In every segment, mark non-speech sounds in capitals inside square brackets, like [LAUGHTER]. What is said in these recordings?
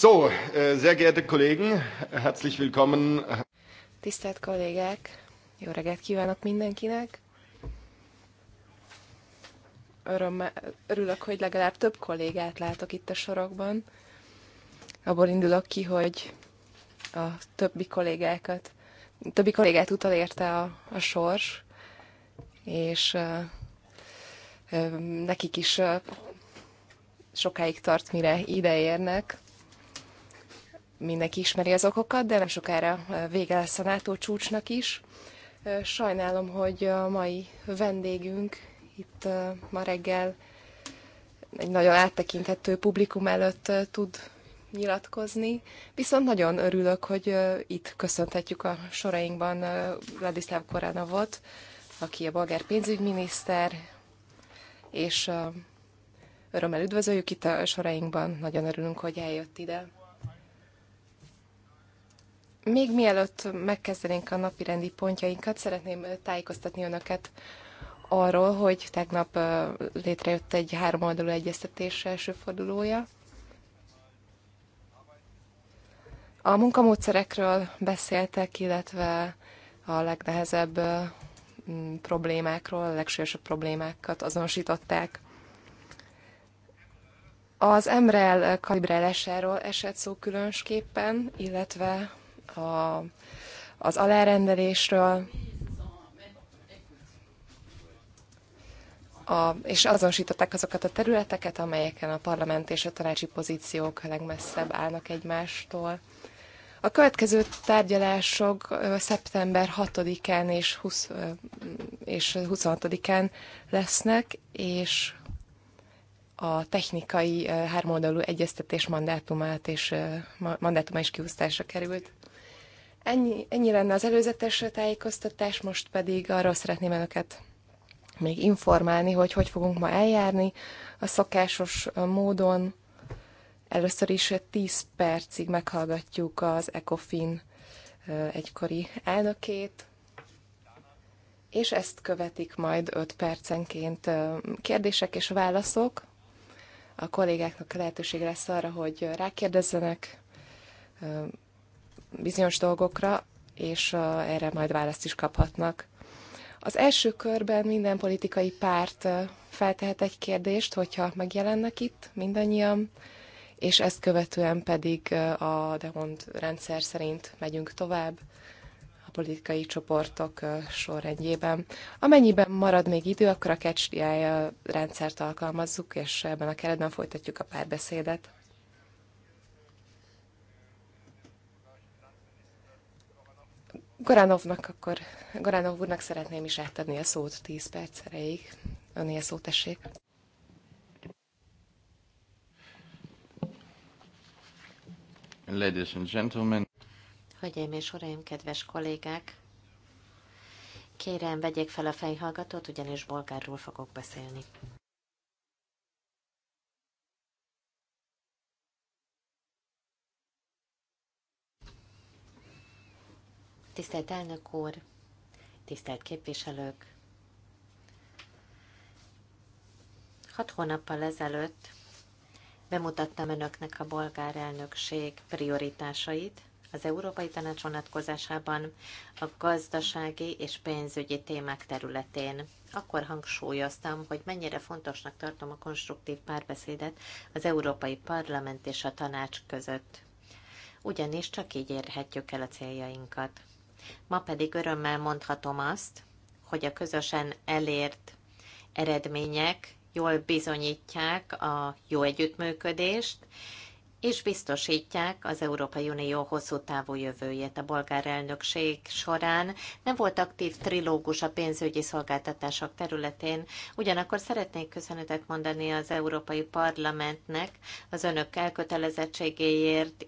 So, äh, sehr geehrte Kollegen, herzlich willkommen. Tisztelt kollégák, jó reggelt kívánok mindenkinek. Öröm, örülök, hogy legalább több kollégát látok itt a sorokban. Abból indulok ki, hogy a többi kollégákat, többi kollégát utalérte a, a sors, és uh, nekik is uh, sokáig tart, mire ideérnek mindenki ismeri az okokat, de nem sokára vége lesz a NATO csúcsnak is. Sajnálom, hogy a mai vendégünk itt ma reggel egy nagyon áttekinthető publikum előtt tud nyilatkozni, viszont nagyon örülök, hogy itt köszönhetjük a sorainkban Vladislav Koránovot, aki a bolgár pénzügyminiszter, és örömmel üdvözöljük itt a sorainkban, nagyon örülünk, hogy eljött ide. Még mielőtt megkezdenénk a napirendi pontjainkat, szeretném tájékoztatni önöket arról, hogy tegnap létrejött egy háromoldalú egyeztetés első fordulója. A munkamódszerekről beszéltek, illetve a legnehezebb problémákról, a legsúlyosabb problémákat azonosították. Az MREL kalibrálásáról esett szó különösképpen, illetve a, az alárendelésről, a, és azonosították azokat a területeket, amelyeken a parlament és a tanácsi pozíciók legmesszebb állnak egymástól. A következő tárgyalások szeptember 6-án és, 20, és 26-án lesznek, és a technikai hármoldalú egyeztetés mandátumát és mandátuma is kiúsztásra került. Ennyi, ennyi lenne az előzetes tájékoztatás, most pedig arról szeretném önöket még informálni, hogy hogy fogunk ma eljárni a szokásos módon. Először is 10 percig meghallgatjuk az ECOFIN egykori elnökét, és ezt követik majd 5 percenként kérdések és válaszok. A kollégáknak lehetőség lesz arra, hogy rákérdezzenek, bizonyos dolgokra, és erre majd választ is kaphatnak. Az első körben minden politikai párt feltehet egy kérdést, hogyha megjelennek itt mindannyian, és ezt követően pedig a Demont rendszer szerint megyünk tovább a politikai csoportok sorrendjében. Amennyiben marad még idő, akkor a kecsdiája rendszert alkalmazzuk, és ebben a keretben folytatjuk a párbeszédet. Goránovnak akkor, Goránov úrnak szeretném is átadni a szót 10 perc erejéig. Önél szót tessék. Ladies and gentlemen. Hölgyeim és uraim, kedves kollégák! Kérem, vegyék fel a fejhallgatót, ugyanis bolgárról fogok beszélni. Tisztelt elnök úr, tisztelt képviselők! Hat hónappal ezelőtt bemutattam önöknek a bolgár elnökség prioritásait az Európai Tanács vonatkozásában a gazdasági és pénzügyi témák területén. Akkor hangsúlyoztam, hogy mennyire fontosnak tartom a konstruktív párbeszédet az Európai Parlament és a Tanács között ugyanis csak így érhetjük el a céljainkat. Ma pedig örömmel mondhatom azt, hogy a közösen elért eredmények jól bizonyítják a jó együttműködést, és biztosítják az Európai Unió hosszú távú jövőjét. A bolgár elnökség során nem volt aktív trilógus a pénzügyi szolgáltatások területén, ugyanakkor szeretnék köszönetet mondani az Európai Parlamentnek az önök elkötelezettségéért,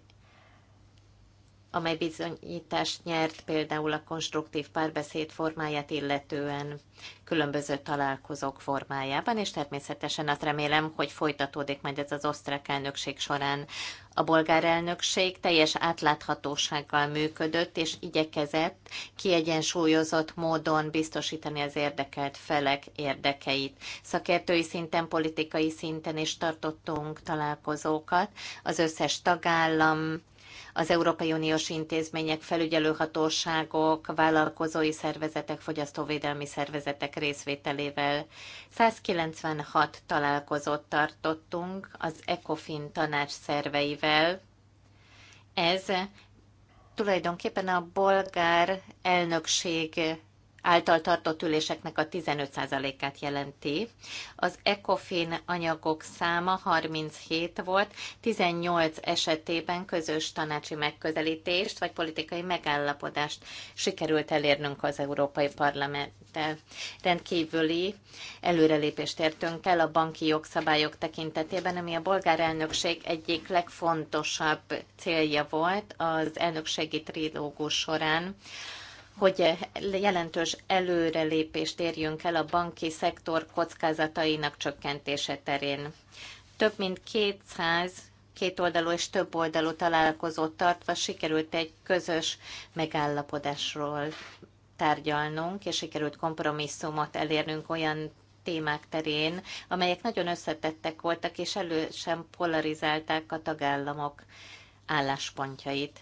amely bizonyítást nyert például a konstruktív párbeszéd formáját illetően különböző találkozók formájában, és természetesen azt remélem, hogy folytatódik majd ez az osztrák elnökség során. A bolgár elnökség teljes átláthatósággal működött, és igyekezett kiegyensúlyozott módon biztosítani az érdekelt felek érdekeit. Szakértői szinten, politikai szinten is tartottunk találkozókat. Az összes tagállam az Európai Uniós intézmények, felügyelőhatóságok, vállalkozói szervezetek, fogyasztóvédelmi szervezetek részvételével. 196 találkozót tartottunk az ECOFIN tanács szerveivel. Ez tulajdonképpen a bolgár elnökség által tartott üléseknek a 15%-át jelenti. Az ECOFIN anyagok száma 37 volt, 18 esetében közös tanácsi megközelítést vagy politikai megállapodást sikerült elérnünk az Európai Parlamenttel. Rendkívüli előrelépést értünk el a banki jogszabályok tekintetében, ami a bolgár elnökség egyik legfontosabb célja volt az elnökségi trilógus során hogy jelentős előrelépést érjünk el a banki szektor kockázatainak csökkentése terén. Több mint 200 kétoldalú és többoldalú találkozót tartva sikerült egy közös megállapodásról tárgyalnunk, és sikerült kompromisszumot elérnünk olyan témák terén, amelyek nagyon összetettek voltak, és elősen polarizálták a tagállamok álláspontjait.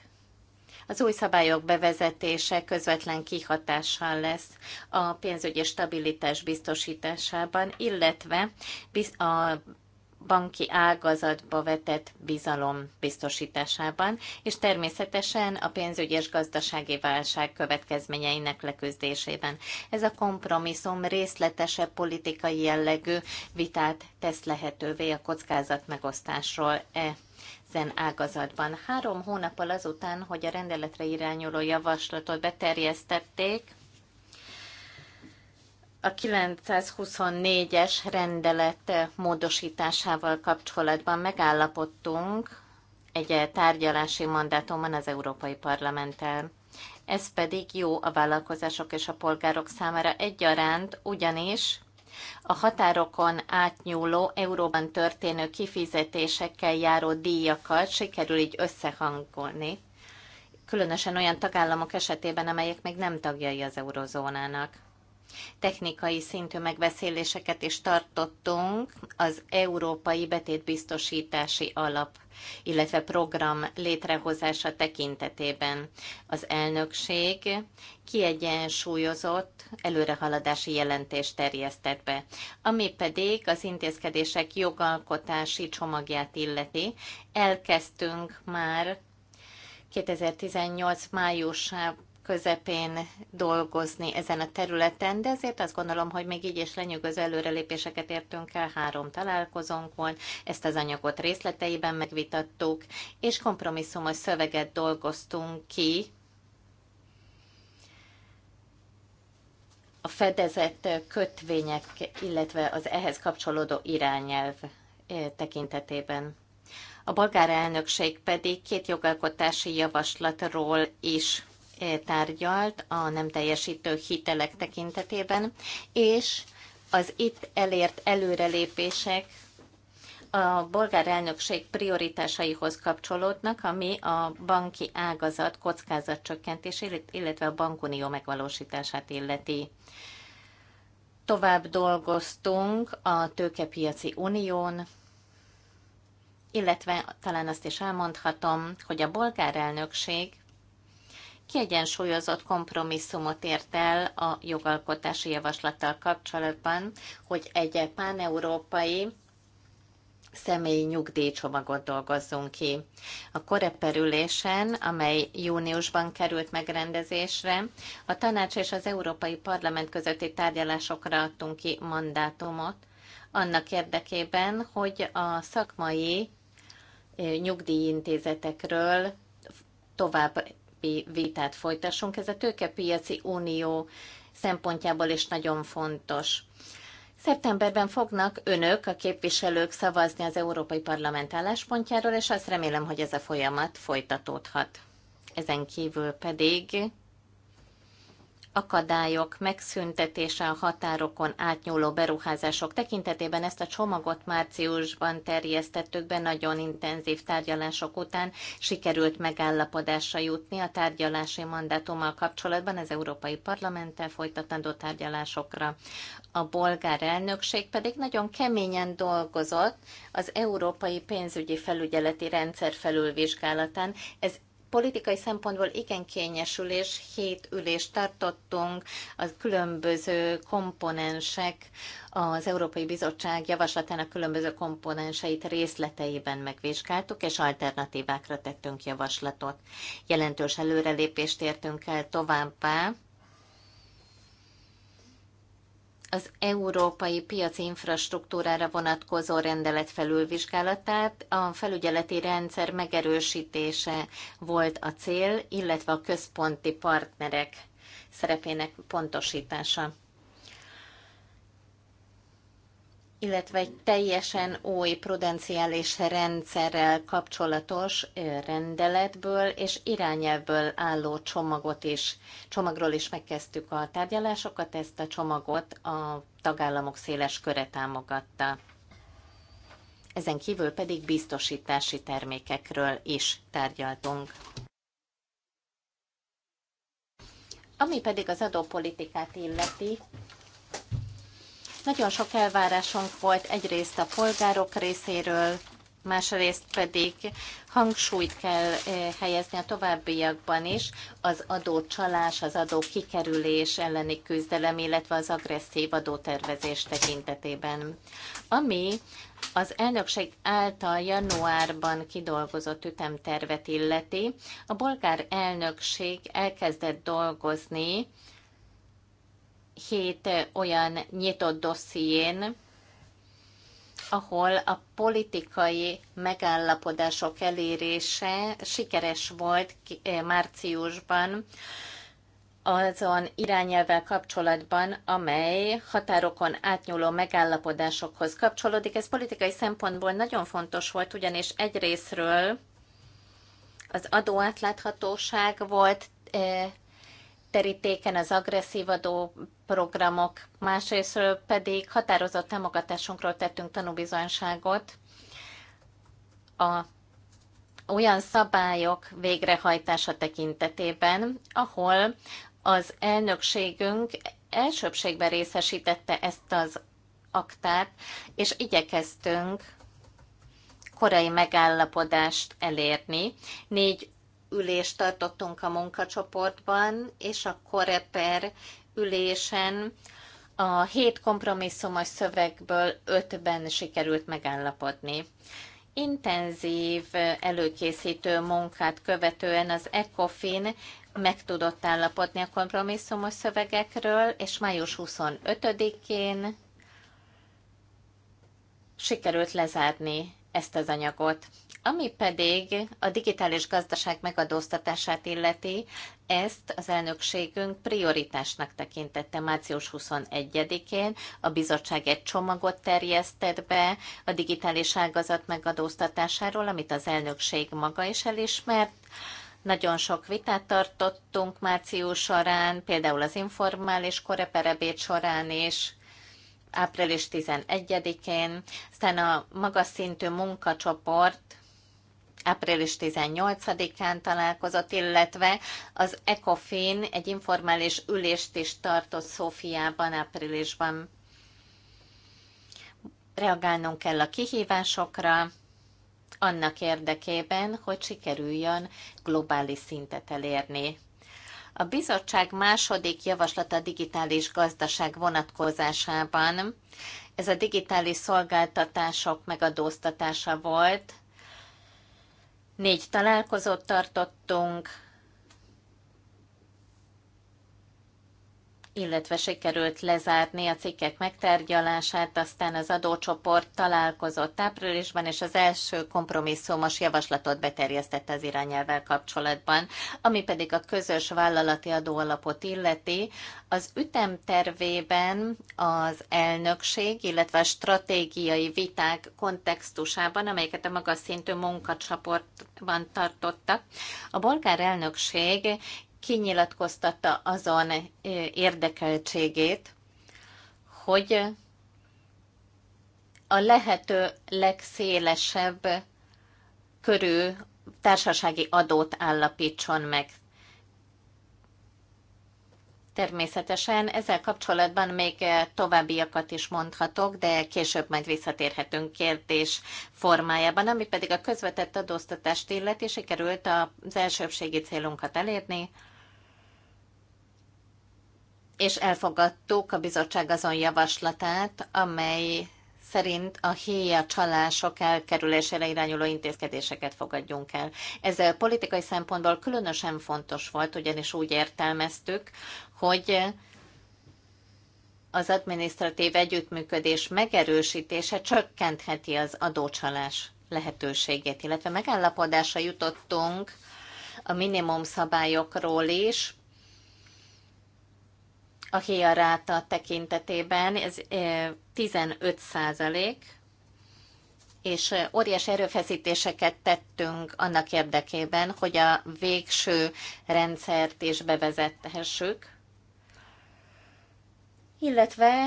Az új szabályok bevezetése közvetlen kihatással lesz a pénzügyi stabilitás biztosításában, illetve a banki ágazatba vetett bizalom biztosításában, és természetesen a pénzügyi és gazdasági válság következményeinek leküzdésében. Ez a kompromisszum részletesebb politikai jellegű vitát tesz lehetővé a kockázat megosztásról e ezen ágazatban. Három hónappal azután, hogy a rendeletre irányuló javaslatot beterjesztették, a 924-es rendelet módosításával kapcsolatban megállapodtunk egy tárgyalási mandátumban az Európai Parlamenttel. Ez pedig jó a vállalkozások és a polgárok számára egyaránt, ugyanis a határokon átnyúló euróban történő kifizetésekkel járó díjakat sikerül így összehangolni, különösen olyan tagállamok esetében, amelyek még nem tagjai az eurozónának technikai szintű megbeszéléseket is tartottunk az Európai Betétbiztosítási Alap, illetve program létrehozása tekintetében. Az elnökség kiegyensúlyozott előrehaladási jelentést terjesztett be, ami pedig az intézkedések jogalkotási csomagját illeti. Elkezdtünk már 2018 májusában közepén dolgozni ezen a területen, de azért azt gondolom, hogy még így is lenyűgöző előrelépéseket értünk el, három találkozónk volt, ezt az anyagot részleteiben megvitattuk, és kompromisszumos szöveget dolgoztunk ki, a fedezett kötvények, illetve az ehhez kapcsolódó irányelv e, tekintetében. A bolgár elnökség pedig két jogalkotási javaslatról is tárgyalt a nem teljesítő hitelek tekintetében, és az itt elért előrelépések a bolgár elnökség prioritásaihoz kapcsolódnak, ami a banki ágazat kockázatcsökkentését, illetve a bankunió megvalósítását illeti. Tovább dolgoztunk a tőkepiaci unión, illetve talán azt is elmondhatom, hogy a bolgár elnökség kiegyensúlyozott kompromisszumot ért el a jogalkotási javaslattal kapcsolatban, hogy egy páneurópai személyi nyugdíjcsomagot dolgozzunk ki. A koreperülésen, amely júniusban került megrendezésre, a tanács és az Európai Parlament közötti tárgyalásokra adtunk ki mandátumot, annak érdekében, hogy a szakmai eh, nyugdíjintézetekről tovább vitát folytassunk. Ez a tőkepiaci unió szempontjából is nagyon fontos. Szeptemberben fognak önök, a képviselők szavazni az Európai Parlament álláspontjáról, és azt remélem, hogy ez a folyamat folytatódhat. Ezen kívül pedig akadályok megszüntetése a határokon átnyúló beruházások tekintetében. Ezt a csomagot márciusban terjesztettük be, nagyon intenzív tárgyalások után sikerült megállapodásra jutni a tárgyalási mandátummal kapcsolatban az Európai Parlamenttel folytatandó tárgyalásokra. A bolgár elnökség pedig nagyon keményen dolgozott az Európai Pénzügyi Felügyeleti Rendszer felülvizsgálatán. Ez politikai szempontból igen kényesülés, hét ülést tartottunk, az különböző komponensek, az Európai Bizottság javaslatának különböző komponenseit részleteiben megvizsgáltuk, és alternatívákra tettünk javaslatot. Jelentős előrelépést értünk el továbbá, az európai piaci infrastruktúrára vonatkozó rendelet felülvizsgálatát. A felügyeleti rendszer megerősítése volt a cél, illetve a központi partnerek szerepének pontosítása. illetve egy teljesen új prudenciális rendszerrel kapcsolatos rendeletből és irányelvből álló csomagot is, csomagról is megkezdtük a tárgyalásokat, ezt a csomagot a tagállamok széles köre támogatta. Ezen kívül pedig biztosítási termékekről is tárgyaltunk. Ami pedig az adópolitikát illeti, nagyon sok elvárásunk volt egyrészt a polgárok részéről, másrészt pedig hangsúlyt kell eh, helyezni a továbbiakban is az adócsalás, az adó kikerülés elleni küzdelem, illetve az agresszív adótervezés tekintetében. Ami az elnökség által januárban kidolgozott ütemtervet illeti, a bolgár elnökség elkezdett dolgozni hét olyan nyitott dosszién, ahol a politikai megállapodások elérése sikeres volt márciusban azon irányelvel kapcsolatban, amely határokon átnyúló megállapodásokhoz kapcsolódik. Ez politikai szempontból nagyon fontos volt, ugyanis egyrésztről az adóátláthatóság volt terítéken az agresszív adó programok, másrészt pedig határozott támogatásunkról tettünk tanúbizonyságot a olyan szabályok végrehajtása tekintetében, ahol az elnökségünk elsőbségben részesítette ezt az aktát, és igyekeztünk korai megállapodást elérni. Négy ülést tartottunk a munkacsoportban, és a Koreper ülésen a hét kompromisszumos szövegből ötben sikerült megállapodni. Intenzív előkészítő munkát követően az ECOFIN meg tudott állapodni a kompromisszumos szövegekről, és május 25-én sikerült lezárni ezt az anyagot. Ami pedig a digitális gazdaság megadóztatását illeti, ezt az elnökségünk prioritásnak tekintette március 21-én. A bizottság egy csomagot terjesztett be a digitális ágazat megadóztatásáról, amit az elnökség maga is elismert. Nagyon sok vitát tartottunk március során, például az informális koreperebét során is, április 11-én, aztán a magas szintű munkacsoport április 18-án találkozott, illetve az ECOFIN egy informális ülést is tartott Szófiában áprilisban. Reagálnunk kell a kihívásokra, annak érdekében, hogy sikerüljön globális szintet elérni. A bizottság második javaslata a digitális gazdaság vonatkozásában. Ez a digitális szolgáltatások megadóztatása volt, Négy találkozót tartottunk, illetve sikerült lezárni a cikkek megtárgyalását, aztán az adócsoport találkozott áprilisban, és az első kompromisszumos javaslatot beterjesztette az irányelvvel kapcsolatban, ami pedig a közös vállalati adóalapot illeti. Az ütemtervében az elnökség, illetve a stratégiai viták kontextusában, amelyeket a magas szintű munkacsoportban tartottak, a bolgár elnökség kinyilatkoztatta azon érdekeltségét, hogy a lehető legszélesebb körű társasági adót állapítson meg. Természetesen ezzel kapcsolatban még eh, továbbiakat is mondhatok, de később majd visszatérhetünk kérdés formájában, ami pedig a közvetett adóztatást illeti, sikerült az elsőbségi célunkat elérni, és elfogadtuk a bizottság azon javaslatát, amely szerint a héja csalások elkerülésére irányuló intézkedéseket fogadjunk el. Ez politikai szempontból különösen fontos volt, ugyanis úgy értelmeztük, hogy az adminisztratív együttműködés megerősítése csökkentheti az adócsalás lehetőségét, illetve megállapodásra jutottunk a minimum szabályokról is, a hiaráta tekintetében ez 15 eh, százalék, és eh, óriás erőfeszítéseket tettünk annak érdekében, hogy a végső rendszert is bevezethessük illetve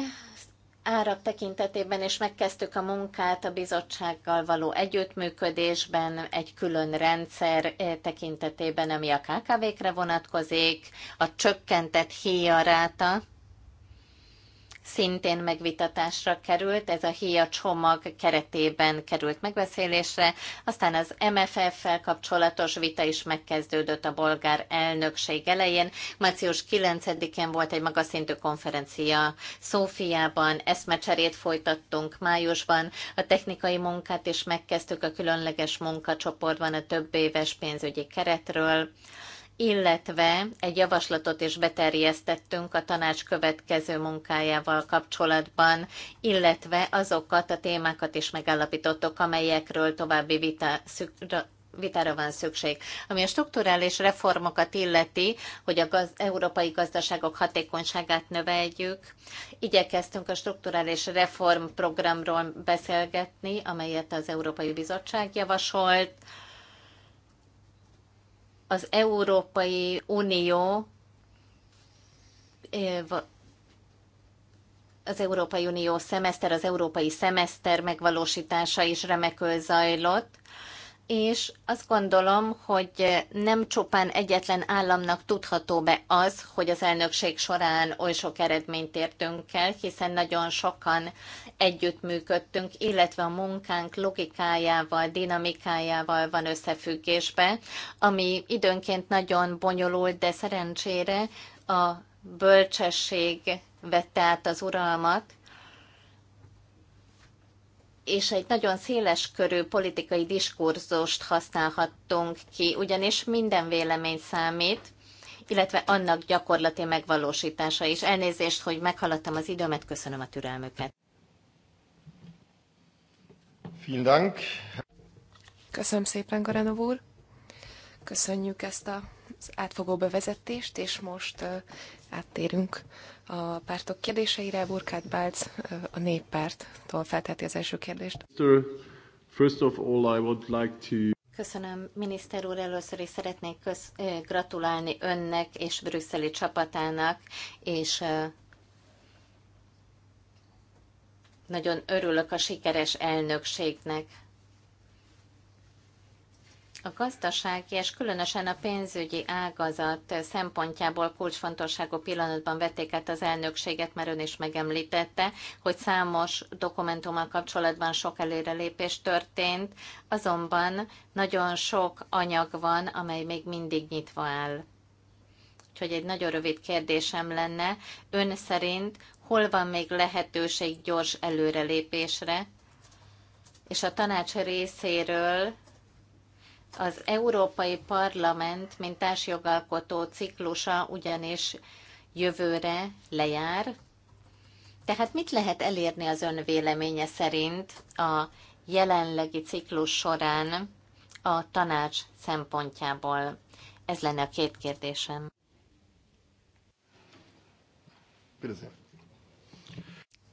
árak tekintetében is megkezdtük a munkát a bizottsággal való együttműködésben, egy külön rendszer eh, tekintetében, ami a KKV-kre vonatkozik, a csökkentett híjaráta, szintén megvitatásra került, ez a HIA csomag keretében került megbeszélésre, aztán az MFF-fel kapcsolatos vita is megkezdődött a bolgár elnökség elején. Március 9-én volt egy magaszintű konferencia Szófiában, eszmecserét folytattunk májusban, a technikai munkát is megkezdtük a különleges munkacsoportban a több éves pénzügyi keretről illetve egy javaslatot is beterjesztettünk a tanács következő munkájával kapcsolatban, illetve azokat a témákat is megállapítottuk, amelyekről további vita szük vitára van szükség. Ami a strukturális reformokat illeti, hogy a gaz, európai gazdaságok hatékonyságát növeljük, igyekeztünk a strukturális reformprogramról beszélgetni, amelyet az Európai Bizottság javasolt, az Európai Unió az Európai Unió szemeszter, az európai szemeszter megvalósítása is remekül zajlott és azt gondolom, hogy nem csupán egyetlen államnak tudható be az, hogy az elnökség során oly sok eredményt értünk el, hiszen nagyon sokan együttműködtünk, illetve a munkánk logikájával, dinamikájával van összefüggésbe, ami időnként nagyon bonyolult, de szerencsére a bölcsesség vette át az uralmat, és egy nagyon széles körű politikai diskurzust használhattunk ki, ugyanis minden vélemény számít, illetve annak gyakorlati megvalósítása is. Elnézést, hogy meghaladtam az időmet, köszönöm a türelmüket. Vielen Dank. Köszönöm szépen, Garanov úr. Köszönjük ezt az átfogó bevezetést, és most áttérünk a pártok kérdéseire. Burkhard Bálc a néppárttól felteheti az első kérdést. First of all, I would like to... Köszönöm, miniszter úr, először is szeretnék köz- gratulálni önnek és brüsszeli csapatának, és nagyon örülök a sikeres elnökségnek. A gazdasági és különösen a pénzügyi ágazat szempontjából kulcsfontosságú pillanatban vették át az elnökséget, mert ön is megemlítette, hogy számos dokumentummal kapcsolatban sok előrelépés történt, azonban nagyon sok anyag van, amely még mindig nyitva áll. Úgyhogy egy nagyon rövid kérdésem lenne, ön szerint hol van még lehetőség gyors előrelépésre, és a tanács részéről az Európai Parlament, mint társjogalkotó ciklusa ugyanis jövőre lejár, tehát mit lehet elérni az ön véleménye szerint a jelenlegi ciklus során a tanács szempontjából? Ez lenne a két kérdésem.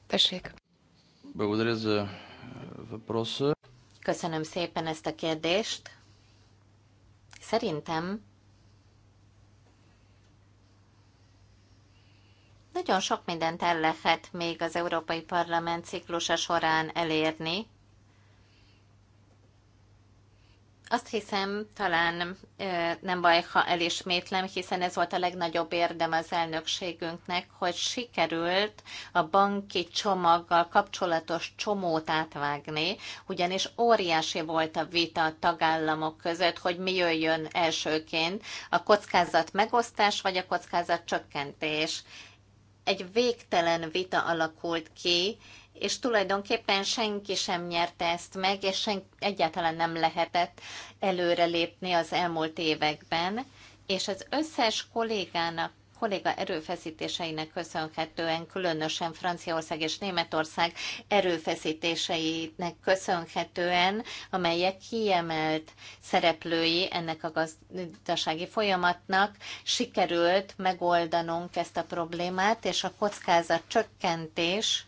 Tessék. Köszönöm szépen ezt a kérdést. Szerintem nagyon sok mindent el lehet még az Európai Parlament ciklusa során elérni, Azt hiszem, talán nem baj, ha elismétlem, hiszen ez volt a legnagyobb érdem az elnökségünknek, hogy sikerült a banki csomaggal kapcsolatos csomót átvágni, ugyanis óriási volt a vita a tagállamok között, hogy mi jöjjön elsőként, a kockázat megosztás vagy a kockázat csökkentés. Egy végtelen vita alakult ki, és tulajdonképpen senki sem nyerte ezt meg, és sen, egyáltalán nem lehetett előrelépni az elmúlt években, és az összes kollégának kolléga erőfeszítéseinek köszönhetően, különösen Franciaország és Németország erőfeszítéseinek köszönhetően, amelyek kiemelt szereplői ennek a gazdasági folyamatnak, sikerült megoldanunk ezt a problémát, és a kockázat csökkentés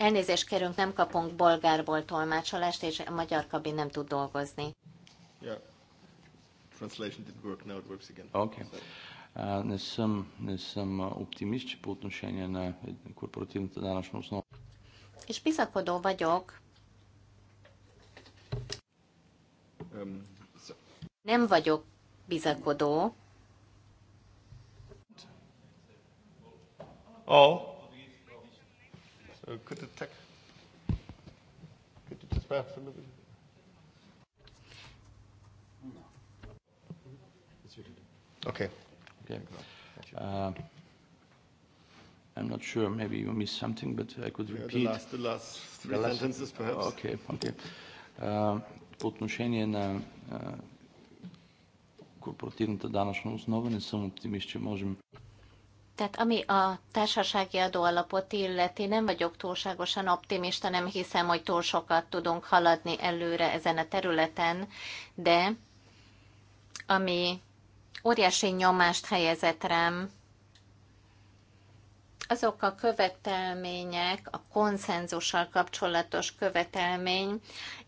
Elnézést kérünk, nem kapunk bolgárból tolmácsolást, és a magyar kabin nem tud dolgozni. Yeah. Translation didn't work, now it works again. Okay. не съм, не съм оптимист, че по отношение на корпоративната данъчна основа. És bizakodó vagyok. Um, so. Nem vagyok bizakodó. Oh could the tech... Could you just perhaps a little bit... Okay. Okay. Uh, I'm not sure. Maybe you missed something, but I could repeat. Yeah, the, last, the last three the last, sentences, perhaps. Okay, okay. по отношение на корпоративната данъчна основа не съм оптимист, че можем tehát ami a társasági adóalapot illeti, nem vagyok túlságosan optimista, nem hiszem, hogy túl sokat tudunk haladni előre ezen a területen, de ami óriási nyomást helyezett rám, azok a követelmények, a konszenzussal kapcsolatos követelmény,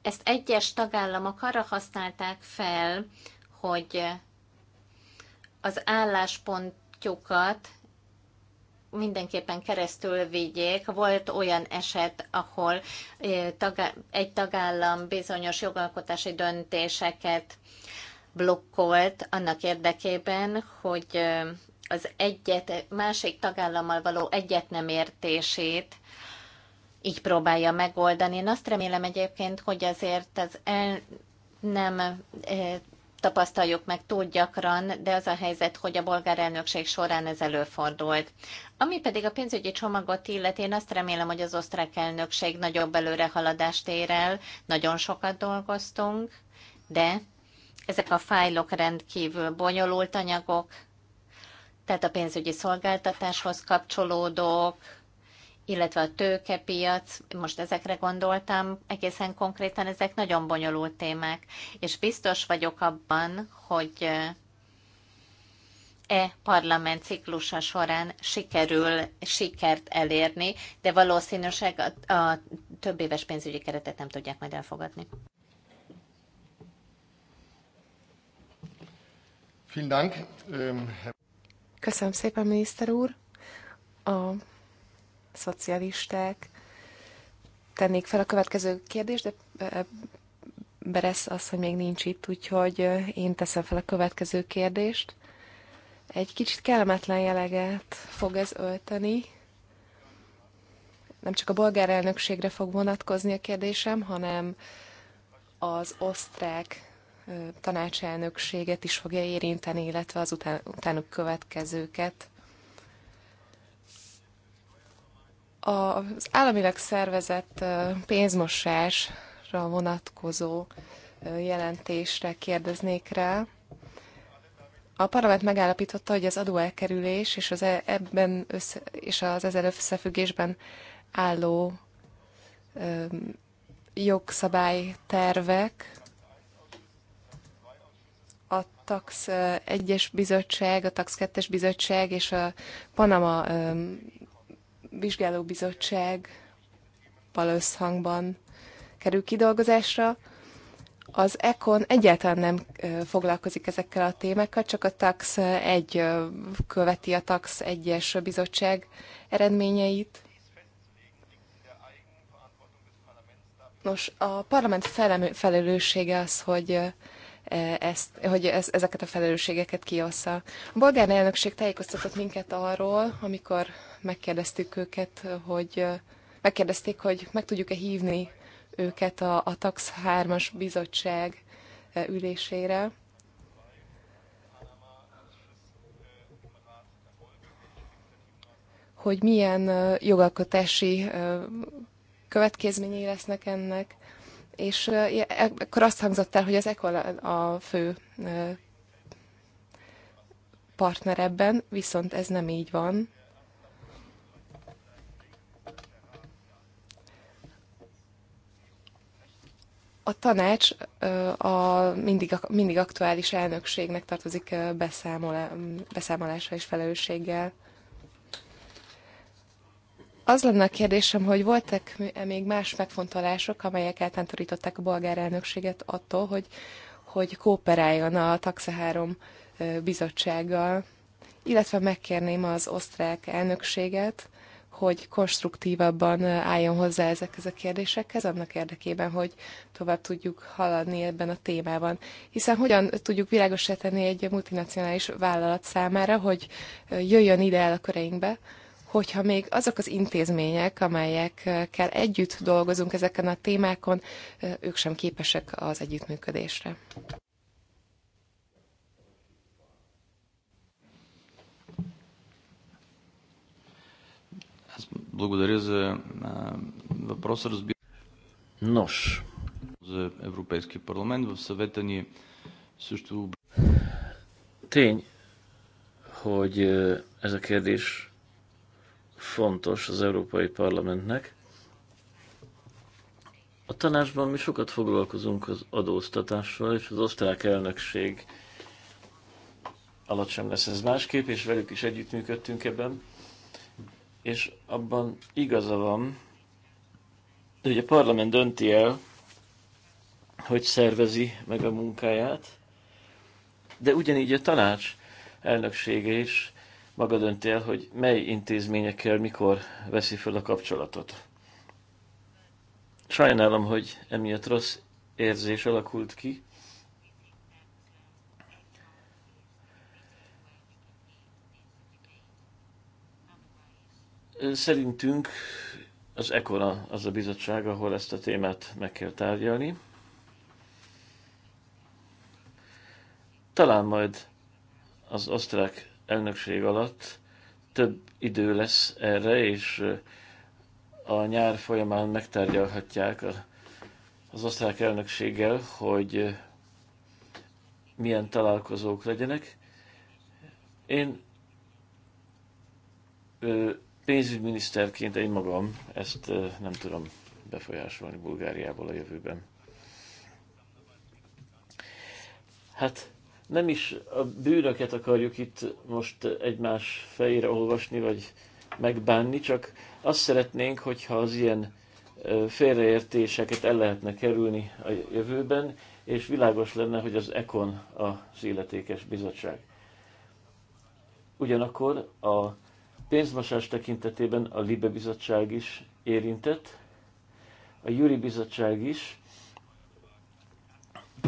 ezt egyes tagállamok arra használták fel, hogy az álláspontjukat mindenképpen keresztül vigyék. Volt olyan eset, ahol eh, egy tagállam bizonyos jogalkotási döntéseket blokkolt annak érdekében, hogy eh, az egyet, másik tagállammal való egyet nem értését így próbálja megoldani. Én azt remélem egyébként, hogy azért az el nem eh, tapasztaljuk meg túl gyakran, de az a helyzet, hogy a bolgár elnökség során ez előfordult. Ami pedig a pénzügyi csomagot illeti, én azt remélem, hogy az osztrák elnökség nagyobb előrehaladást ér el, nagyon sokat dolgoztunk, de ezek a fájlok rendkívül bonyolult anyagok, tehát a pénzügyi szolgáltatáshoz kapcsolódók, illetve a tőkepiac, most ezekre gondoltam, egészen konkrétan ezek nagyon bonyolult témák, és biztos vagyok abban, hogy e parlament ciklusa során sikerül sikert elérni, de valószínűleg a, a több éves pénzügyi keretet nem tudják majd elfogadni. Ähm, Köszönöm szépen, miniszter úr! A szocialisták tennék fel a következő kérdést, de Beresz az, hogy még nincs itt, úgyhogy én teszem fel a következő kérdést. Egy kicsit kellemetlen jeleget fog ez ölteni. Nem csak a bolgár elnökségre fog vonatkozni a kérdésem, hanem az osztrák tanácselnökséget is fogja érinteni, illetve az utánuk következőket. az államileg szervezett pénzmosásra vonatkozó jelentésre kérdeznék rá. A parlament megállapította, hogy az adóelkerülés és az, e- ebben össze, és az ezzel összefüggésben álló jogszabálytervek a TAX 1-es bizottság, a TAX 2-es bizottság és a Panama vizsgálóbizottság összhangban kerül kidolgozásra. Az ECON egyáltalán nem foglalkozik ezekkel a témákkal, csak a TAX egy követi a TAX egyes bizottság eredményeit. Nos, a parlament felelőssége az, hogy E, ezt, hogy ez, ezeket a felelősségeket kiossza. A bolgár elnökség tájékoztatott minket arról, amikor megkérdeztük őket, hogy e, megkérdezték, hogy meg tudjuk-e hívni őket a, a TAX 3-as bizottság e, ülésére. hogy milyen jogalkotási következményei lesznek ennek, és e, akkor azt hangzott el, hogy az ECOL a fő partner ebben, viszont ez nem így van. A tanács a mindig, mindig aktuális elnökségnek tartozik beszámolása és felelősséggel. Az lenne a kérdésem, hogy voltak -e még más megfontolások, amelyek eltántorították a bolgár elnökséget attól, hogy, hogy kooperáljon a Taxa 3 bizottsággal, illetve megkérném az osztrák elnökséget, hogy konstruktívabban álljon hozzá ezekhez a kérdésekhez, annak érdekében, hogy tovább tudjuk haladni ebben a témában. Hiszen hogyan tudjuk világosítani egy multinacionális vállalat számára, hogy jöjjön ide el a köreinkbe, hogyha még azok az intézmények, amelyekkel együtt dolgozunk ezeken a témákon, ők sem képesek az együttműködésre. Nos. Tény, hogy ez a kérdés fontos az Európai Parlamentnek. A tanácsban mi sokat foglalkozunk az adóztatással, és az osztrák elnökség alatt sem lesz ez másképp, és velük is együttműködtünk ebben. És abban igaza van, hogy a parlament dönti el, hogy szervezi meg a munkáját, de ugyanígy a tanács elnöksége is maga dönti el, hogy mely intézményekkel mikor veszi föl a kapcsolatot. Sajnálom, hogy emiatt rossz érzés alakult ki. Szerintünk az ECORA az a bizottság, ahol ezt a témát meg kell tárgyalni. Talán majd az osztrák elnökség alatt több idő lesz erre, és a nyár folyamán megtárgyalhatják az osztrák elnökséggel, hogy milyen találkozók legyenek. Én pénzügyminiszterként én magam ezt nem tudom befolyásolni Bulgáriából a jövőben. Hát nem is a bűnöket akarjuk itt most egymás fejére olvasni, vagy megbánni, csak azt szeretnénk, hogyha az ilyen félreértéseket el lehetne kerülni a jövőben, és világos lenne, hogy az ECON az illetékes bizottság. Ugyanakkor a pénzmosás tekintetében a LIBE bizottság is érintett, a Júri bizottság is,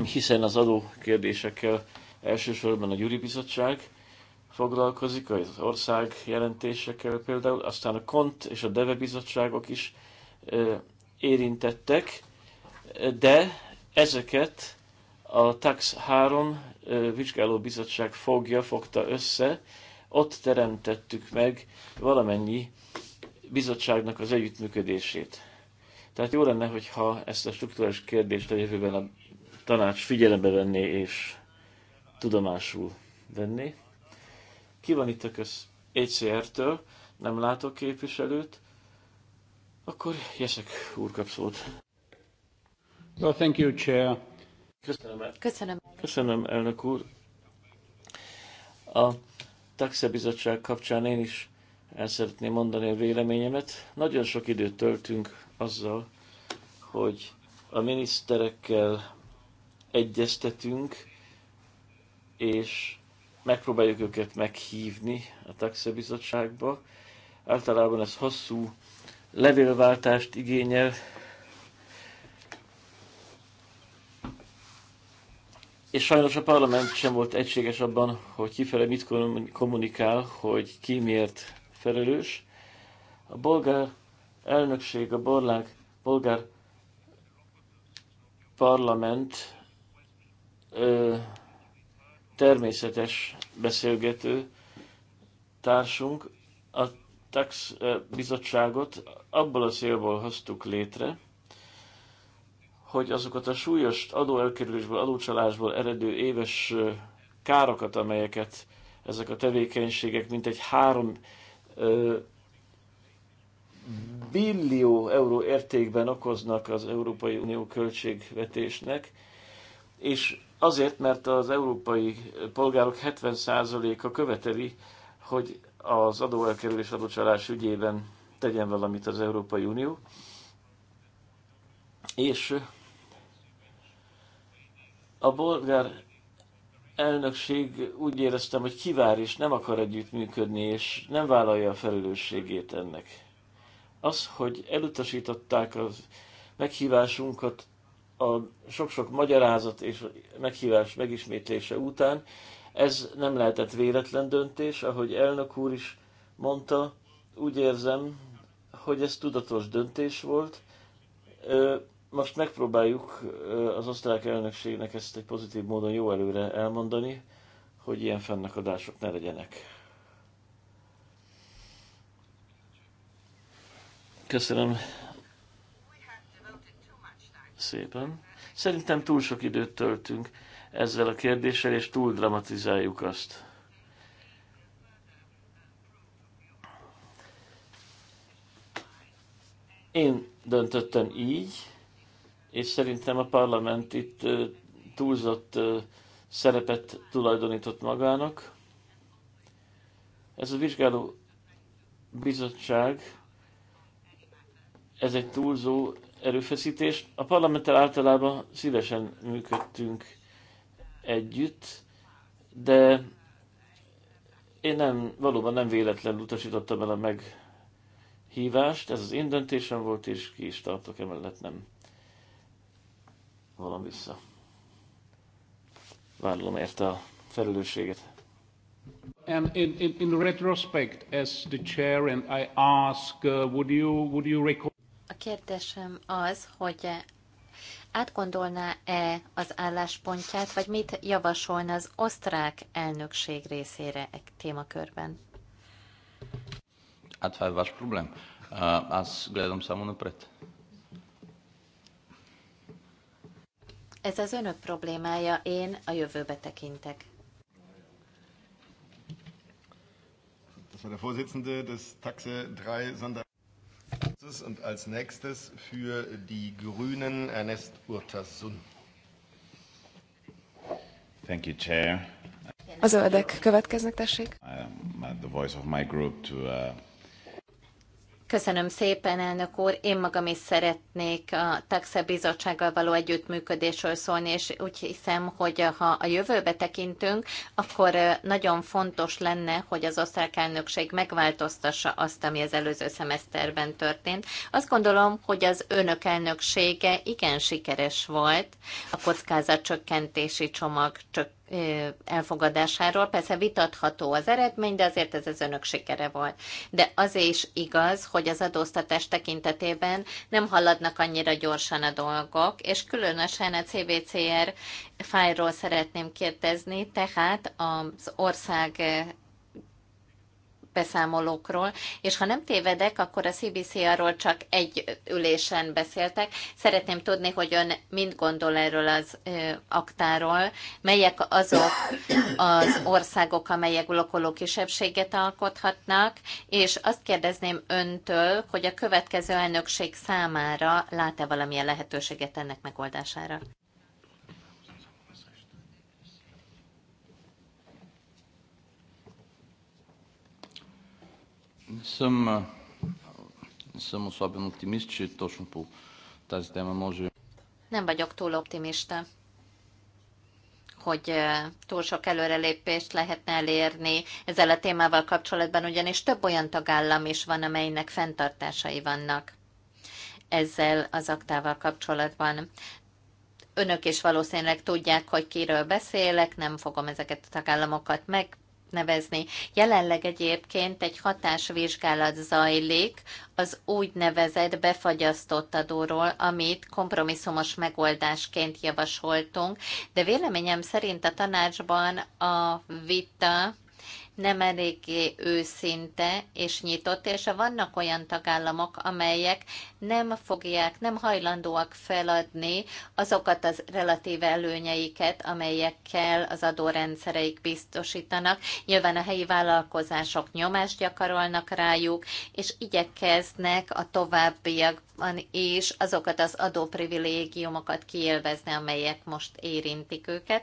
hiszen az adó kérdésekkel Elsősorban a Gyuri Bizottság foglalkozik, az ország jelentésekkel például, aztán a KONT és a DEVE bizottságok is érintettek, de ezeket a TAX 3 vizsgáló bizottság fogja, fogta össze, ott teremtettük meg valamennyi bizottságnak az együttműködését. Tehát jó lenne, hogyha ezt a struktúrás kérdést a jövőben a tanács figyelembe venné és tudomásul venni. Ki van itt a köz ECR-től? Nem látok képviselőt. Akkor Jeszek úr kap szót. Well, thank you, Chair. Köszönöm, el. Köszönöm. Köszönöm, elnök úr. A Taxe Bizottság kapcsán én is el szeretném mondani a véleményemet. Nagyon sok időt töltünk azzal, hogy a miniszterekkel egyeztetünk, és megpróbáljuk őket meghívni a taxabizottságba. Általában ez hosszú levélváltást igényel, és sajnos a parlament sem volt egységes abban, hogy kifele mit kommunikál, hogy ki miért felelős. A bolgár elnökség, a borlák, bolgár parlament ö, természetes beszélgető társunk. A TAX bizottságot abból a célból hoztuk létre, hogy azokat a súlyos adóelkerülésből, adócsalásból eredő éves károkat, amelyeket ezek a tevékenységek mintegy három ö, billió euró értékben okoznak az Európai Unió költségvetésnek, és azért, mert az európai polgárok 70%-a követeli, hogy az adóelkerülés adócsalás ügyében tegyen valamit az Európai Unió, és a bolgár elnökség úgy éreztem, hogy kivár és nem akar együttműködni, és nem vállalja a felelősségét ennek. Az, hogy elutasították az meghívásunkat a sok-sok magyarázat és meghívás megismétlése után ez nem lehetett véletlen döntés, ahogy elnök úr is mondta, úgy érzem, hogy ez tudatos döntés volt. Most megpróbáljuk az osztrák elnökségnek ezt egy pozitív módon jó előre elmondani, hogy ilyen fennakadások ne legyenek. Köszönöm szépen. Szerintem túl sok időt töltünk ezzel a kérdéssel, és túl dramatizáljuk azt. Én döntöttem így, és szerintem a parlament itt túlzott szerepet tulajdonított magának. Ez a vizsgáló bizottság, ez egy túlzó Erőfeszítés. A parlamenttel általában szívesen működtünk együtt, de én nem, valóban nem véletlenül utasítottam el a meghívást, ez az én döntésem volt, és ki is tartok emellett, nem valam vissza. Vállalom érte a felelősséget. And in, in, in retrospect, as the chair, and I ask, uh, would you would you record? A kérdésem az, hogy átgondolná-e az álláspontját, vagy mit javasolna az osztrák elnökség részére egy témakörben? Hát, ha vaš problém. Аз gledom само Ez az önök problémája, én a jövőbe tekintek. Das war der Vorsitzende des Taxe 3 Sonder nächstes und als nächstes für die Grünen Ernest Urtasun. Thank you, Chair. Az ördek következnek, tessék. Uh, the voice of my group to uh, Köszönöm szépen, elnök úr. Én magam is szeretnék a Taxa Bizottsággal való együttműködésről szólni, és úgy hiszem, hogy ha a jövőbe tekintünk, akkor nagyon fontos lenne, hogy az osztrák elnökség megváltoztassa azt, ami az előző szemeszterben történt. Azt gondolom, hogy az önök elnöksége igen sikeres volt a kockázatcsökkentési csomag csökkentése elfogadásáról. Persze vitatható az eredmény, de azért ez az önök sikere volt. De az is igaz, hogy az adóztatás tekintetében nem haladnak annyira gyorsan a dolgok, és különösen a CBCR fájról szeretném kérdezni, tehát az ország beszámolókról, és ha nem tévedek, akkor a CBC arról csak egy ülésen beszéltek. Szeretném tudni, hogy ön mind gondol erről az ö, aktáról, melyek azok az országok, amelyek lokoló kisebbséget alkothatnak, és azt kérdezném öntől, hogy a következő elnökség számára lát-e valamilyen lehetőséget ennek megoldására? Не съм, не съм особен оптимист, че точно по тази тема може... Nem vagyok túl optimista, hogy túl sok előrelépést lehetne elérni ezzel a témával kapcsolatban, ugyanis több olyan tagállam is van, amelynek fenntartásai vannak ezzel az aktával kapcsolatban. Önök is valószínűleg tudják, hogy kiről beszélek, nem fogom ezeket a tagállamokat meg nevezni. Jelenleg egyébként egy hatásvizsgálat zajlik az úgynevezett befagyasztott adóról, amit kompromisszumos megoldásként javasoltunk, de véleményem szerint a tanácsban a vita nem eléggé őszinte és nyitott, és vannak olyan tagállamok, amelyek nem fogják, nem hajlandóak feladni azokat az relatív előnyeiket, amelyekkel az adórendszereik biztosítanak. Nyilván a helyi vállalkozások nyomást gyakorolnak rájuk, és igyekeznek a továbbiakban is azokat az adóprivilégiumokat kiélvezni, amelyek most érintik őket.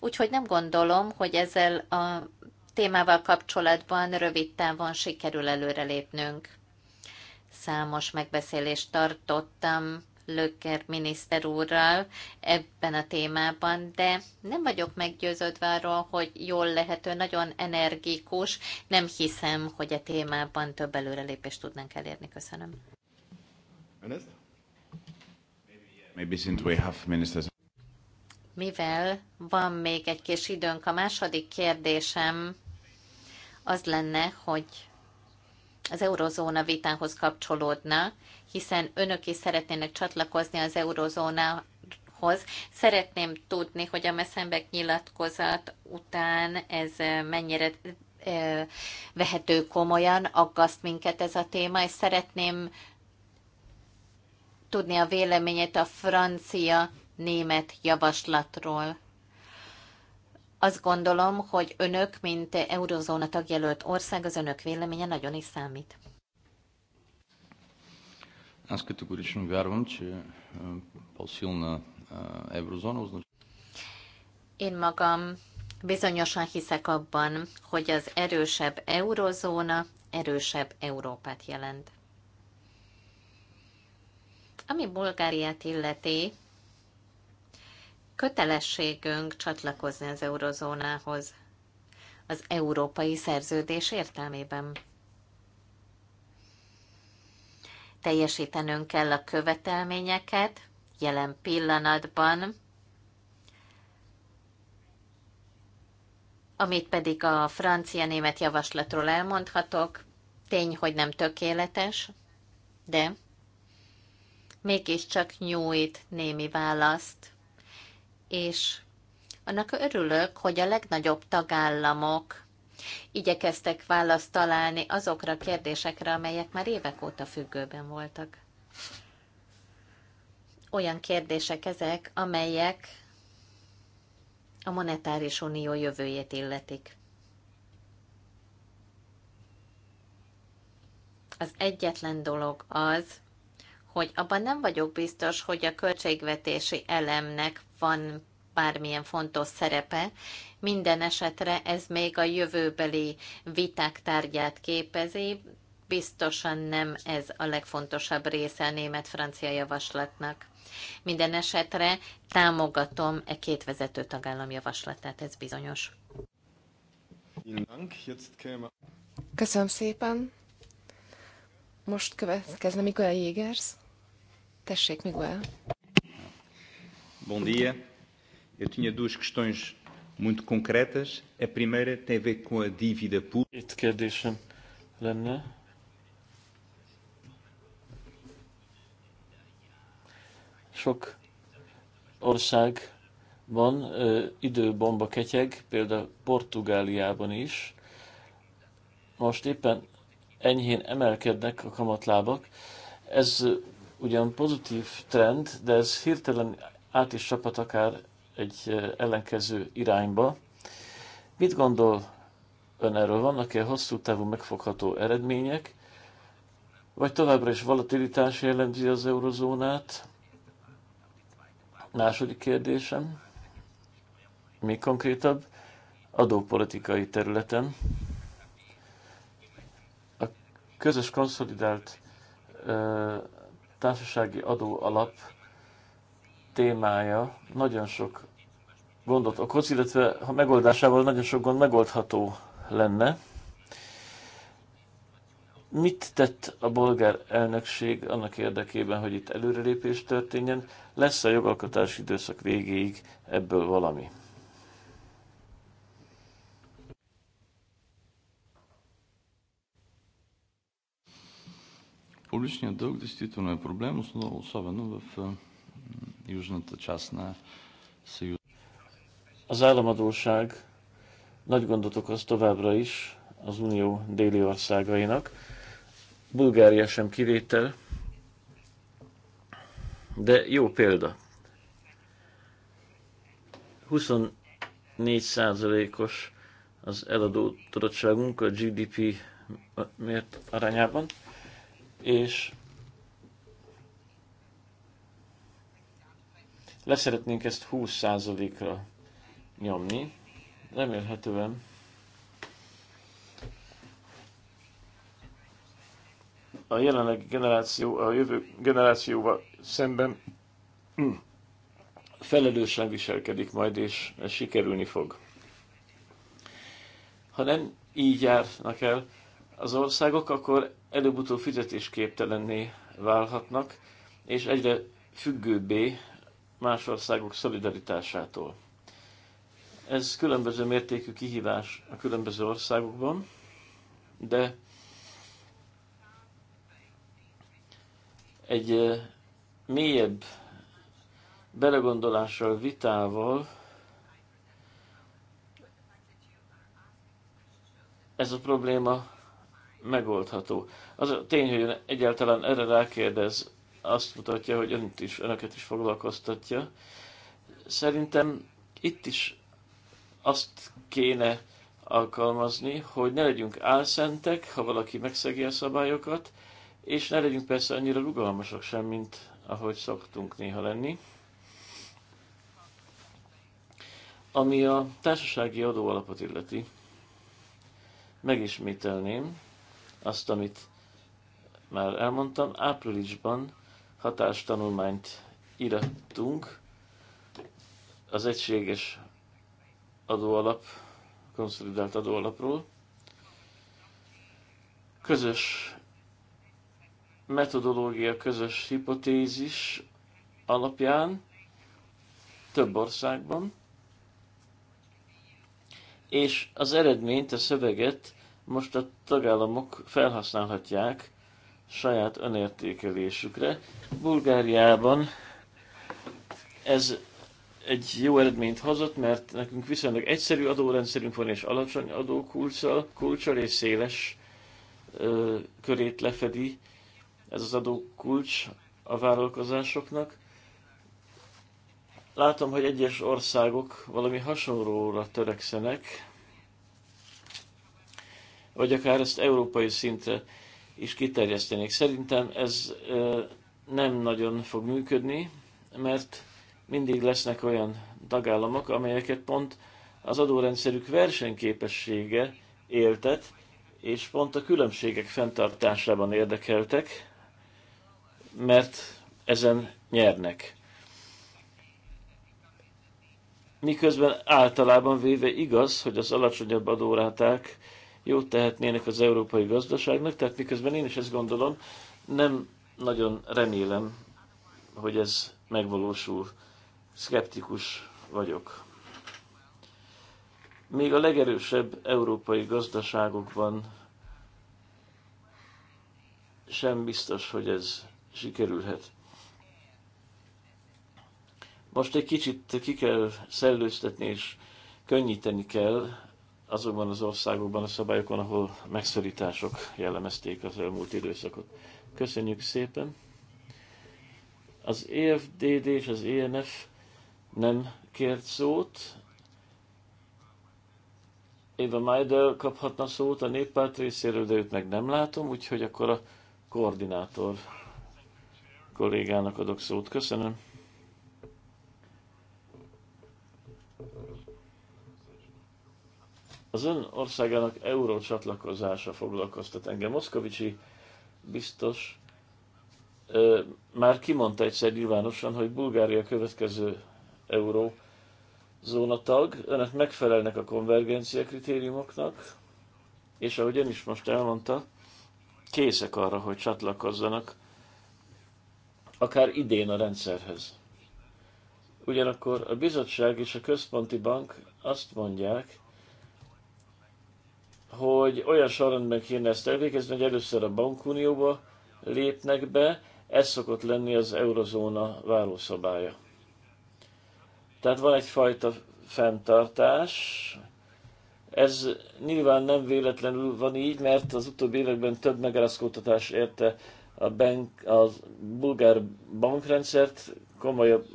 Úgyhogy nem gondolom, hogy ezzel a témával kapcsolatban rövid távon sikerül előrelépnünk. Számos megbeszélést tartottam Löker miniszter úrral ebben a témában, de nem vagyok meggyőződve arról, hogy jól lehető, nagyon energikus. Nem hiszem, hogy a témában több előrelépést tudnánk elérni. Köszönöm. Maybe since we have ministers. Mivel van még egy kis időnk, a második kérdésem az lenne, hogy az eurozóna vitához kapcsolódna, hiszen önök is szeretnének csatlakozni az eurozóna hoz. Szeretném tudni, hogy a Meszembek nyilatkozat után ez mennyire vehető komolyan, aggaszt minket ez a téma, és szeretném tudni a véleményét a francia-német javaslatról. Azt gondolom, hogy önök, mint eurozóna tagjelölt ország, az önök véleménye nagyon is számít. Аз категорично вярвам, че по-силна еврозона Én magam bizonyosan hiszek abban, hogy az erősebb eurozóna erősebb Európát jelent. Ami Bulgáriát illeti, kötelességünk csatlakozni az eurozónához az európai szerződés értelmében. Teljesítenünk kell a követelményeket jelen pillanatban, amit pedig a francia-német javaslatról elmondhatok, tény, hogy nem tökéletes, de mégiscsak nyújt némi választ és annak örülök, hogy a legnagyobb tagállamok igyekeztek választ találni azokra a kérdésekre, amelyek már évek óta függőben voltak. Olyan kérdések ezek, amelyek a monetáris unió jövőjét illetik. Az egyetlen dolog az, hogy abban nem vagyok biztos, hogy a költségvetési elemnek van bármilyen fontos szerepe. Minden esetre ez még a jövőbeli viták tárgyát képezi, biztosan nem ez a legfontosabb része a német-francia javaslatnak. Minden esetre támogatom e két vezető tagállam javaslatát, ez bizonyos. Köszönöm szépen. Most következne Mikola Jégersz. Tessék, Miguel. Bom dia. Eu tinha duas questões muito concretas. A primeira tem a ver com a dívida pública. Itt kérdésem lenne. Sok országban ö, időbomba ketyeg, például Portugáliában is. Most éppen enyhén emelkednek a kamatlábak. Ez ugyan pozitív trend, de ez hirtelen át is csapat akár egy ellenkező irányba. Mit gondol ön erről? Vannak-e hosszú távú megfogható eredmények, vagy továbbra is volatilitás jellemzi az eurozónát? Második kérdésem, még konkrétabb, adópolitikai területen. A közös konszolidált társasági adó alap témája nagyon sok gondot okoz, illetve ha megoldásával nagyon sok gond megoldható lenne. Mit tett a bolgár elnökség annak érdekében, hogy itt előrelépés történjen? Lesz a jogalkotási időszak végéig ebből valami? Публичният дълг действително е проблем, особено в южната част на Съюза. Az államadóság nagy gondot okoz továbbra is az Unió déli országainak. Bulgária sem kivétel, de jó példa. 24%-os az eladótodottságunk a GDP mért arányában és leszeretnénk ezt 20%-ra nyomni, remélhetően a jelenlegi generáció, a jövő generációval szemben [CLEARS THROAT] felelősen viselkedik majd, és sikerülni fog. Ha nem így járnak el, az országok, akkor előbb-utóbb fizetésképtelenné válhatnak, és egyre függőbbé más országok szolidaritásától. Ez különböző mértékű kihívás a különböző országokban, de egy mélyebb belegondolással, vitával ez a probléma megoldható. Az a tény, hogy ön egyáltalán erre rákérdez, azt mutatja, hogy önt is, önöket is foglalkoztatja. Szerintem itt is azt kéne alkalmazni, hogy ne legyünk álszentek, ha valaki megszegi a szabályokat, és ne legyünk persze annyira rugalmasak sem, mint ahogy szoktunk néha lenni. Ami a társasági adóalapot illeti, megismételném, azt, amit már elmondtam. Áprilisban hatástanulmányt írattunk az egységes adóalap, konszolidált adóalapról. Közös metodológia, közös hipotézis alapján több országban, és az eredményt, a szöveget most a tagállamok felhasználhatják saját önértékelésükre. Bulgáriában ez egy jó eredményt hozott, mert nekünk viszonylag egyszerű adórendszerünk van, és alacsony adókulcsal, kulcsal és széles ö, körét lefedi ez az adókulcs a vállalkozásoknak. Látom, hogy egyes országok valami hasonlóra törekszenek, vagy akár ezt európai szintre is kiterjesztenék. Szerintem ez nem nagyon fog működni, mert mindig lesznek olyan tagállamok, amelyeket pont az adórendszerük versenyképessége éltet, és pont a különbségek fenntartásában érdekeltek, mert ezen nyernek. Miközben általában véve igaz, hogy az alacsonyabb adóráták jót tehetnének az európai gazdaságnak, tehát miközben én is ezt gondolom, nem nagyon remélem, hogy ez megvalósul. Szkeptikus vagyok. Még a legerősebb európai gazdaságokban sem biztos, hogy ez sikerülhet. Most egy kicsit ki kell szellőztetni és könnyíteni kell azokban az országokban a szabályokon, ahol megszorítások jellemezték az elmúlt időszakot. Köszönjük szépen! Az EFDD és az ENF nem kért szót. Éva Majdel kaphatna szót a néppárt részéről, de őt meg nem látom, úgyhogy akkor a koordinátor kollégának adok szót. Köszönöm. Az ön országának euró csatlakozása foglalkoztat engem. Moszkovicsi biztos ö, már kimondta egyszer nyilvánosan, hogy Bulgária következő euró zóna tag, önök megfelelnek a konvergencia kritériumoknak, és ahogy ön is most elmondta, készek arra, hogy csatlakozzanak akár idén a rendszerhez. Ugyanakkor a bizottság és a központi bank azt mondják, hogy olyan sorrendben kéne ezt elvégezni, hogy először a bankunióba lépnek be, ez szokott lenni az eurozóna válószabálya. Tehát van egyfajta fenntartás, ez nyilván nem véletlenül van így, mert az utóbbi években több megrázkódtatás érte a, bank, a bulgár bankrendszert, komolyabb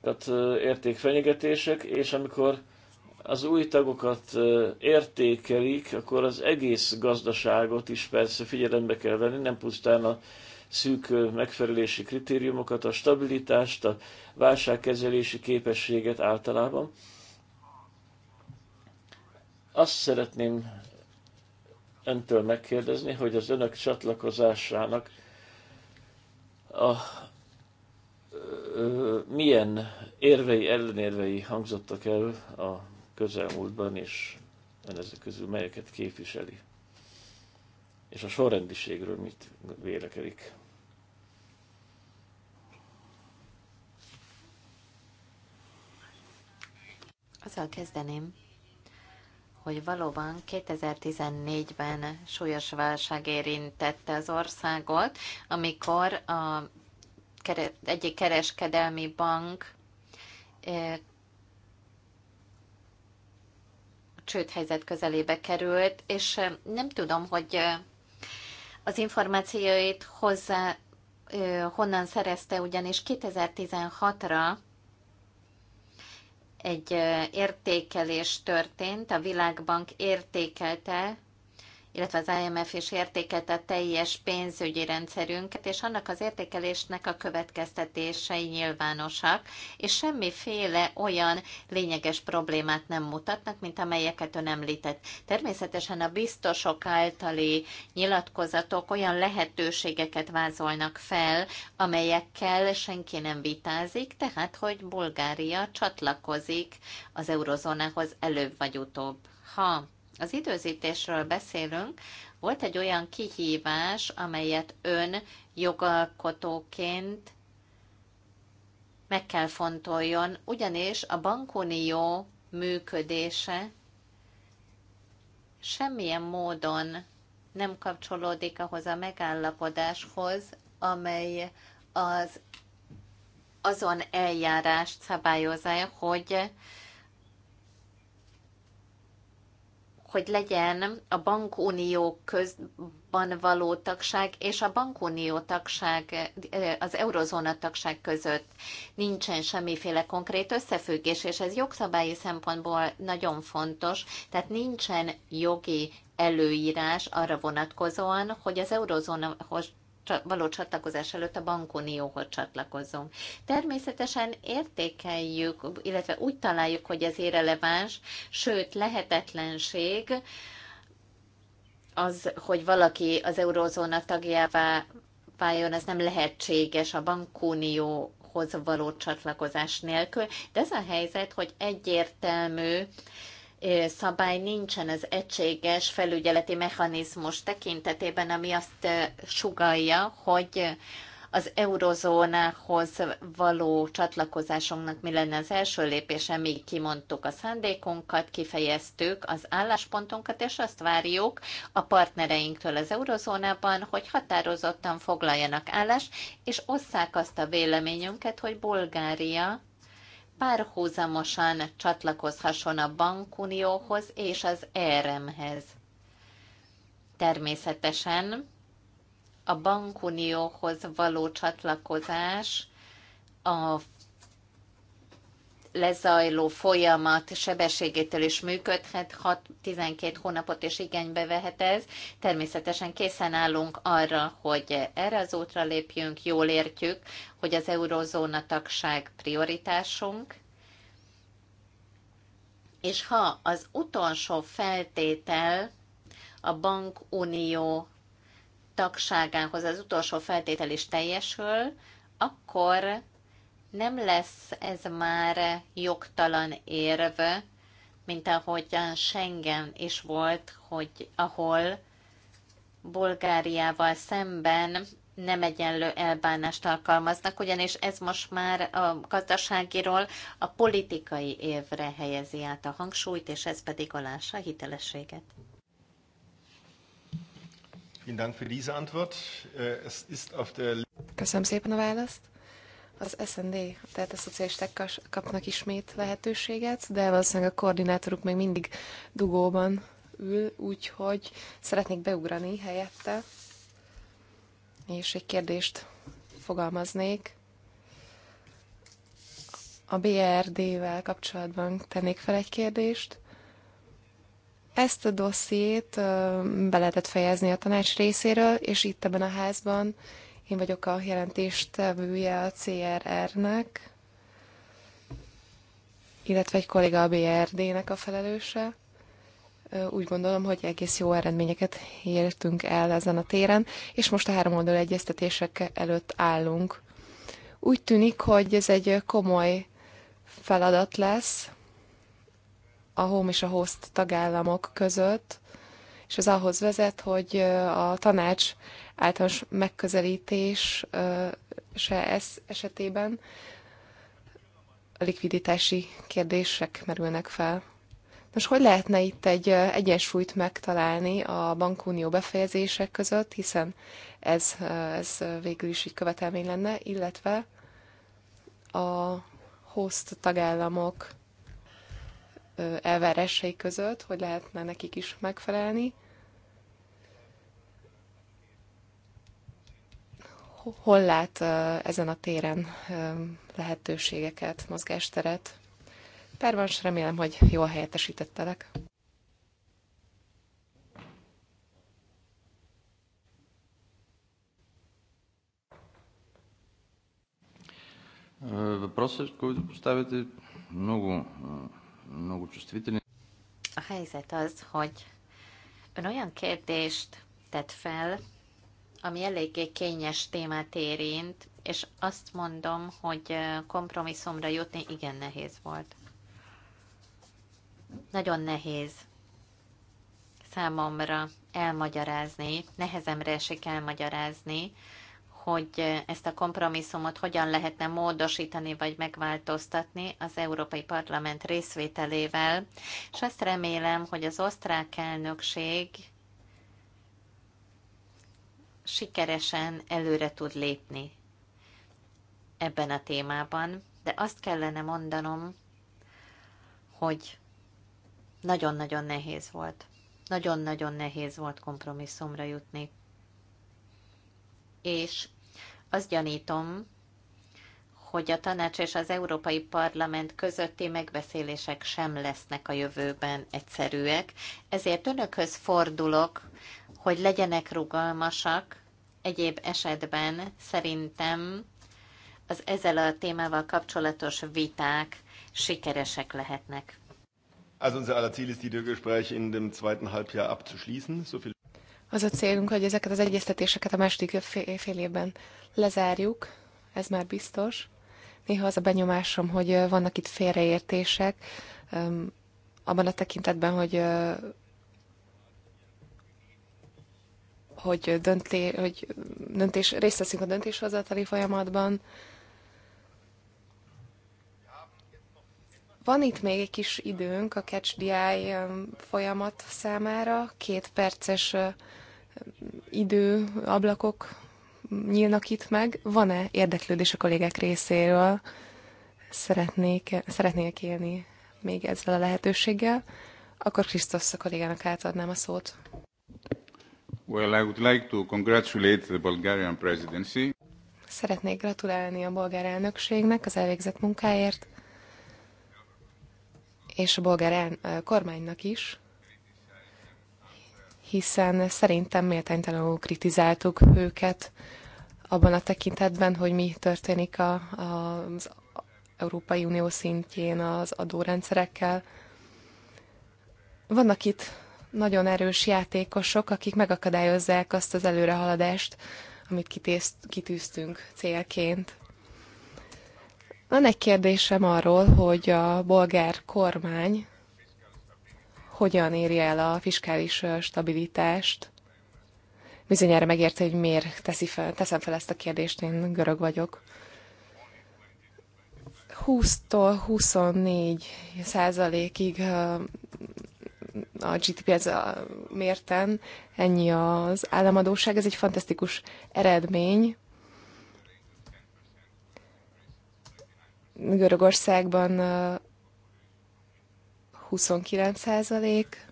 Tehát érték fenyegetések, és amikor az új tagokat értékelik, akkor az egész gazdaságot is persze figyelembe kell venni, nem pusztán a szűk megfelelési kritériumokat, a stabilitást, a válságkezelési képességet általában. Azt szeretném öntől megkérdezni, hogy az önök csatlakozásának a milyen érvei, ellenérvei hangzottak el a közelmúltban, és ön ezek közül melyeket képviseli. És a sorrendiségről mit vélekedik? Azzal kezdeném, hogy valóban 2014-ben súlyos válság érintette az országot, amikor a egyik kereskedelmi bank eh, csődhelyzet közelébe került, és nem tudom, hogy az információit hozzá honnan szerezte, ugyanis 2016-ra egy értékelés történt, a Világbank értékelte illetve az IMF is értékelt a teljes pénzügyi rendszerünket, és annak az értékelésnek a következtetései nyilvánosak, és semmiféle olyan lényeges problémát nem mutatnak, mint amelyeket ön említett. Természetesen a biztosok általi nyilatkozatok olyan lehetőségeket vázolnak fel, amelyekkel senki nem vitázik, tehát hogy Bulgária csatlakozik az eurozónához előbb vagy utóbb. Ha az időzítésről beszélünk, volt egy olyan kihívás, amelyet ön jogalkotóként meg kell fontoljon, ugyanis a bankunió működése semmilyen módon nem kapcsolódik ahhoz a megállapodáshoz, amely az azon eljárást szabályozza, hogy hogy legyen a bankunió közben való tagság és a bankunió tagság, az eurozóna tagság között nincsen semmiféle konkrét összefüggés, és ez jogszabályi szempontból nagyon fontos, tehát nincsen jogi előírás arra vonatkozóan, hogy az eurozónahoz való csatlakozás előtt a bankunióhoz csatlakozom. Természetesen értékeljük, illetve úgy találjuk, hogy ez irreleváns, sőt lehetetlenség az, hogy valaki az eurózóna tagjává váljon, ez nem lehetséges a bankunióhoz való csatlakozás nélkül, de ez a helyzet, hogy egyértelmű szabály nincsen az egységes felügyeleti mechanizmus tekintetében, ami azt sugalja, hogy az eurozónához való csatlakozásunknak mi lenne az első lépése, mi kimondtuk a szándékunkat, kifejeztük az álláspontunkat, és azt várjuk a partnereinktől az eurozónában, hogy határozottan foglaljanak állást, és osszák azt a véleményünket, hogy Bulgária párhuzamosan csatlakozhasson a bankunióhoz és az ERM-hez. Természetesen a bankunióhoz való csatlakozás a lezajló folyamat sebességétől is működhet, 6-12 hónapot is igénybe vehet ez. Természetesen készen állunk arra, hogy erre az útra lépjünk, jól értjük, hogy az eurozóna tagság prioritásunk, és ha az utolsó feltétel a bankunió tagságához az utolsó feltétel is teljesül, akkor nem lesz ez már jogtalan érv, mint ahogyan Schengen is volt, hogy ahol Bulgáriával szemben nem egyenlő elbánást alkalmaznak, ugyanis ez most már a gazdaságiról a politikai évre helyezi át a hangsúlyt, és ez pedig alássa a hitelességet. Köszönöm szépen a választ. Az SND, tehát a szocialisták kapnak ismét lehetőséget, de valószínűleg a koordinátoruk még mindig dugóban ül, úgyhogy szeretnék beugrani helyette, és egy kérdést fogalmaznék. A BRD-vel e kapcsolatban tennék fel egy kérdést. Ezt a dossziét be lehetett fejezni a tanács részéről, és itt ebben a házban én vagyok a jelentéstevője a CRR-nek, illetve egy kolléga a BRD-nek a felelőse. Úgy gondolom, hogy egész jó eredményeket értünk el ezen a téren, és most a három oldal egyeztetések előtt állunk. Úgy tűnik, hogy ez egy komoly feladat lesz a home és a host tagállamok között, és ez ahhoz vezet, hogy a tanács általános megközelítés se ez esetében a likviditási kérdések merülnek fel. Most hogy lehetne itt egy egyensúlyt megtalálni a bankunió befejezések között, hiszen ez, ez végül is egy követelmény lenne, illetve a host tagállamok elvárásai között, hogy lehetne nekik is megfelelni, hol lát ezen a téren lehetőségeket, mozgásteret? Pervans, remélem, hogy jól helyettesítettelek. A helyzet az, hogy ön olyan kérdést tett fel, ami eléggé kényes témát érint, és azt mondom, hogy kompromisszumra jutni igen nehéz volt. Nagyon nehéz számomra elmagyarázni, nehezemre esik elmagyarázni, hogy ezt a kompromisszumot hogyan lehetne módosítani vagy megváltoztatni az Európai Parlament részvételével, és azt remélem, hogy az osztrák elnökség sikeresen előre tud lépni ebben a témában, de azt kellene mondanom, hogy nagyon-nagyon nehéz volt. Nagyon-nagyon nehéz volt kompromisszumra jutni. És azt gyanítom, hogy a tanács és az Európai Parlament közötti megbeszélések sem lesznek a jövőben egyszerűek. Ezért önökhöz fordulok hogy legyenek rugalmasak. Egyéb esetben szerintem az ezzel a témával kapcsolatos viták sikeresek lehetnek. Also unser aller Ziel ist, die in dem zweiten Halbjahr abzuschließen. So viel az a célunk, hogy ezeket az egyeztetéseket a második fél évben lezárjuk, ez már biztos. Néha az a benyomásom, hogy vannak itt félreértések, abban a tekintetben, hogy hogy, dönté, hogy döntés, részt veszünk a döntéshozatali folyamatban. Van itt még egy kis időnk a Catch the Eye um, folyamat számára, két perces uh, időablakok nyílnak itt meg. Van-e érdeklődés a kollégák részéről? Szeretnék, szeretnék élni még ezzel a lehetőséggel? Akkor Krisztosz a kollégának átadnám a szót. Well, I would like to congratulate the Bulgarian presidency. Szeretnék gratulálni a bolgár elnökségnek az elvégzett munkáért, és a bolgár el, kormánynak is, hiszen szerintem méltánytalanul kritizáltuk őket abban a tekintetben, hogy mi történik a, a, az Európai Unió szintjén az adórendszerekkel. Vannak itt nagyon erős játékosok, akik megakadályozzák azt az előrehaladást, amit kitéz, kitűztünk célként. Van egy kérdésem arról, hogy a bolgár kormány hogyan éri el a fiskális stabilitást. Bizonyára megérti, hogy miért teszi fel, teszem fel ezt a kérdést, én görög vagyok. 20-tól 24 százalékig a GTP- ez a mérten, ennyi az államadóság, ez egy fantasztikus eredmény. Görögországban 29 százalék,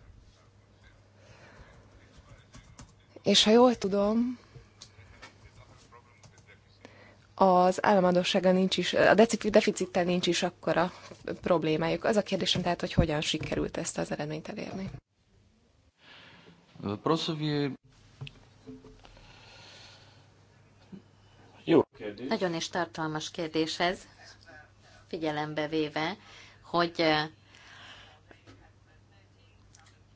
és ha jól tudom, az államadósággal nincs is, a deficittel nincs is akkora problémájuk. Az a kérdésem tehát, hogy hogyan sikerült ezt az eredményt elérni. Jó kérdés. Nagyon is tartalmas kérdés ez, figyelembe véve, hogy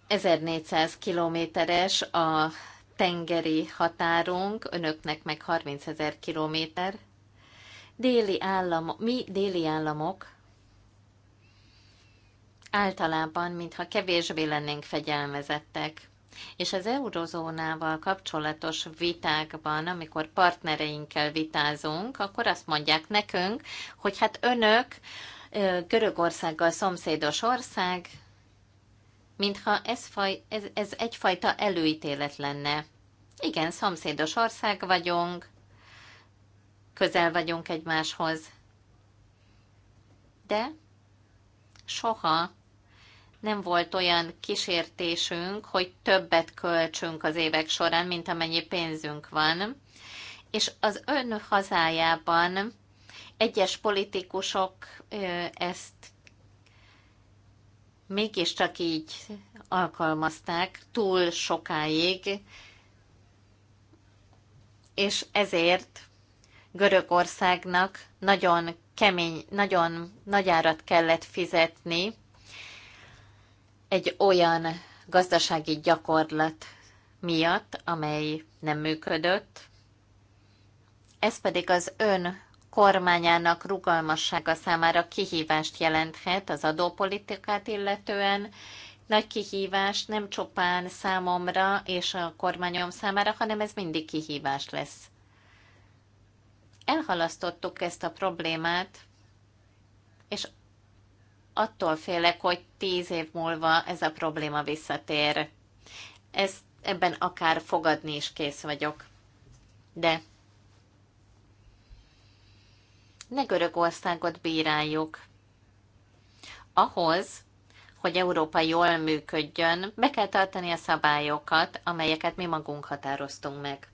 1400 kilométeres a tengeri határunk, önöknek meg 30 ezer kilométer, déli államok, mi déli államok általában, mintha kevésbé lennénk fegyelmezettek. És az eurozónával kapcsolatos vitákban, amikor partnereinkkel vitázunk, akkor azt mondják nekünk, hogy hát önök Görögországgal szomszédos ország, mintha ez, faj, ez, ez egyfajta előítélet lenne. Igen, szomszédos ország vagyunk, közel vagyunk egymáshoz. De soha nem volt olyan kísértésünk, hogy többet költsünk az évek során, mint amennyi pénzünk van. És az ön hazájában egyes politikusok ezt mégiscsak így alkalmazták túl sokáig, és ezért Görögországnak nagyon kemény, nagyon nagy árat kellett fizetni egy olyan gazdasági gyakorlat miatt, amely nem működött. Ez pedig az ön kormányának rugalmassága számára kihívást jelenthet az adópolitikát illetően, nagy kihívás nem csupán számomra és a kormányom számára, hanem ez mindig kihívás lesz elhalasztottuk ezt a problémát, és attól félek, hogy tíz év múlva ez a probléma visszatér. Ez, ebben akár fogadni is kész vagyok. De ne Görögországot bíráljuk. Ahhoz, hogy Európa jól működjön, be kell tartani a szabályokat, amelyeket mi magunk határoztunk meg.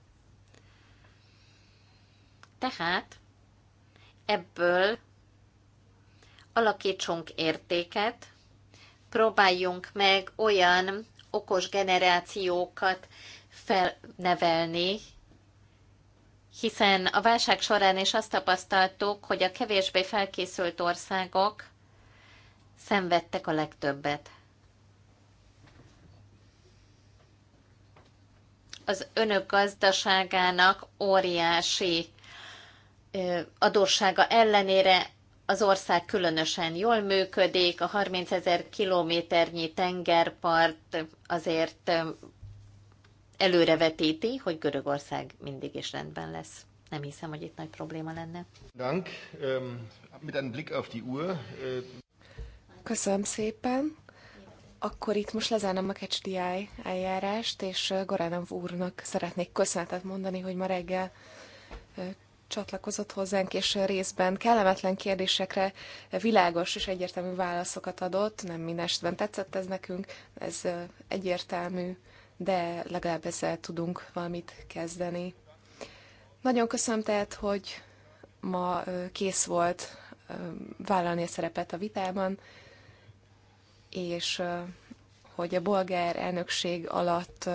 Tehát ebből alakítsunk értéket, próbáljunk meg olyan okos generációkat felnevelni, hiszen a válság során is azt tapasztaltuk, hogy a kevésbé felkészült országok szenvedtek a legtöbbet. Az önök gazdaságának óriási adóssága ellenére az ország különösen jól működik, a 30 ezer kilométernyi tengerpart azért előrevetíti, hogy Görögország mindig is rendben lesz. Nem hiszem, hogy itt nagy probléma lenne. Dank. Ähm, mit einem Blick auf die Uhr. Äh, Köszönöm szépen. Akkor itt most lezárnám a KCDI eljárást, és Goránov úrnak szeretnék köszönetet mondani, hogy ma reggel csatlakozott hozzánk, és részben kellemetlen kérdésekre világos és egyértelmű válaszokat adott. Nem minden esetben tetszett ez nekünk, ez egyértelmű, de legalább ezzel tudunk valamit kezdeni. Nagyon köszönöm tehát, hogy ma kész volt vállalni a szerepet a vitában, és hogy a bolgár elnökség alatt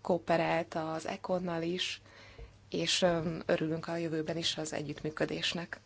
kooperált az Ekonnal is, és örülünk a jövőben is az együttműködésnek.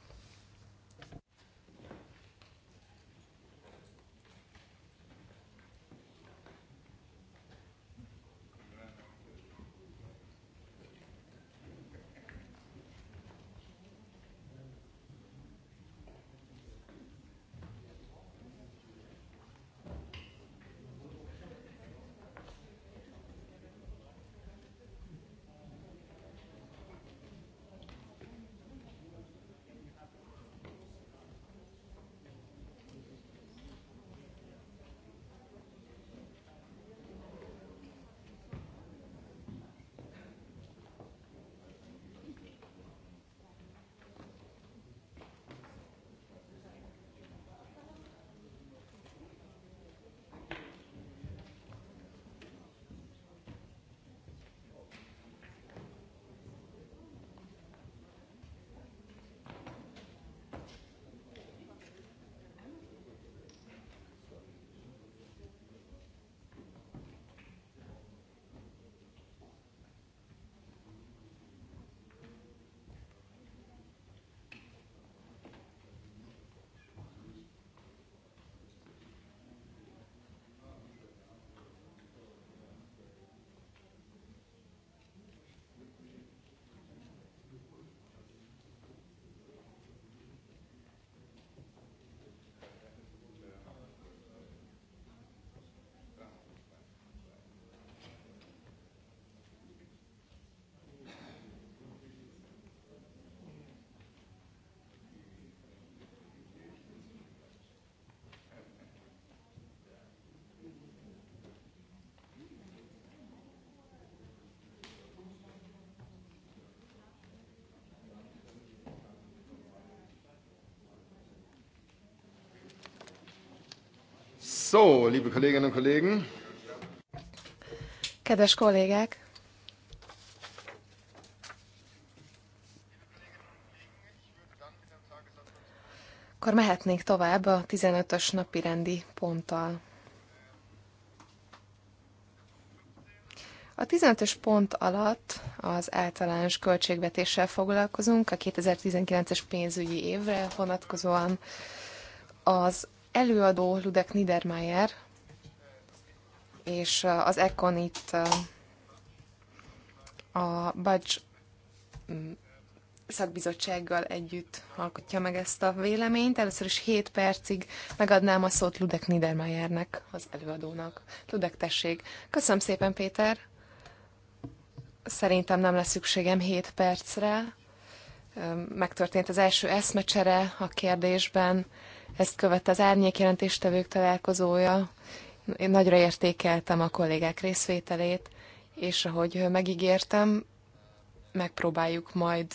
So, liebe Kolleginnen und Kollegen. Kedves kollégák! Akkor mehetnénk tovább a 15-ös napi rendi ponttal. A 15-ös pont alatt az általános költségvetéssel foglalkozunk, a 2019-es pénzügyi évre vonatkozóan az előadó Ludek Niedermayer, és uh, az Econ itt uh, a Budge mm, szakbizottsággal együtt alkotja meg ezt a véleményt. Először is 7 percig megadnám a szót Ludek Niedermayernek, az előadónak. Ludek, tessék. Köszönöm szépen, Péter. Szerintem nem lesz szükségem 7 percre. Megtörtént az első eszmecsere a kérdésben ezt követ az árnyék jelentéstevők találkozója. Én nagyra értékeltem a kollégák részvételét, és ahogy megígértem, megpróbáljuk majd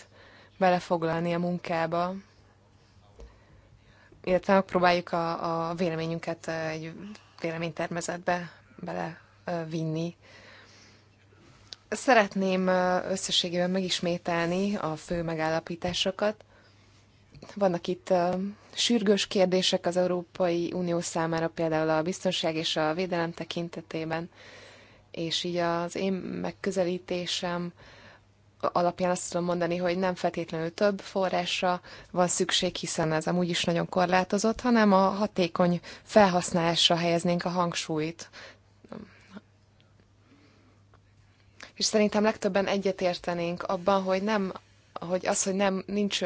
belefoglalni a munkába, illetve megpróbáljuk a, a véleményünket egy véleménytermezetbe belevinni. Szeretném összességében megismételni a fő megállapításokat, vannak itt sürgős kérdések az Európai Unió számára, például a biztonság és a védelem tekintetében, és így az én megközelítésem alapján azt tudom mondani, hogy nem feltétlenül több forrásra van szükség, hiszen ez amúgy is nagyon korlátozott, hanem a hatékony felhasználásra helyeznénk a hangsúlyt. És szerintem legtöbben egyetértenénk abban, hogy nem hogy az, hogy nem nincs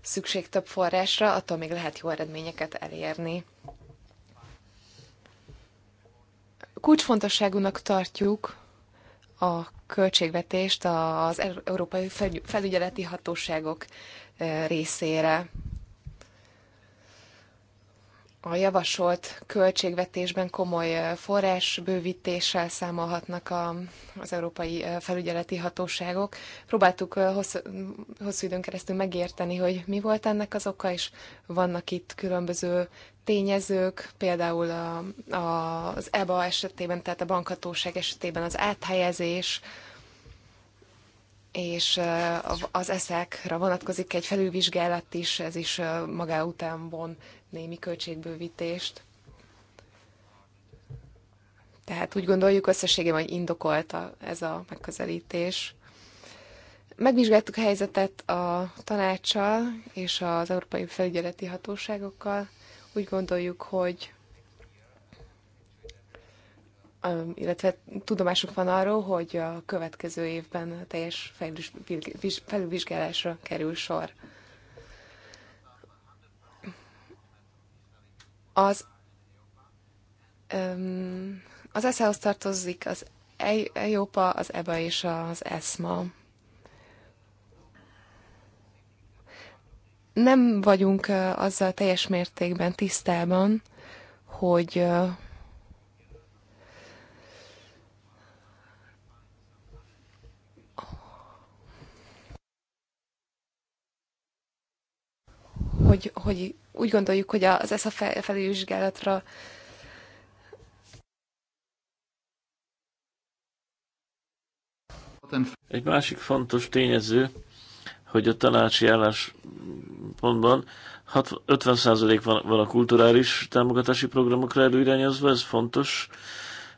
szükség több forrásra, attól még lehet jó eredményeket elérni. Kulcsfontosságúnak tartjuk a költségvetést az Európai Felügyeleti Hatóságok részére a javasolt költségvetésben komoly forrásbővítéssel számolhatnak a, az európai felügyeleti hatóságok. Próbáltuk hosszú, hosszú időn keresztül megérteni, hogy mi volt ennek az oka, és vannak itt különböző tényezők, például a, a, az EBA esetében, tehát a bankhatóság esetében az áthelyezés, és az eszekra vonatkozik egy felülvizsgálat is, ez is maga után von némi költségbővítést. Tehát úgy gondoljuk összességében, hogy indokolta ez a megközelítés. Megvizsgáltuk a helyzetet a tanácssal és az európai felügyeleti hatóságokkal. Úgy gondoljuk, hogy um, illetve tudomásuk van arról, hogy a következő évben teljes felülvizsgálásra kerül sor. Az, um, az eszehoz tartozik az EIOPA, az EBA és az ESMA. Nem vagyunk azzal teljes mértékben tisztában, hogy hogy, hogy úgy gondoljuk, hogy az ESZA felülvizsgálatra Egy másik fontos tényező, hogy a tanácsi álláspontban 50% van, van a kulturális támogatási programokra előirányozva, ez fontos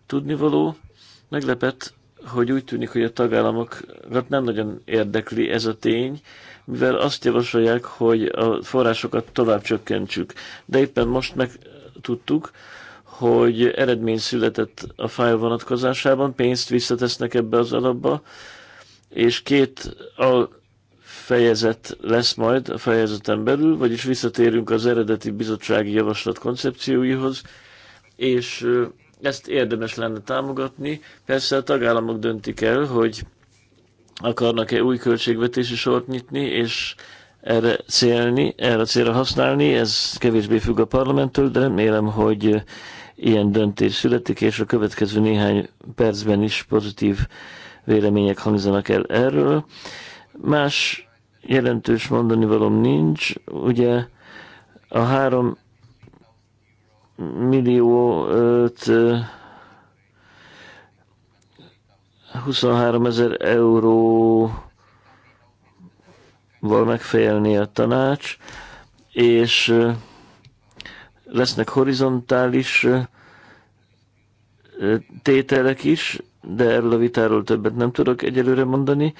tudnivaló. Meglepett, hogy úgy tűnik, hogy a tagállamokat nem nagyon érdekli ez a tény, mivel azt javasolják, hogy a forrásokat tovább csökkentsük. De éppen most megtudtuk, hogy eredmény született a fájl vonatkozásában, pénzt visszatesznek ebbe az alapba, és két a fejezet lesz majd a fejezeten belül, vagyis visszatérünk az eredeti bizottsági javaslat koncepcióihoz, és ezt érdemes lenne támogatni. Persze a tagállamok döntik el, hogy akarnak-e új költségvetési sort nyitni, és erre, célni, erre célra használni, ez kevésbé függ a parlamenttől, de remélem, hogy ilyen döntés születik, és a következő néhány percben is pozitív vélemények hangzanak el erről. Más jelentős mondani valom nincs, ugye a három milliót 23 ezer euróval megfejelni a tanács, és lesznek horizontális tételek is, de erről a vitáról többet nem tudok egyelőre mondani.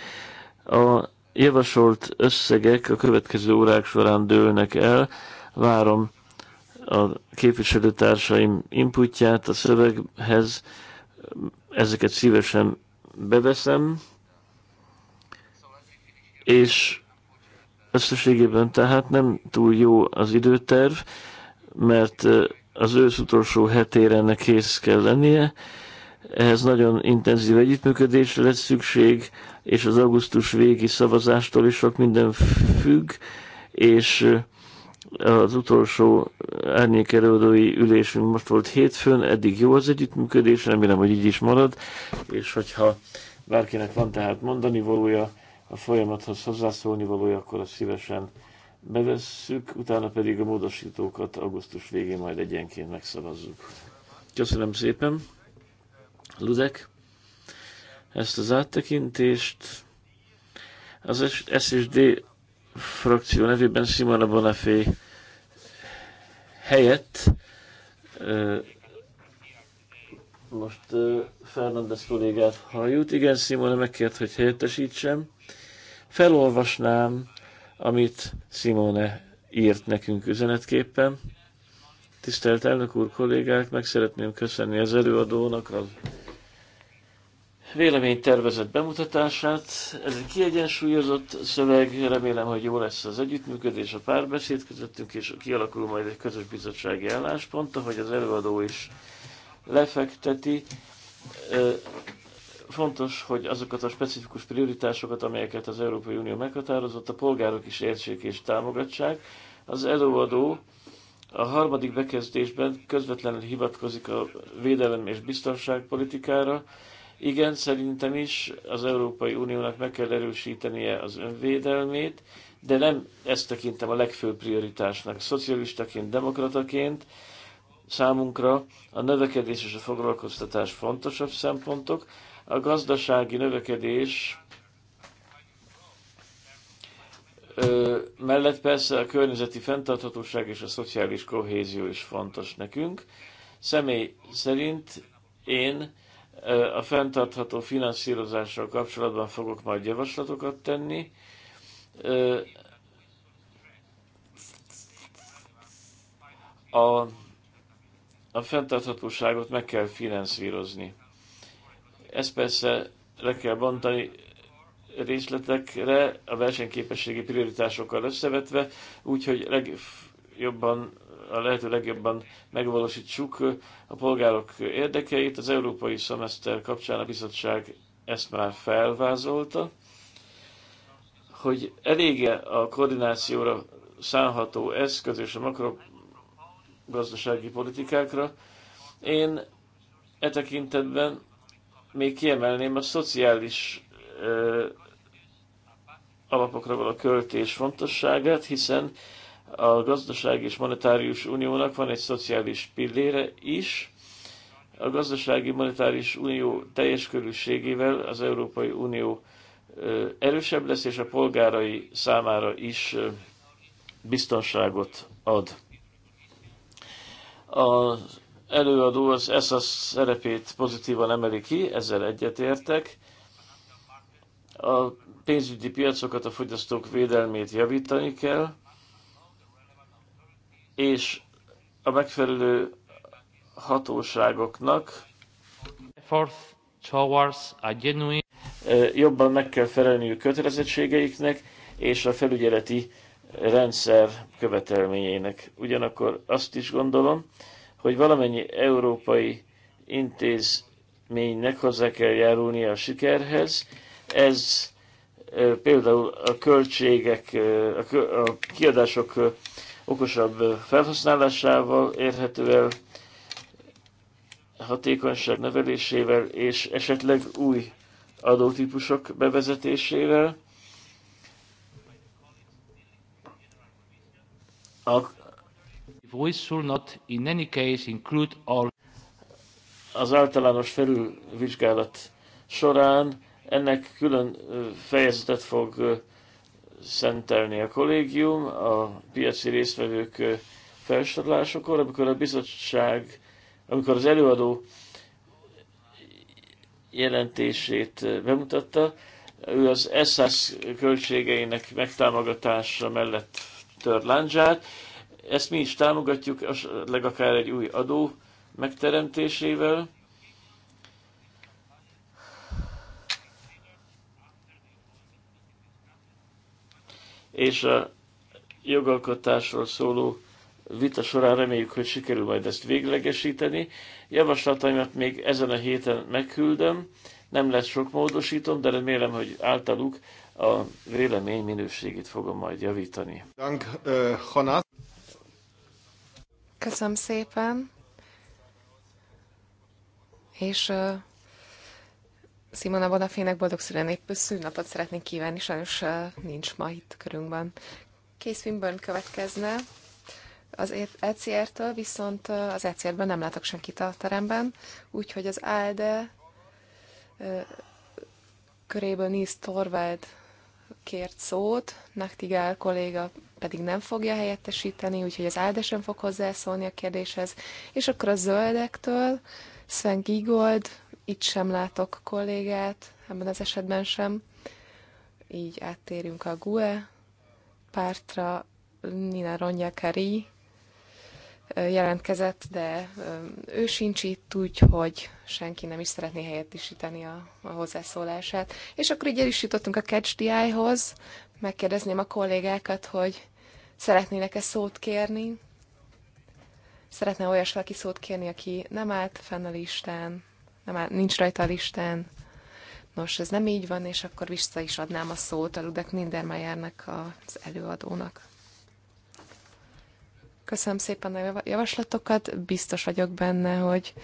A javasolt összegek a következő órák során dőlnek el. Várom a képviselőtársaim inputját a szöveghez. Ezeket szívesen beveszem, és összességében tehát nem túl jó az időterv, mert az ősz utolsó hetére ennek kész kell lennie, ehhez nagyon intenzív együttműködésre lesz szükség, és az augusztus végi szavazástól is sok minden függ, és az utolsó árnyékerődői ülésünk most volt hétfőn, eddig jó az együttműködés, remélem, hogy így is marad, és hogyha bárkinek van tehát mondani valója, a folyamathoz hozzászólni valója, akkor azt szívesen bevesszük, utána pedig a módosítókat augusztus végén majd egyenként megszavazzuk. Köszönöm szépen, Ludek, ezt az áttekintést. Az SSD frakció nevében Simona Bonafé helyett most Fernandez kollégát halljuk. Igen, Simone megkért, hogy helyettesítsem. Felolvasnám, amit Simone írt nekünk üzenetképpen. Tisztelt elnök úr, kollégák, meg szeretném köszönni az előadónak, az véleménytervezet bemutatását. Ez egy kiegyensúlyozott szöveg, remélem, hogy jó lesz az együttműködés, a párbeszéd közöttünk, és kialakul majd egy közös bizottsági álláspont, ahogy az előadó is lefekteti. Fontos, hogy azokat a specifikus prioritásokat, amelyeket az Európai Unió meghatározott, a polgárok is értsék és támogatsák. Az előadó a harmadik bekezdésben közvetlenül hivatkozik a védelem és biztonságpolitikára, politikára, igen, szerintem is az Európai Uniónak meg kell erősítenie az önvédelmét, de nem ezt tekintem a legfőbb prioritásnak. Szocialistaként, demokrataként számunkra a növekedés és a foglalkoztatás fontosabb szempontok. A gazdasági növekedés ö, mellett persze a környezeti fenntarthatóság és a szociális kohézió is fontos nekünk. Személy szerint én a fenntartható finanszírozással kapcsolatban fogok majd javaslatokat tenni. A, a fenntarthatóságot meg kell finanszírozni. Ezt persze le kell bontani részletekre, a versenyképességi prioritásokkal összevetve, úgyhogy legjobban, a lehető legjobban megvalósítsuk a polgárok érdekeit. Az európai szemeszter kapcsán a bizottság ezt már felvázolta, hogy elége a koordinációra szánható eszköz és a makrogazdasági politikákra. Én e tekintetben még kiemelném a szociális ö, alapokra való költés fontosságát, hiszen a gazdaság és monetárius uniónak van egy szociális pillére is. A gazdasági monetáris unió teljes körülségével az Európai Unió erősebb lesz, és a polgárai számára is biztonságot ad. Az előadó az ESAS szerepét pozitívan emeli ki, ezzel egyetértek. A pénzügyi piacokat, a fogyasztók védelmét javítani kell, és a megfelelő hatóságoknak jobban meg kell a kötelezettségeiknek és a felügyeleti rendszer követelményeinek. Ugyanakkor azt is gondolom, hogy valamennyi európai intézménynek hozzá kell járulnia a sikerhez. Ez például a költségek, a kiadások okosabb felhasználásával érhető el, hatékonyság növelésével és esetleg új adótípusok bevezetésével. A voice should not in any case include all az általános felülvizsgálat során ennek külön fejezetet fog szentelni a kollégium a piaci résztvevők felsorolásakor, amikor a bizottság, amikor az előadó jelentését bemutatta, ő az SS költségeinek megtámogatása mellett tör lándzsát. Ezt mi is támogatjuk, legakár egy új adó megteremtésével, és a jogalkotásról szóló vita során reméljük, hogy sikerül majd ezt véglegesíteni. Javaslataimat még ezen a héten megküldöm, nem lesz sok módosítom, de remélem, hogy általuk a vélemény minőségét fogom majd javítani. Köszönöm szépen, és Simona Bonafének boldog szülenép szűnapot szeretnék kívánni, sajnos nincs ma itt körünkben. Case Swinburne következne az ECR-től, viszont az ECR-ben nem látok senkit a teremben, úgyhogy az ALDE köréből Nils Torvald kért szót, Naktigál kolléga pedig nem fogja helyettesíteni, úgyhogy az ALDE sem fog hozzászólni a kérdéshez. És akkor a zöldektől Sven Gigold itt sem látok kollégát, ebben az esetben sem. Így áttérünk a GUE pártra. Nina Ronja Kari jelentkezett, de ő sincs itt, úgyhogy senki nem is szeretné helyettisíteni a, a hozzászólását. És akkor így el is jutottunk a Catch the Eye-hoz. Megkérdezném a kollégákat, hogy szeretnének-e szót kérni. Szeretne olyas valaki szót kérni, aki nem állt fenn a listán nem, nincs rajta a listán. Nos, ez nem így van, és akkor vissza is adnám a szót a Ludek Nindermayernek az előadónak. Köszönöm szépen a javaslatokat, biztos vagyok benne, hogy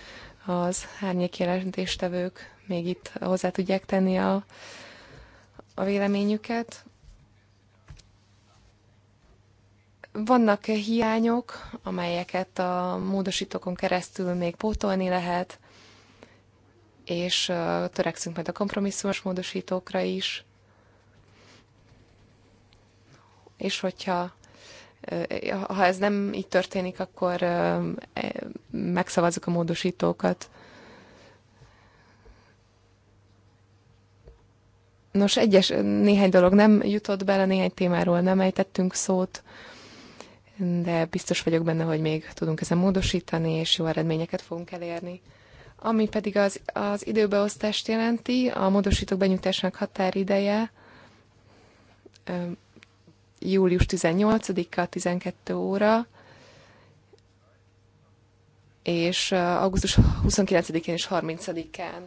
az árnyék jelentéstevők még itt hozzá tudják tenni a, a véleményüket. Vannak hiányok, amelyeket a módosítókon keresztül még pótolni lehet, és törekszünk majd a kompromisszumos módosítókra is, és hogyha ha ez nem így történik, akkor e, megszavazzuk a módosítókat. Nos, egyes, néhány dolog nem jutott bele, néhány témáról nem ejtettünk szót, de biztos vagyok benne, hogy még tudunk ezen módosítani, és jó eredményeket fogunk elérni. Ami pedig az, az időbeosztást jelenti, a módosítók benyújtásának határideje július 18-a 12 óra, és augusztus 29-én és 30-án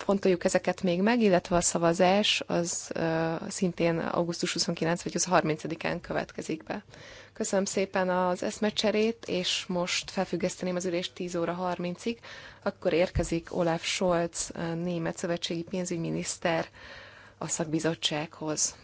fontoljuk ezeket még meg, illetve a szavazás az uh, szintén augusztus 29 vagy 30-án következik be. Köszönöm szépen az eszmecserét, és most felfüggeszteném az ülést 10 óra 30-ig. Akkor érkezik Olaf Scholz, német szövetségi pénzügyminiszter a szakbizottsághoz.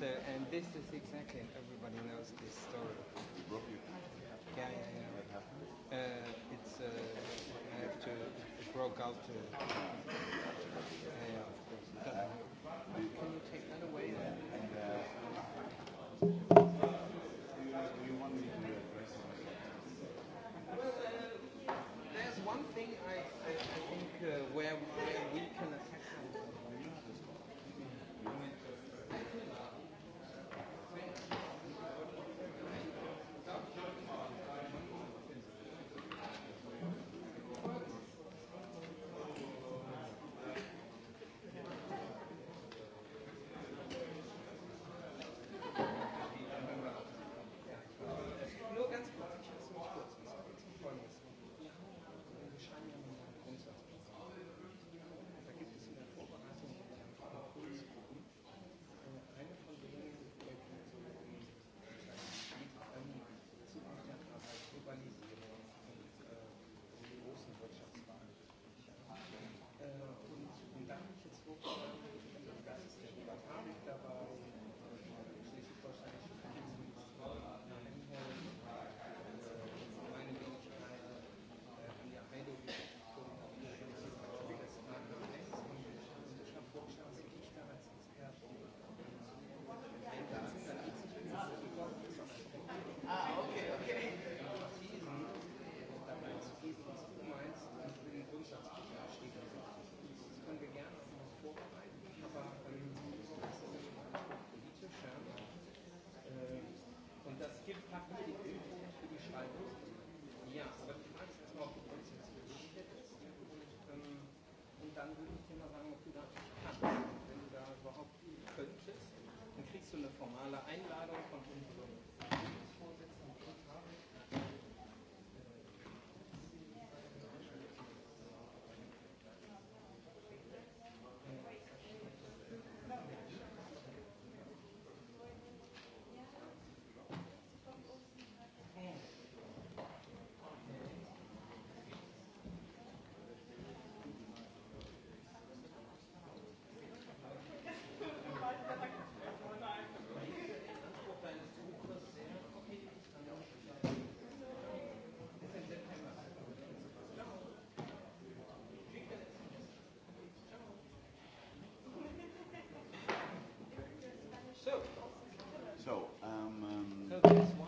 So, and this is exactly, and everybody knows this story. You broke your Yeah, yeah, yeah. What happened? Uh, it's, uh, I have to, it broke out. Uh, yeah, of Can you take that away? And, uh, formaler Einladung von unserem some um, um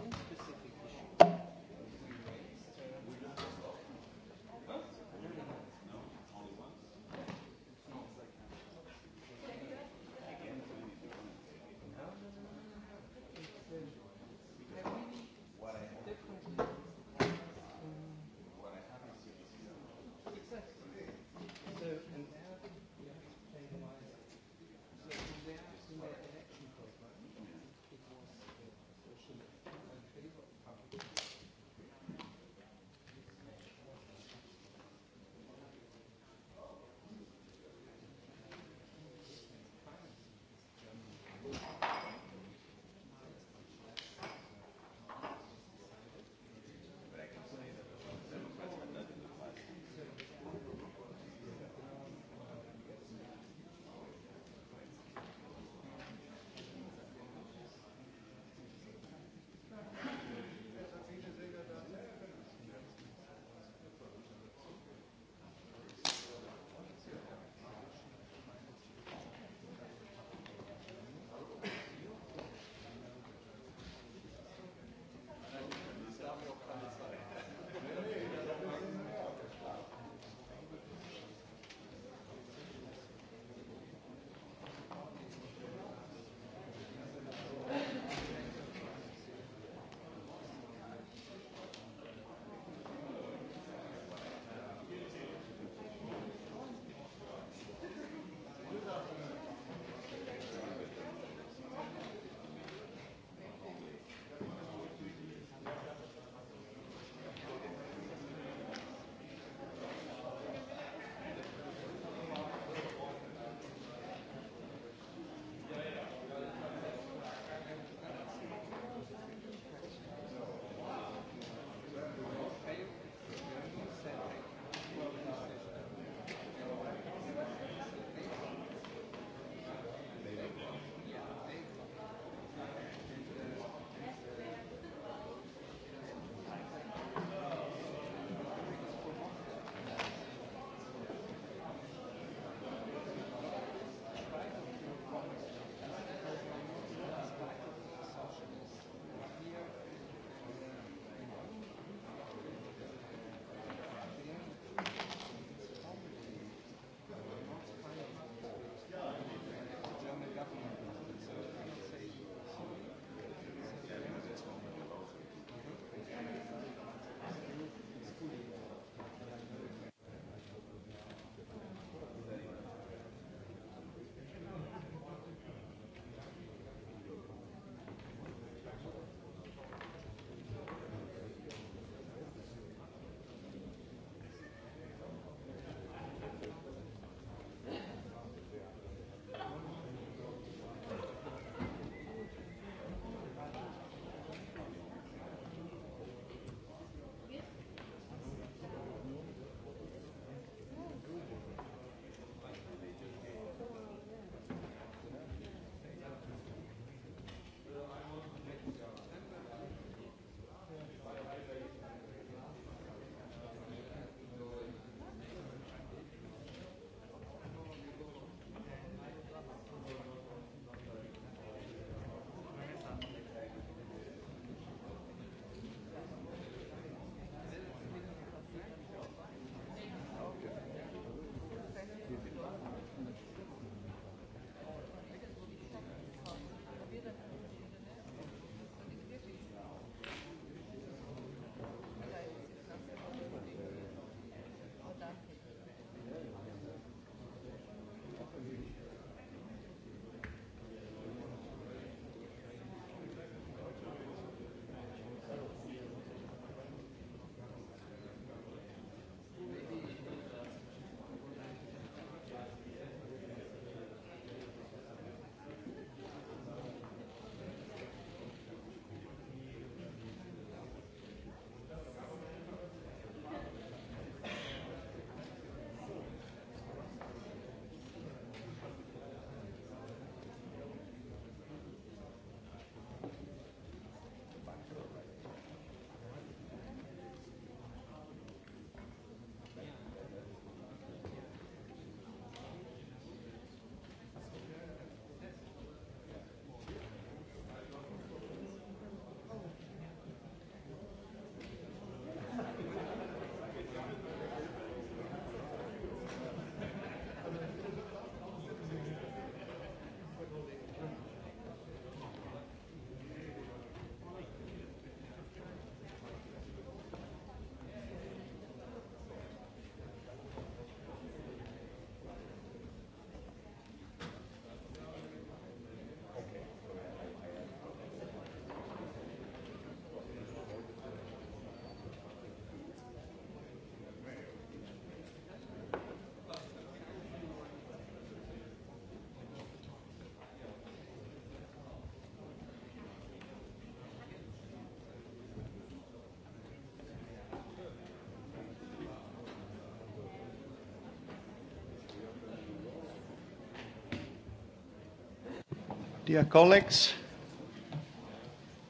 Dear colleagues,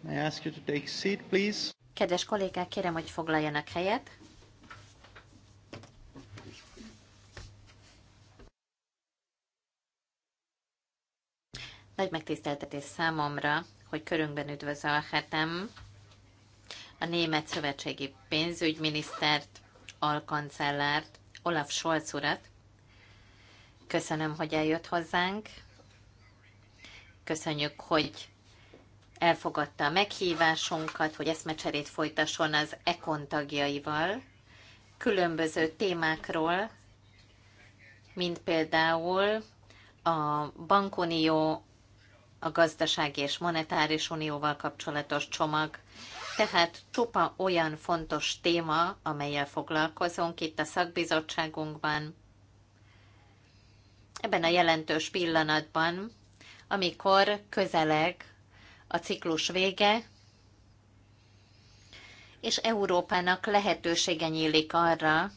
may I ask you to take seat, please? Kedves kollégák, kérem, hogy foglaljanak helyet. Nagy megtiszteltetés számomra, hogy körünkben üdvözölhetem a német szövetségi pénzügyminisztert, alkancellárt, Olaf Scholz urat. Köszönöm, hogy eljött hozzánk, Köszönjük, hogy elfogadta a meghívásunkat, hogy eszmecserét folytasson az EKON tagjaival különböző témákról, mint például a bankunió, a gazdasági és monetáris unióval kapcsolatos csomag, tehát csupa olyan fontos téma, amelyel foglalkozunk itt a szakbizottságunkban. Ebben a jelentős pillanatban amikor közeleg a ciklus vége, és Európának lehetősége nyílik arra,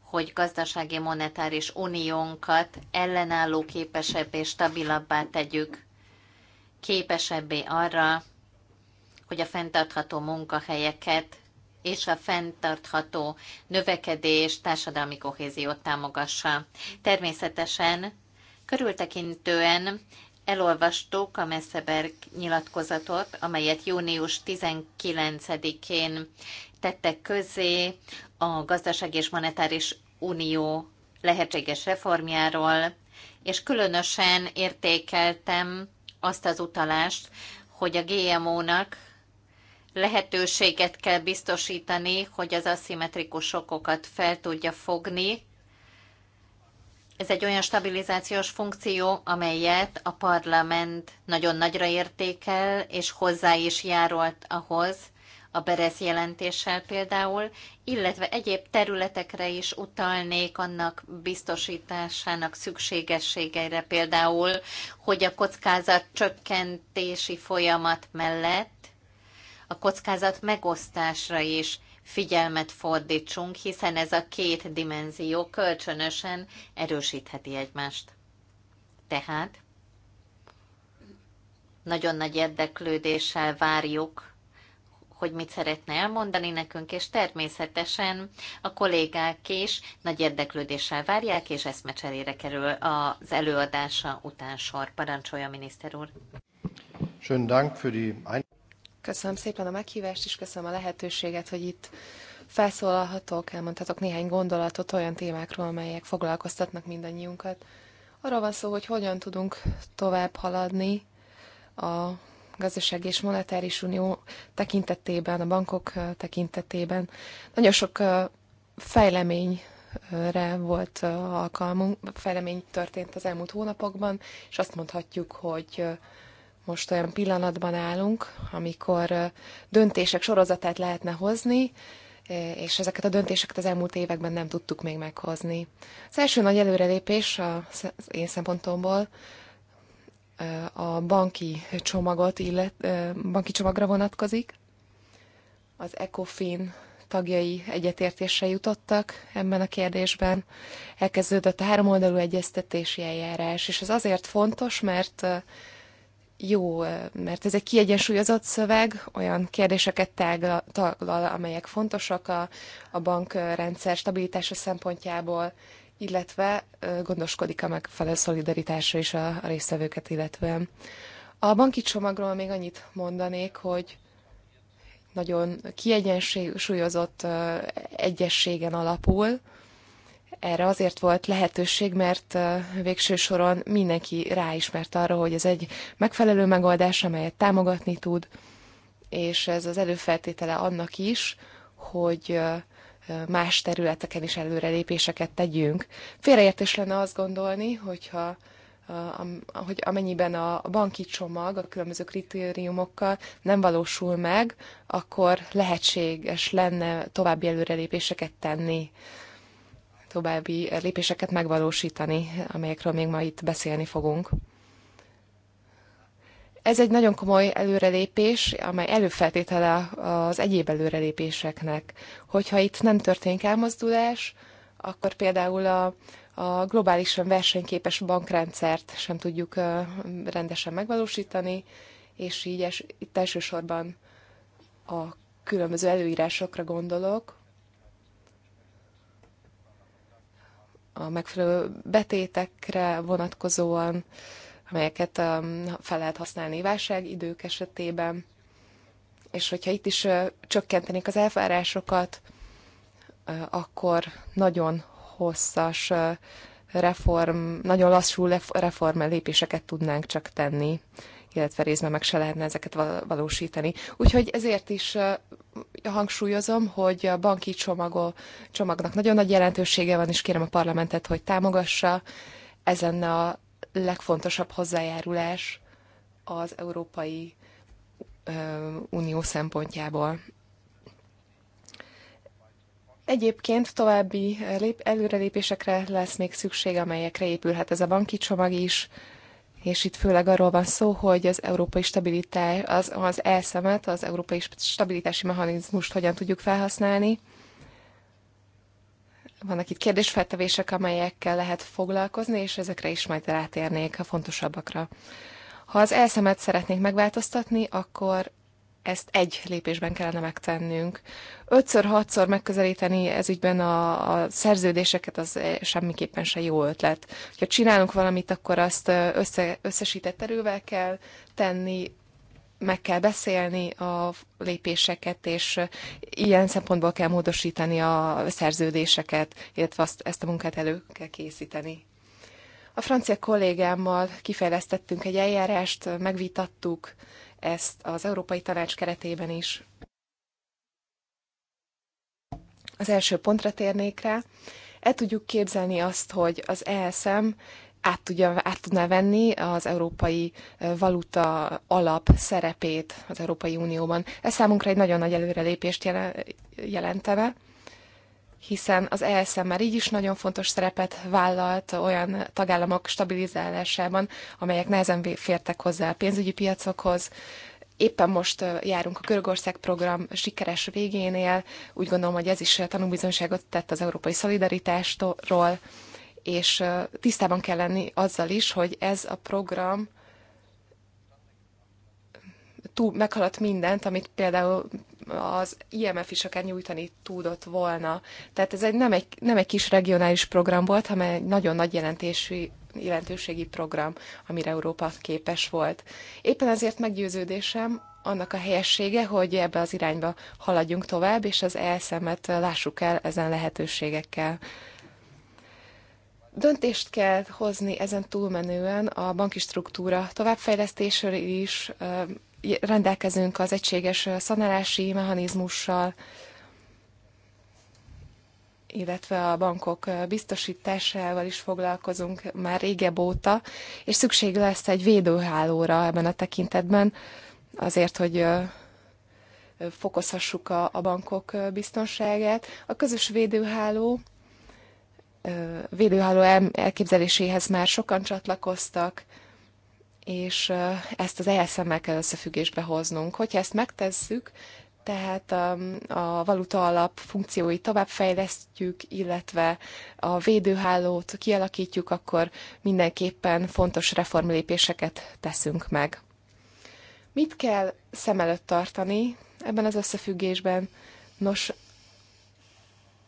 hogy gazdasági monetáris uniónkat ellenálló képesebbé és stabilabbá tegyük, képesebbé arra, hogy a fenntartható munkahelyeket és a fenntartható növekedés, társadalmi kohéziót támogassa. Természetesen körültekintően elolvastuk a Messeberg nyilatkozatot, amelyet június 19-én tettek közzé a Gazdaság és Monetáris Unió lehetséges reformjáról, és különösen értékeltem azt az utalást, hogy a GMO-nak lehetőséget kell biztosítani, hogy az aszimmetrikus sokokat fel tudja fogni, ez egy olyan stabilizációs funkció, amelyet a parlament nagyon nagyra értékel, és hozzá is járult ahhoz, a Berez jelentéssel például, illetve egyéb területekre is utalnék annak biztosításának szükségességeire például, hogy a kockázat csökkentési folyamat mellett a kockázat megosztásra is figyelmet fordítsunk, hiszen ez a két dimenzió kölcsönösen erősítheti egymást. Tehát nagyon nagy érdeklődéssel várjuk hogy mit szeretne elmondani nekünk, és természetesen a kollégák is nagy érdeklődéssel várják, és eszmecserére kerül az előadása után sor. Parancsolja, miniszter úr! Schönen Dank für die Köszönöm szépen a meghívást, és köszönöm a lehetőséget, hogy itt felszólalhatok, elmondhatok néhány gondolatot olyan témákról, amelyek foglalkoztatnak mindannyiunkat. Arról van szó, hogy hogyan tudunk tovább haladni a gazdaság és monetáris unió tekintetében, a bankok tekintetében. Nagyon sok fejlemény re volt alkalmunk, fejlemény történt az elmúlt hónapokban, és azt mondhatjuk, hogy most olyan pillanatban állunk, amikor döntések sorozatát lehetne hozni, és ezeket a döntéseket az elmúlt években nem tudtuk még meghozni. Az első nagy előrelépés az én szempontomból a banki csomagot illet, banki csomagra vonatkozik. Az ECOFIN tagjai egyetértésre jutottak ebben a kérdésben. Elkezdődött a háromoldalú egyeztetési eljárás, és ez azért fontos, mert jó, mert ez egy kiegyensúlyozott szöveg, olyan kérdéseket taglal, amelyek fontosak a, a bankrendszer stabilitása szempontjából, illetve gondoskodik a megfelelő szolidaritásra is a, a résztvevőket illetve A banki csomagról még annyit mondanék, hogy nagyon kiegyensúlyozott egyességen alapul, erre azért volt lehetőség, mert végső soron mindenki ráismert arra, hogy ez egy megfelelő megoldás, amelyet támogatni tud, és ez az előfeltétele annak is, hogy más területeken is előrelépéseket tegyünk. Félreértés lenne azt gondolni, hogyha hogy amennyiben a banki csomag a különböző kritériumokkal nem valósul meg, akkor lehetséges lenne további előrelépéseket tenni további eh, lépéseket megvalósítani, amelyekről még ma itt beszélni fogunk. Ez egy nagyon komoly előrelépés, amely előfeltétele az egyéb előrelépéseknek. Hogyha itt nem történik elmozdulás, akkor például a, a globálisan versenyképes bankrendszert sem tudjuk eh, rendesen megvalósítani, és így es, itt elsősorban a különböző előírásokra gondolok, a megfelelő betétekre vonatkozóan, amelyeket um, fel lehet használni válságidők esetében. És hogyha itt is csökkentenék az elvárásokat, akkor nagyon hosszas reform, nagyon lassú reform lépéseket tudnánk csak tenni illetve részben meg se lehetne ezeket valósítani. Úgyhogy ezért is hangsúlyozom, hogy a banki csomago, csomagnak nagyon nagy jelentősége van, és kérem a parlamentet, hogy támogassa. Ez lenne a legfontosabb hozzájárulás az Európai Unió szempontjából. Egyébként további előrelépésekre lesz még szükség, amelyekre épülhet ez a banki csomag is és itt főleg arról van szó, hogy az európai stabilitás, az, az elszemet, az európai stabilitási mechanizmust hogyan tudjuk felhasználni. Vannak itt kérdésfeltevések, amelyekkel lehet foglalkozni, és ezekre is majd rátérnék a fontosabbakra. Ha az elszemet szeretnénk megváltoztatni, akkor ezt egy lépésben kellene megtennünk. Ötször, hatszor megközelíteni ügyben a, a szerződéseket, az eh, semmiképpen se jó ötlet. Ha csinálunk valamit, akkor azt eh, össze, összesített erővel kell tenni, meg kell beszélni a lépéseket, és eh, ilyen szempontból kell módosítani a szerződéseket, illetve azt, ezt a munkát elő kell készíteni. A francia kollégámmal kifejlesztettünk egy eljárást, megvitattuk, ezt az Európai Tanács keretében is. Az első pontra térnék rá. El tudjuk képzelni azt, hogy az ESM át, tudja, át tudná venni az európai valuta alap szerepét az Európai Unióban. Ez számunkra egy nagyon nagy előrelépést jelentene hiszen az ESM már így is nagyon fontos szerepet vállalt olyan tagállamok stabilizálásában, amelyek nehezen fértek hozzá a pénzügyi piacokhoz. Éppen most járunk a Körögország program sikeres végénél, úgy gondolom, hogy ez is tanúbizonyságot tett az európai szolidaritástól, és tisztában kell lenni azzal is, hogy ez a program túl, meghaladt mindent, amit például az IMF is akár nyújtani tudott volna. Tehát ez egy, nem, egy, nem egy kis regionális program volt, hanem egy nagyon nagy jelentésű, jelentőségi program, amire Európa képes volt. Éppen ezért meggyőződésem annak a helyessége, hogy ebbe az irányba haladjunk tovább, és az elszemet lássuk el ezen lehetőségekkel. Döntést kell hozni ezen túlmenően a banki struktúra továbbfejlesztésről is, rendelkezünk az egységes szanálási mechanizmussal, illetve a bankok biztosításával is foglalkozunk már régebb óta, és szükség lesz egy védőhálóra ebben a tekintetben, azért, hogy fokozhassuk a, bankok biztonságát. A közös védőháló védőháló elképzeléséhez már sokan csatlakoztak, és ezt az ESM-mel kell összefüggésbe hoznunk. Hogyha ezt megtesszük, tehát a, a valuta alap funkcióit továbbfejlesztjük, illetve a védőhálót kialakítjuk, akkor mindenképpen fontos reformlépéseket teszünk meg. Mit kell szem előtt tartani ebben az összefüggésben? Nos,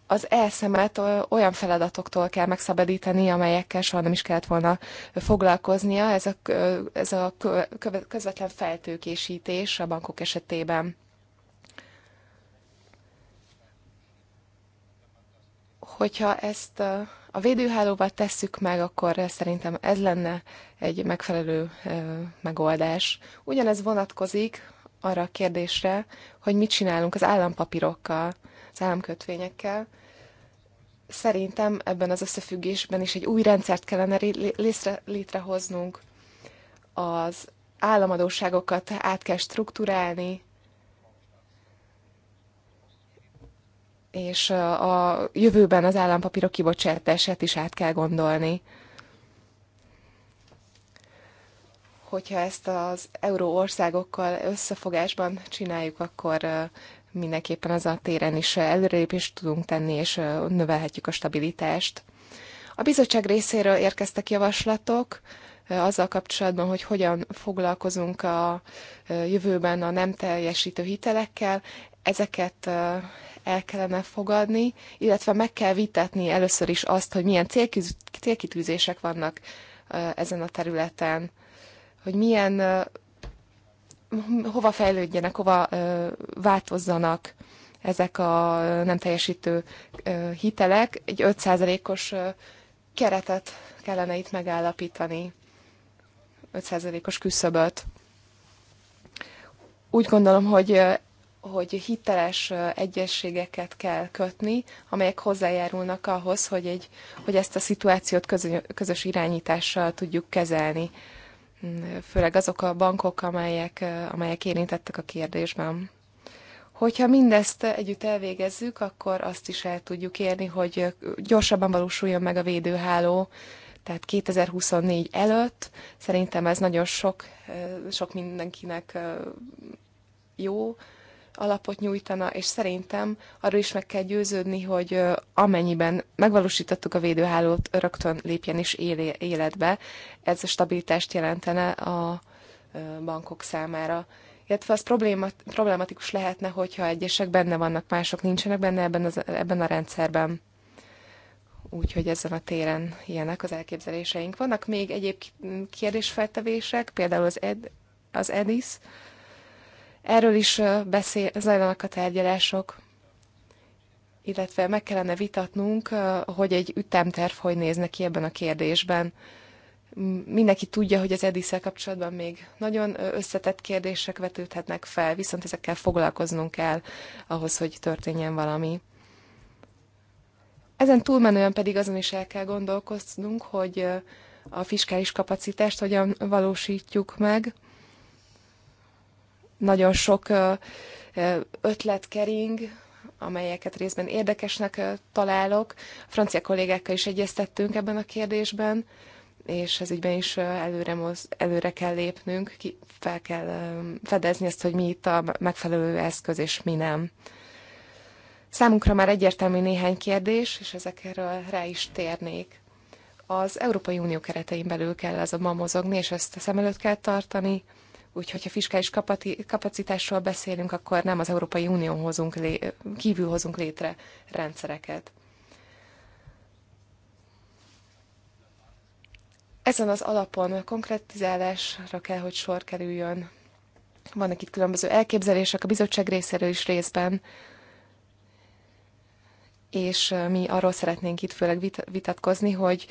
az elszemet olyan feladatoktól kell megszabadítani, amelyekkel soha nem is kellett volna foglalkoznia. Ez a, ez a közvetlen feltőkésítés a bankok esetében. Hogyha ezt a védőhálóval tesszük meg, akkor szerintem ez lenne egy megfelelő megoldás. Ugyanez vonatkozik arra a kérdésre, hogy mit csinálunk az állampapírokkal az államkötvényekkel. Szerintem ebben az összefüggésben is egy új rendszert kellene létrehoznunk. Az államadóságokat át kell struktúrálni, és a jövőben az állampapírok kibocsátását is át kell gondolni. Hogyha ezt az euró országokkal összefogásban csináljuk, akkor mindenképpen az a téren is előrelépést tudunk tenni, és növelhetjük a stabilitást. A bizottság részéről érkeztek javaslatok azzal kapcsolatban, hogy hogyan foglalkozunk a jövőben a nem teljesítő hitelekkel. Ezeket el kellene fogadni, illetve meg kell vitatni először is azt, hogy milyen célkitűzések vannak ezen a területen, hogy milyen hova fejlődjenek, hova változzanak ezek a nem teljesítő hitelek. Egy 5%-os keretet kellene itt megállapítani, 5%-os küszöböt. Úgy gondolom, hogy hogy hiteles egyességeket kell kötni, amelyek hozzájárulnak ahhoz, hogy, egy, hogy ezt a szituációt közö, közös irányítással tudjuk kezelni főleg azok a bankok, amelyek, amelyek érintettek a kérdésben. Hogyha mindezt együtt elvégezzük, akkor azt is el tudjuk érni, hogy gyorsabban valósuljon meg a védőháló, tehát 2024 előtt. Szerintem ez nagyon sok, sok mindenkinek jó, alapot nyújtana, és szerintem arról is meg kell győződni, hogy amennyiben megvalósítottuk a védőhálót, rögtön lépjen is életbe. Ez a stabilitást jelentene a bankok számára. Illetve az problémat, problematikus lehetne, hogyha egyesek benne vannak, mások nincsenek benne ebben, az, ebben a rendszerben. Úgyhogy ezen a téren ilyenek az elképzeléseink. Vannak még egyéb kérdésfeltevések, például az, ed, az EDIS, Erről is beszél, zajlanak a tárgyalások, illetve meg kellene vitatnunk, hogy egy ütemterv hogy nézne ki ebben a kérdésben. Mindenki tudja, hogy az edis kapcsolatban még nagyon összetett kérdések vetődhetnek fel, viszont ezekkel foglalkoznunk kell ahhoz, hogy történjen valami. Ezen túlmenően pedig azon is el kell gondolkoznunk, hogy a fiskális kapacitást hogyan valósítjuk meg, nagyon sok ötlet kering, amelyeket részben érdekesnek találok. A francia kollégákkal is egyeztettünk ebben a kérdésben, és ez ügyben is előre, moz, előre kell lépnünk, ki, fel kell fedezni azt, hogy mi itt a megfelelő eszköz, és mi nem. Számunkra már egyértelmű néhány kérdés, és ezekről rá is térnék. Az Európai Unió keretein belül kell ez a ma mozogni, és ezt szem előtt kell tartani. Úgyhogy, ha fiskális kapacitásról beszélünk, akkor nem az Európai Unión hozunk lé- kívül hozunk létre rendszereket. Ezen az alapon konkretizálásra kell, hogy sor kerüljön. Vannak itt különböző elképzelések a bizottság részéről is részben, és mi arról szeretnénk itt főleg vitatkozni, hogy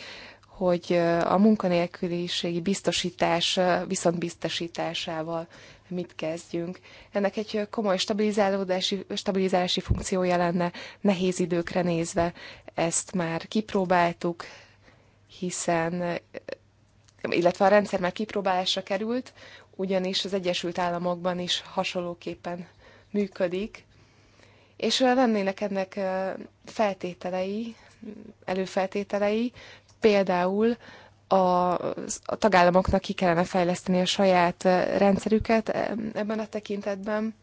hogy a munkanélküliségi biztosítás viszont biztosításával mit kezdjünk. Ennek egy komoly stabilizálódási, stabilizálási funkciója lenne nehéz időkre nézve. Ezt már kipróbáltuk, hiszen illetve a rendszer már kipróbálásra került, ugyanis az Egyesült Államokban is hasonlóképpen működik, és lennének ennek feltételei, előfeltételei, Például a, a tagállamoknak ki kellene fejleszteni a saját eh, rendszerüket eh, ebben a tekintetben,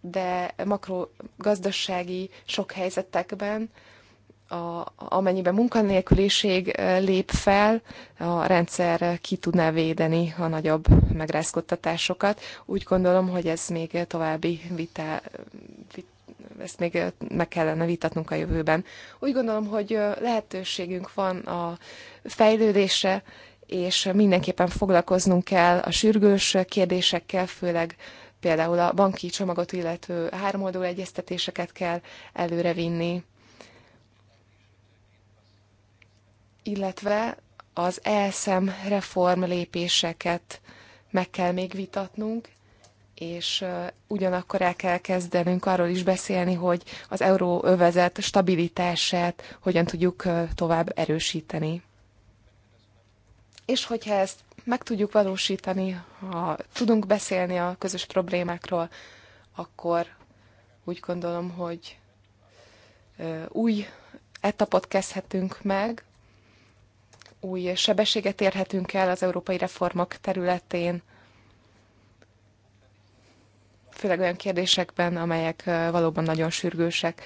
de makrogazdasági sok helyzetekben, a, amennyiben munkanélküliség eh, lép fel, a rendszer ki tudná védeni a nagyobb megrázkodtatásokat. Úgy gondolom, hogy ez még további vita, vit, ezt még meg kellene vitatnunk a jövőben. Úgy gondolom, hogy lehetőségünk van a fejlődésre, és mindenképpen foglalkoznunk kell a sürgős kérdésekkel, főleg például a banki csomagot illető háromoldalú egyeztetéseket kell előrevinni. Illetve az ESM reform lépéseket meg kell még vitatnunk, és ugyanakkor el kell kezdenünk arról is beszélni, hogy az euróövezet stabilitását hogyan tudjuk tovább erősíteni. És hogyha ezt meg tudjuk valósítani, ha tudunk beszélni a közös problémákról, akkor úgy gondolom, hogy új etapot kezdhetünk meg, új sebességet érhetünk el az európai reformok területén, főleg olyan kérdésekben, amelyek valóban nagyon sürgősek.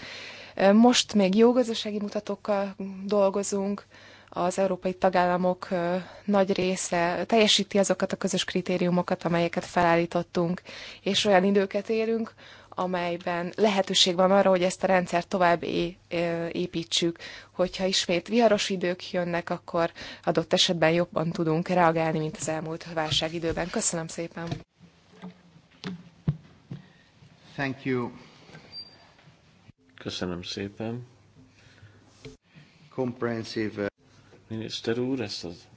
Most még jó gazdasági mutatókkal dolgozunk, az európai tagállamok nagy része teljesíti azokat a közös kritériumokat, amelyeket felállítottunk, és olyan időket élünk, amelyben lehetőség van arra, hogy ezt a rendszert tovább építsük. Hogyha ismét viharos idők jönnek, akkor adott esetben jobban tudunk reagálni, mint az elmúlt válságidőben. Köszönöm szépen! Thank you. Köszönöm szépen. Comprehensive. Uh, Miniszter úr, ezt az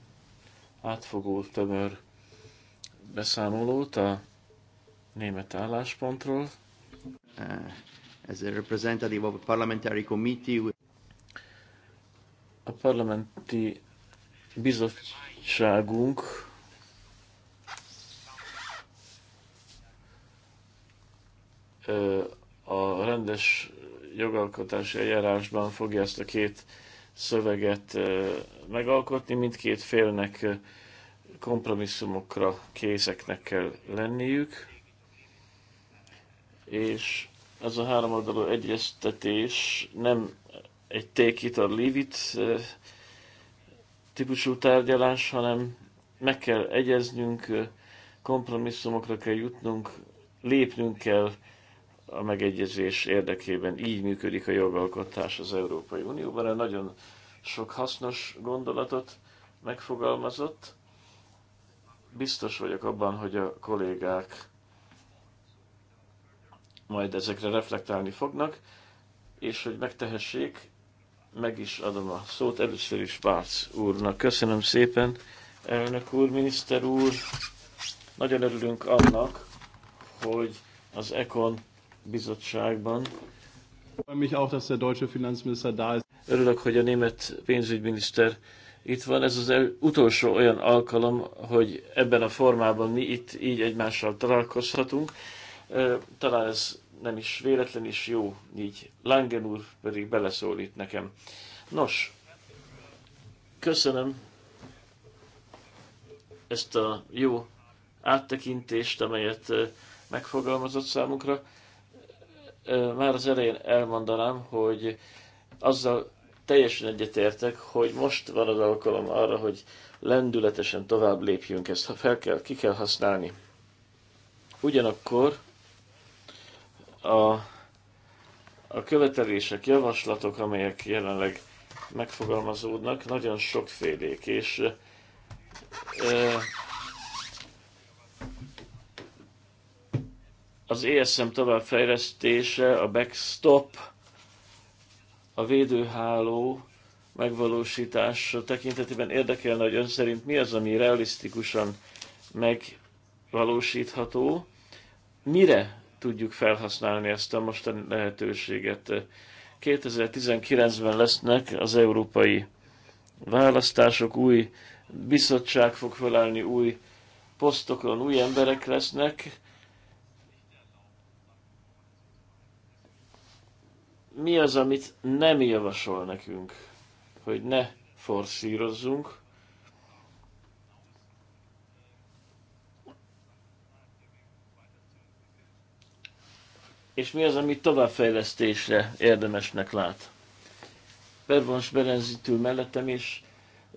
átfogó tömör beszámolót a német álláspontról. Uh, as a representative of a parliamentary committee. A parlamenti bizottságunk a rendes jogalkotási eljárásban fogja ezt a két szöveget megalkotni, mindkét félnek kompromisszumokra készeknek kell lenniük, és ez a háromoldalú egyeztetés nem egy take it or leave it típusú tárgyalás, hanem meg kell egyeznünk, kompromisszumokra kell jutnunk, lépnünk kell a megegyezés érdekében. Így működik a jogalkotás az Európai Unióban. Egy nagyon sok hasznos gondolatot megfogalmazott. Biztos vagyok abban, hogy a kollégák majd ezekre reflektálni fognak, és hogy megtehessék, meg is adom a szót először is Bárc úrnak. Köszönöm szépen, elnök úr, miniszter úr. Nagyon örülünk annak, hogy az ECON bizottságban. Örülök, hogy a német pénzügyminiszter itt van. Ez az utolsó olyan alkalom, hogy ebben a formában mi itt így egymással találkozhatunk. Talán ez nem is véletlen is jó, így Langen úr pedig beleszólít nekem. Nos, köszönöm ezt a jó áttekintést, amelyet megfogalmazott számunkra már az elején elmondanám, hogy azzal teljesen egyetértek, hogy most van az alkalom arra, hogy lendületesen tovább lépjünk, ezt fel kell, ki kell használni. Ugyanakkor a, a követelések, javaslatok, amelyek jelenleg megfogalmazódnak, nagyon sokfélék, és e, az ESM továbbfejlesztése, a backstop, a védőháló megvalósítás tekintetében érdekelne, hogy ön szerint mi az, ami realisztikusan megvalósítható, mire tudjuk felhasználni ezt a mostani lehetőséget. 2019-ben lesznek az európai választások, új bizottság fog felállni, új posztokon új emberek lesznek, mi az, amit nem javasol nekünk, hogy ne forszírozzunk. És mi az, amit továbbfejlesztésre érdemesnek lát. Pervons Berenzitül mellettem is,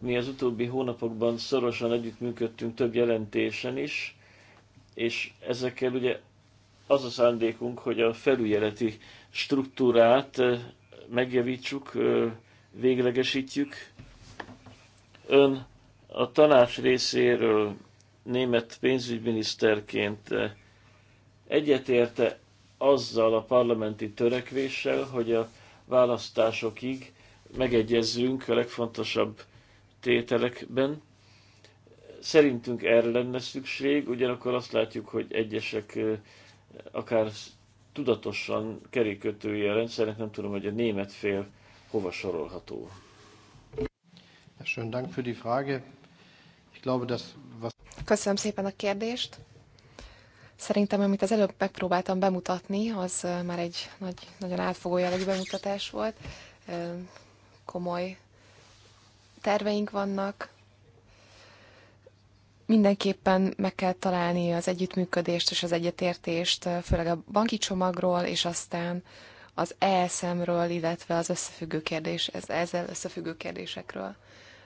mi az utóbbi hónapokban szorosan együttműködtünk több jelentésen is, és ezekkel ugye az a szándékunk, hogy a felügyeleti struktúrát megjavítsuk, véglegesítjük. Ön a tanács részéről német pénzügyminiszterként egyetérte azzal a parlamenti törekvéssel, hogy a választásokig megegyezzünk a legfontosabb tételekben. Szerintünk erre lenne szükség, ugyanakkor azt látjuk, hogy egyesek akár tudatosan kerékötői a rendszernek, nem tudom, hogy a német fél hova sorolható. Köszönöm szépen a kérdést. Szerintem, amit az előbb megpróbáltam bemutatni, az már egy nagy, nagyon átfogó jellegű bemutatás volt. Komoly terveink vannak, mindenképpen meg kell találni az együttműködést és az egyetértést, főleg a banki csomagról, és aztán az ESM-ről, illetve az összefüggő kérdés, ez, ezzel összefüggő kérdésekről.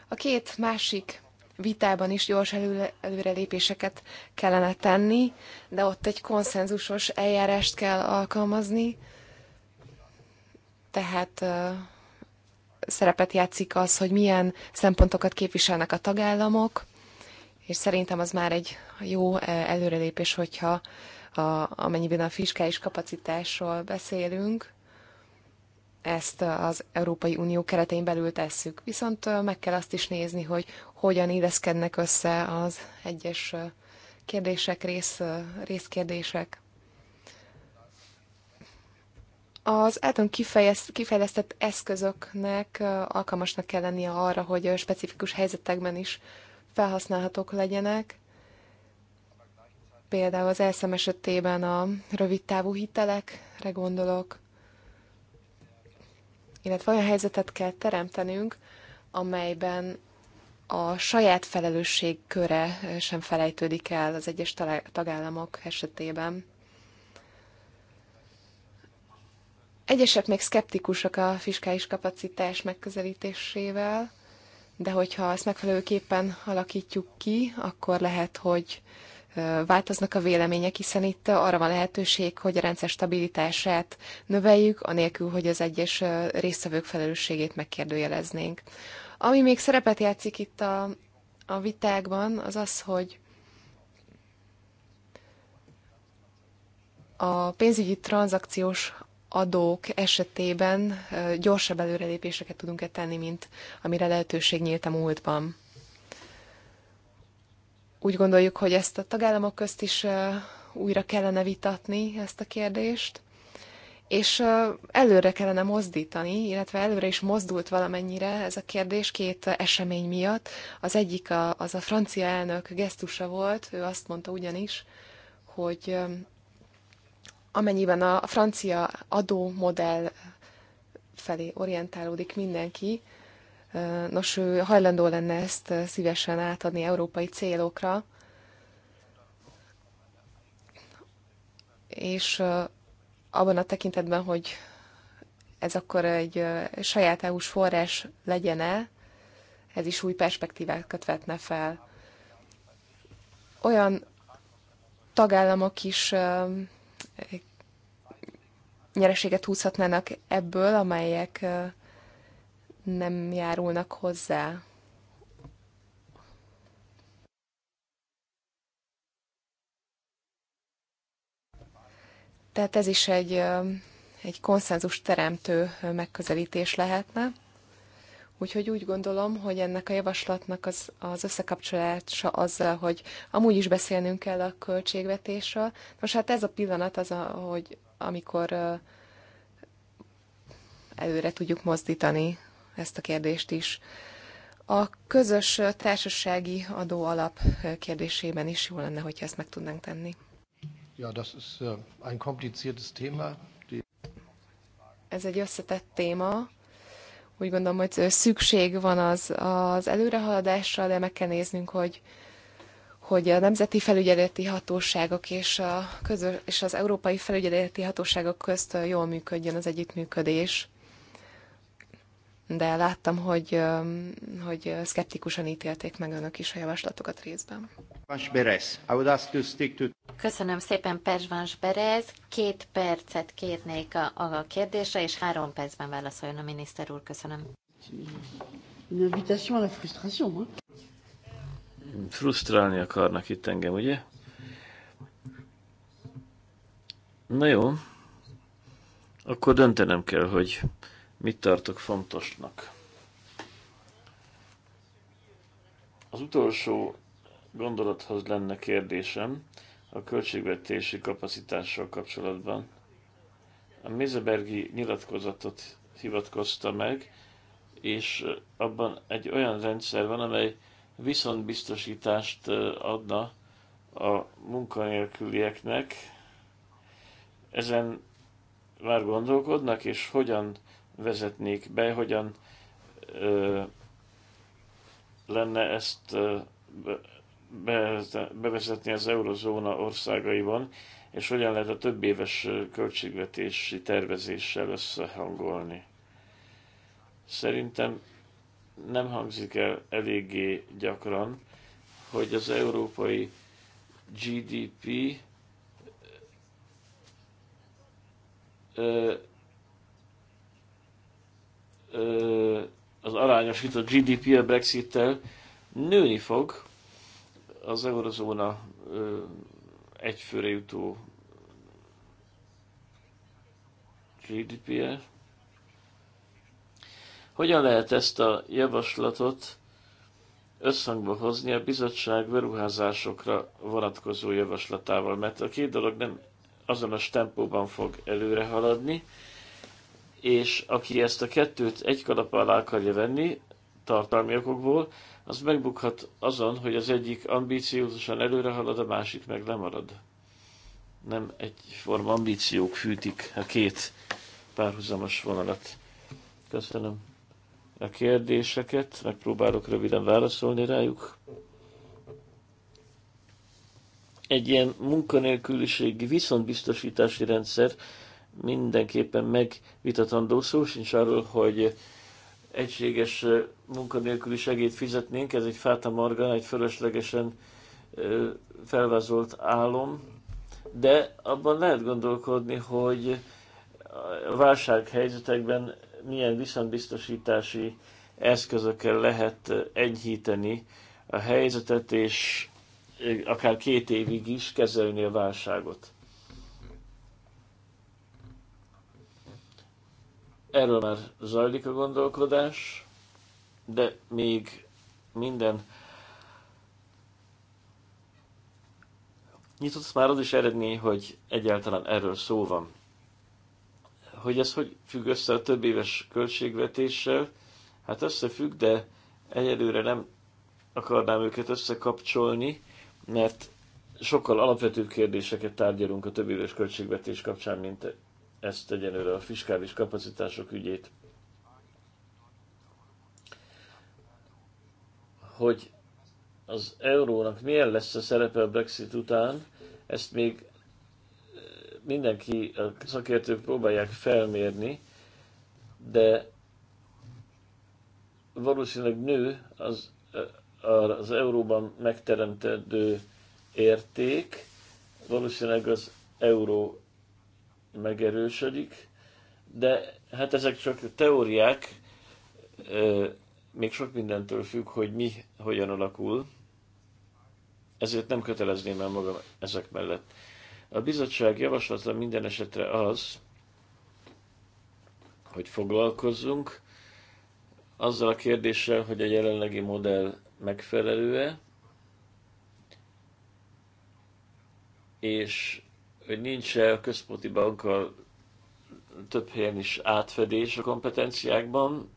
A két másik vitában is gyors előre, előrelépéseket kellene tenni, de ott egy konszenzusos eljárást kell alkalmazni, tehát uh, szerepet játszik az, hogy milyen szempontokat képviselnek a tagállamok, és szerintem az már egy jó e, előrelépés, hogyha a, amennyiben a fiskális kapacitásról beszélünk, ezt az Európai Unió keretein belül tesszük. Viszont e, meg kell azt is nézni, hogy hogyan illeszkednek össze az egyes e, kérdések, rész, részkérdések. Az általunk kifejlesztett eszközöknek alkalmasnak kell lennie arra, hogy specifikus helyzetekben is felhasználhatók legyenek, például az elszem esetében a rövid távú hitelekre gondolok, illetve olyan helyzetet kell teremtenünk, amelyben a saját felelősség köre sem felejtődik el az egyes tagállamok esetében. Egyesek még szkeptikusak a fiskális kapacitás megközelítésével, de hogyha ezt megfelelőképpen alakítjuk ki, akkor lehet, hogy változnak a vélemények, hiszen itt arra van lehetőség, hogy a rendszer stabilitását növeljük, anélkül, hogy az egyes résztvevők felelősségét megkérdőjeleznénk. Ami még szerepet játszik itt a, a vitákban, az az, hogy a pénzügyi tranzakciós adók esetében gyorsabb előrelépéseket tudunk-e tenni, mint amire lehetőség nyílt a múltban. Úgy gondoljuk, hogy ezt a tagállamok közt is újra kellene vitatni ezt a kérdést, és előre kellene mozdítani, illetve előre is mozdult valamennyire ez a kérdés két esemény miatt. Az egyik a, az a francia elnök gesztusa volt, ő azt mondta ugyanis, hogy amennyiben a francia adómodell felé orientálódik mindenki, nos, ő hajlandó lenne ezt szívesen átadni európai célokra, és abban a tekintetben, hogy ez akkor egy saját EU-s forrás legyen-e, ez is új perspektívákat vetne fel. Olyan tagállamok is nyereséget húzhatnának ebből, amelyek nem járulnak hozzá Tehát ez is egy, egy konszenzus teremtő megközelítés lehetne. Úgyhogy úgy gondolom, hogy ennek a javaslatnak az, az összekapcsolása azzal, hogy amúgy is beszélnünk kell a költségvetésről. Most hát ez a pillanat az, a, hogy amikor előre tudjuk mozdítani ezt a kérdést is. A közös társasági adó alap kérdésében is jó lenne, hogyha ezt meg tudnánk tenni. Ja, das ist äh, ein kompliziertes Thema. Ez egy összetett téma úgy gondolom, hogy szükség van az, az előrehaladásra, de meg kell néznünk, hogy, hogy a nemzeti felügyeleti hatóságok és, a közö, és az európai felügyeleti hatóságok közt jól működjön az együttműködés de láttam, hogy, hogy szkeptikusan ítélték meg önök is a javaslatokat részben. Köszönöm szépen, Perzsvans Berez. Két percet kérnék a, a kérdésre, és három percben válaszoljon a miniszter úr. Köszönöm. invitation à la frustration, Frusztrálni akarnak itt engem, ugye? Na jó, akkor döntenem kell, hogy mit tartok fontosnak. Az utolsó gondolathoz lenne kérdésem a költségvetési kapacitással kapcsolatban. A Mézebergi nyilatkozatot hivatkozta meg, és abban egy olyan rendszer van, amely viszontbiztosítást adna a munkanélkülieknek. Ezen már gondolkodnak, és hogyan vezetnék be, hogyan ö, lenne ezt ö, be, bevezetni az eurozóna országaiban, és hogyan lehet a több éves költségvetési tervezéssel összehangolni. Szerintem nem hangzik el eléggé gyakran, hogy az európai GDP ö, az arányosított GDP a Brexit-tel nőni fog az eurozóna egyfőre jutó GDP-je. Hogyan lehet ezt a javaslatot összhangba hozni a bizottság beruházásokra vonatkozó javaslatával, mert a két dolog nem azonos tempóban fog előre haladni és aki ezt a kettőt egy kalap alá akarja venni, tartalmi okokból, az megbukhat azon, hogy az egyik ambíciózusan előre halad, a másik meg lemarad. Nem egyforma ambíciók fűtik a két párhuzamos vonalat. Köszönöm a kérdéseket, megpróbálok röviden válaszolni rájuk. Egy ilyen munkanélküliségi viszontbiztosítási rendszer mindenképpen megvitatandó szó sincs arról, hogy egységes munkanélküli segét fizetnénk, ez egy fáta marga, egy fölöslegesen felvázolt álom, de abban lehet gondolkodni, hogy a válsághelyzetekben milyen viszontbiztosítási eszközökkel lehet enyhíteni a helyzetet, és akár két évig is kezelni a válságot. Erről már zajlik a gondolkodás, de még minden nyitott már az is eredmény, hogy egyáltalán erről szó van. Hogy ez hogy függ össze a több éves költségvetéssel? Hát összefügg, de egyelőre nem akarnám őket összekapcsolni, mert sokkal alapvetőbb kérdéseket tárgyalunk a több éves költségvetés kapcsán, mint ezt egyenőre a fiskális kapacitások ügyét, hogy az eurónak milyen lesz a szerepe a Brexit után, ezt még eh, mindenki, a szakértők próbálják felmérni, de valószínűleg nő az, eh, az euróban megteremtedő érték, valószínűleg az euró megerősödik, de hát ezek csak teóriák, még sok mindentől függ, hogy mi hogyan alakul, ezért nem kötelezném el magam ezek mellett. A bizottság javaslata minden esetre az, hogy foglalkozzunk azzal a kérdéssel, hogy a jelenlegi modell megfelelő-e, és hogy nincs-e a központi bankkal több helyen is átfedés a kompetenciákban.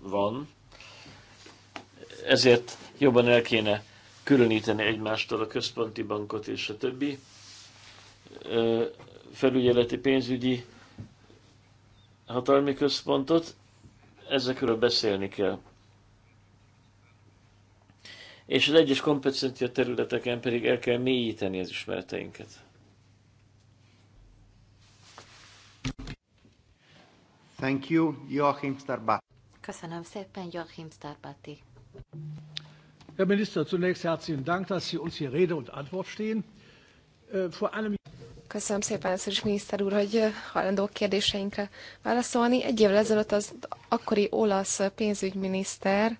Van. Ezért jobban el kéne különíteni egymástól a központi bankot és a többi felügyeleti pénzügyi hatalmi központot. Ezekről beszélni kell. És az egyes kompetencia területeken pedig el kell mélyíteni az ismereteinket. Thank you, Joachim Starbatti. Köszönöm szépen, Joachim Starbatti. Herr Minister, zunächst herzlichen Dank, dass Sie uns hier Rede und Antwort stehen. Äh, vor allem Köszönöm szépen először is, miniszter úr, hogy äh, hajlandó kérdéseinkre válaszolni. Egy évvel ezelőtt az akkori olasz pénzügyminiszter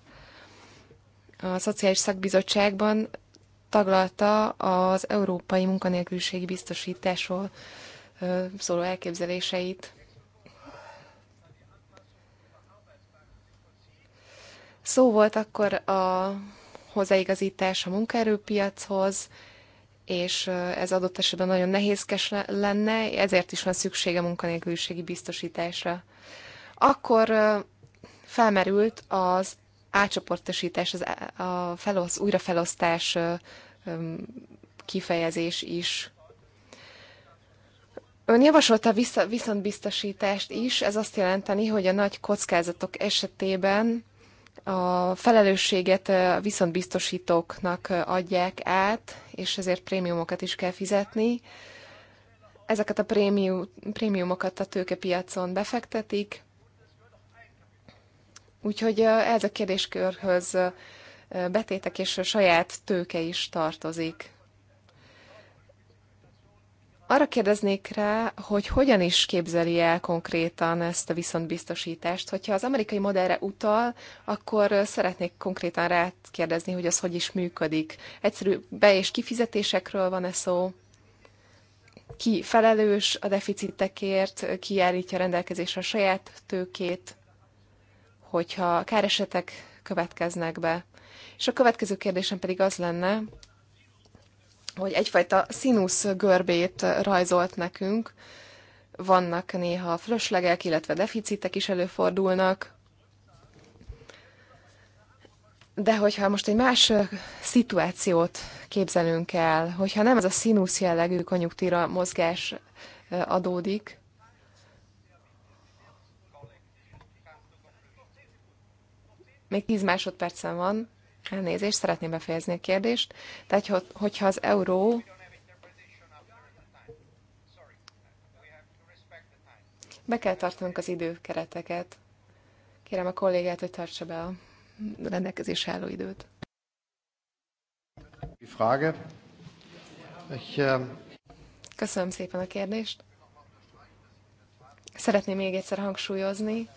a Szociális Szakbizottságban taglalta az európai munkanélküliségi biztosításról szóló elképzeléseit. Szó volt akkor a hozzáigazítás a munkaerőpiachoz, és ez adott esetben nagyon nehézkes lenne, ezért is van szüksége munkanélküliségi biztosításra. Akkor felmerült az átcsoportosítás, az, a felosz, újrafelosztás kifejezés is. Ön javasolta vissza, viszont biztosítást is, ez azt jelenteni, hogy a nagy kockázatok esetében a felelősséget a biztosítóknak adják át, és ezért prémiumokat is kell fizetni. Ezeket a prémium, prémiumokat a tőkepiacon befektetik, úgyhogy ez a kérdéskörhöz betétek és a saját tőke is tartozik. Arra kérdeznék rá, hogy hogyan is képzeli el konkrétan ezt a viszontbiztosítást. Hogyha az amerikai modellre utal, akkor szeretnék konkrétan rá kérdezni, hogy az hogy is működik. Egyszerű be- és kifizetésekről van-e szó? Ki felelős a deficitekért, ki állítja rendelkezésre a saját tőkét, hogyha káresetek következnek be. És a következő kérdésem pedig az lenne, hogy egyfajta színusz görbét rajzolt nekünk. Vannak néha fröslegek, illetve deficitek is előfordulnak. De hogyha most egy más szituációt képzelünk el, hogyha nem ez a színusz jellegű konjunktíra mozgás adódik, még 10 másodpercen van, Elnézést, szeretném befejezni a kérdést. Tehát, hogyha az euró Be kell tartanunk az időkereteket. Kérem a kollégát, hogy tartsa be a rendelkezés álló időt. Ähm, Köszönöm szépen a kérdést. Szeretném még egyszer hangsúlyozni,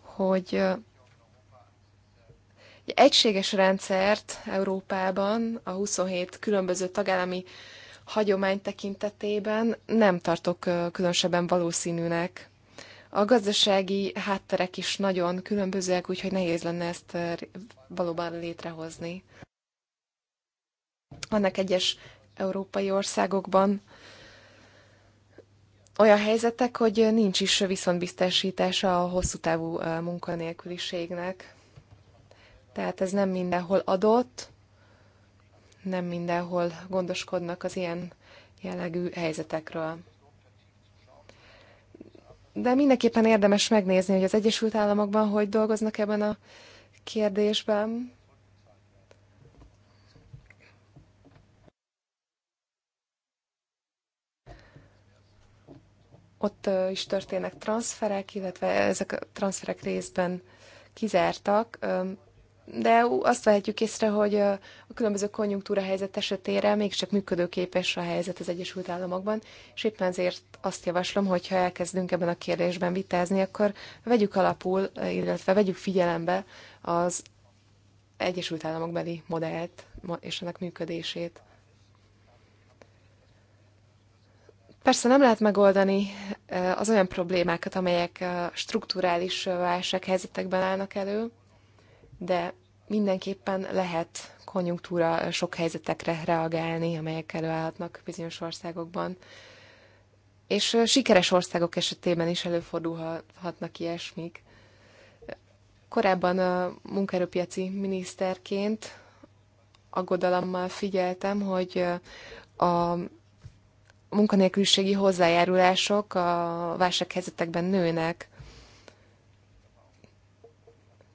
hogy egy egységes rendszert Európában a 27 különböző tagállami hagyomány tekintetében nem tartok különösebben valószínűnek. A gazdasági hátterek is nagyon különbözőek, úgyhogy nehéz lenne ezt valóban létrehozni. Vannak egyes európai országokban olyan helyzetek, hogy nincs is viszontbiztosítása a hosszú távú munkanélküliségnek. Tehát ez nem mindenhol adott, nem mindenhol gondoskodnak az ilyen jellegű helyzetekről. De mindenképpen érdemes megnézni, hogy az Egyesült Államokban hogy dolgoznak ebben a kérdésben. Ott is történnek transferek, illetve ezek a transferek részben kizártak de azt vehetjük észre, hogy a különböző konjunktúra helyzet esetére mégsem működőképes a helyzet az Egyesült Államokban, és éppen ezért azt javaslom, hogy ha elkezdünk ebben a kérdésben vitázni, akkor vegyük alapul, illetve vegyük figyelembe az Egyesült Államok beli modellt és annak működését. Persze nem lehet megoldani az olyan problémákat, amelyek strukturális válsághelyzetekben állnak elő, de mindenképpen lehet konjunktúra sok helyzetekre reagálni, amelyek előállhatnak bizonyos országokban. És sikeres országok esetében is előfordulhatnak ilyesmik. Korábban a munkaerőpiaci miniszterként aggodalommal figyeltem, hogy a munkanélküliségi hozzájárulások a válsághelyzetekben nőnek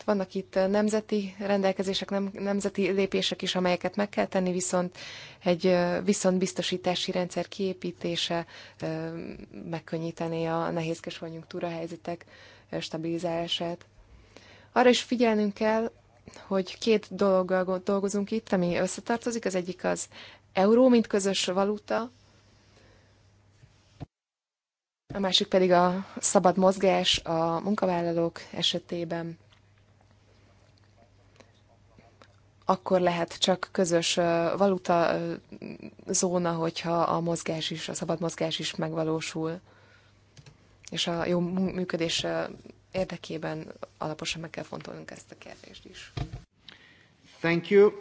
vannak itt nemzeti rendelkezések, nem, nemzeti lépések is, amelyeket meg kell tenni, viszont egy viszont biztosítási rendszer kiépítése megkönnyíteni a nehézkes konjunktúra helyzetek stabilizálását. Arra is figyelnünk kell, hogy két dologgal dolgozunk itt, ami összetartozik. Az egyik az euró, mint közös valuta, a másik pedig a szabad mozgás a munkavállalók esetében. akkor lehet csak közös valuta zóna, hogyha a mozgás is, a szabad mozgás is megvalósul, és a jó működés érdekében alaposan meg kell fontolnunk ezt a kérdést is. Thank you.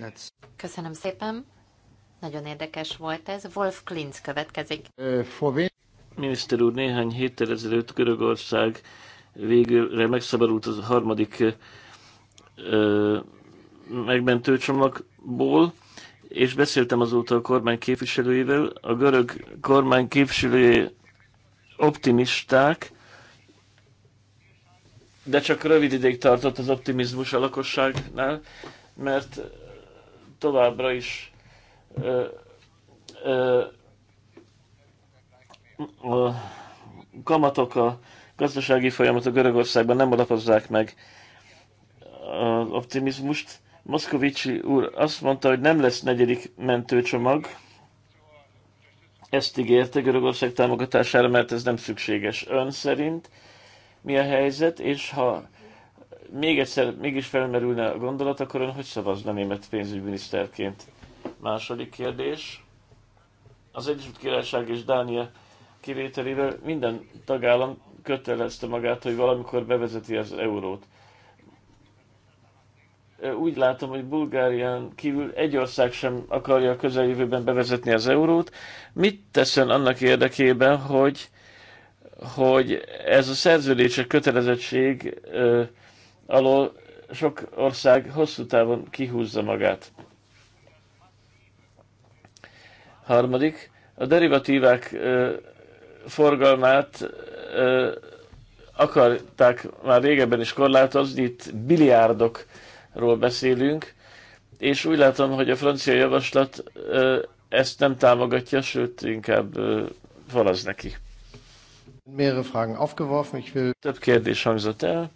That's... Köszönöm szépen. Nagyon érdekes volt ez. Wolf Klinz következik. Uh, for... Miniszter úr, néhány héttel ezelőtt Görögország végül megszabadult az a harmadik uh, megmentő csomagból, és beszéltem azóta a kormány képviselőivel. A görög kormány képviselői optimisták, de csak rövid ideig tartott az optimizmus a lakosságnál, mert továbbra is ö, ö, a kamatok, a gazdasági folyamatok Görögországban nem alapozzák meg az optimizmust. Moszkovicsi úr azt mondta, hogy nem lesz negyedik mentőcsomag, ezt ígérte Görögország támogatására, mert ez nem szükséges ön szerint. Mi a helyzet, és ha még egyszer mégis felmerülne a gondolat, akkor ön hogy szavazna német pénzügyminiszterként? Második kérdés. Az Egyesült Királyság és Dánia kivételével minden tagállam kötelezte magát, hogy valamikor bevezeti az eurót úgy látom, hogy Bulgárián kívül egy ország sem akarja a közeljövőben bevezetni az eurót. Mit teszön annak érdekében, hogy, hogy ez a szerződések kötelezettség ö, alól sok ország hosszú távon kihúzza magát? Harmadik, a derivatívák ö, forgalmát ö, akarták már régebben is korlátozni, itt biliárdok ról beszélünk, és úgy látom, hogy a francia javaslat ezt nem támogatja, sőt, inkább falaz neki. Több kérdés hangzott el.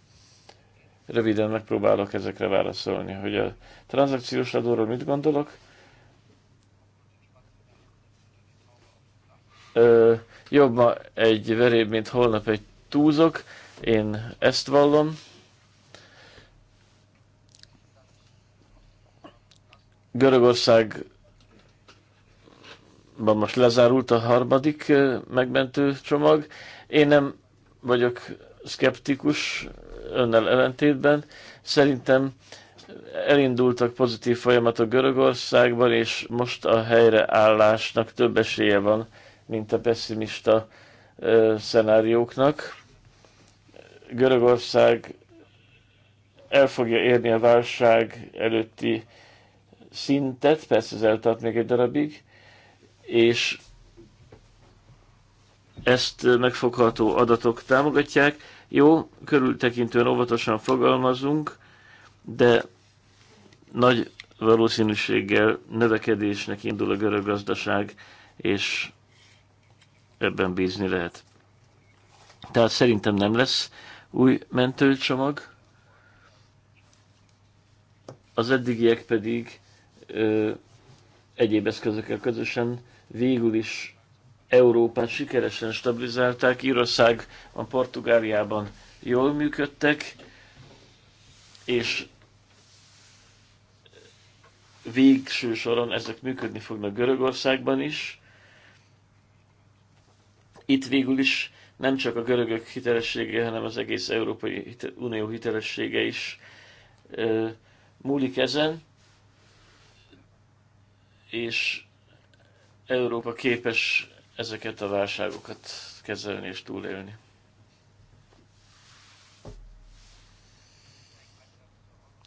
Röviden megpróbálok ezekre válaszolni, hogy a tranzakciós adóról mit gondolok. Ö, jobb ma egy veréb, mint holnap egy túzok. Én ezt vallom. Görögország most lezárult a harmadik megmentő csomag. Én nem vagyok szkeptikus önnel ellentétben. Szerintem elindultak pozitív folyamatok Görögországban, és most a helyreállásnak több esélye van, mint a pessimista szenárióknak. Görögország el fogja érni a válság előtti szintet, persze ez eltart még egy darabig, és ezt megfogható adatok támogatják. Jó, körültekintően óvatosan fogalmazunk, de nagy valószínűséggel növekedésnek indul a görög gazdaság, és ebben bízni lehet. Tehát szerintem nem lesz új mentőcsomag. Az eddigiek pedig ö, egyéb eszközökkel közösen végül is Európát sikeresen stabilizálták. Írország a Portugáliában jól működtek, és végső soron ezek működni fognak Görögországban is. Itt végül is nem csak a görögök hitelessége, hanem az egész Európai Unió hitelessége is múlik ezen és Európa képes ezeket a válságokat kezelni és túlélni.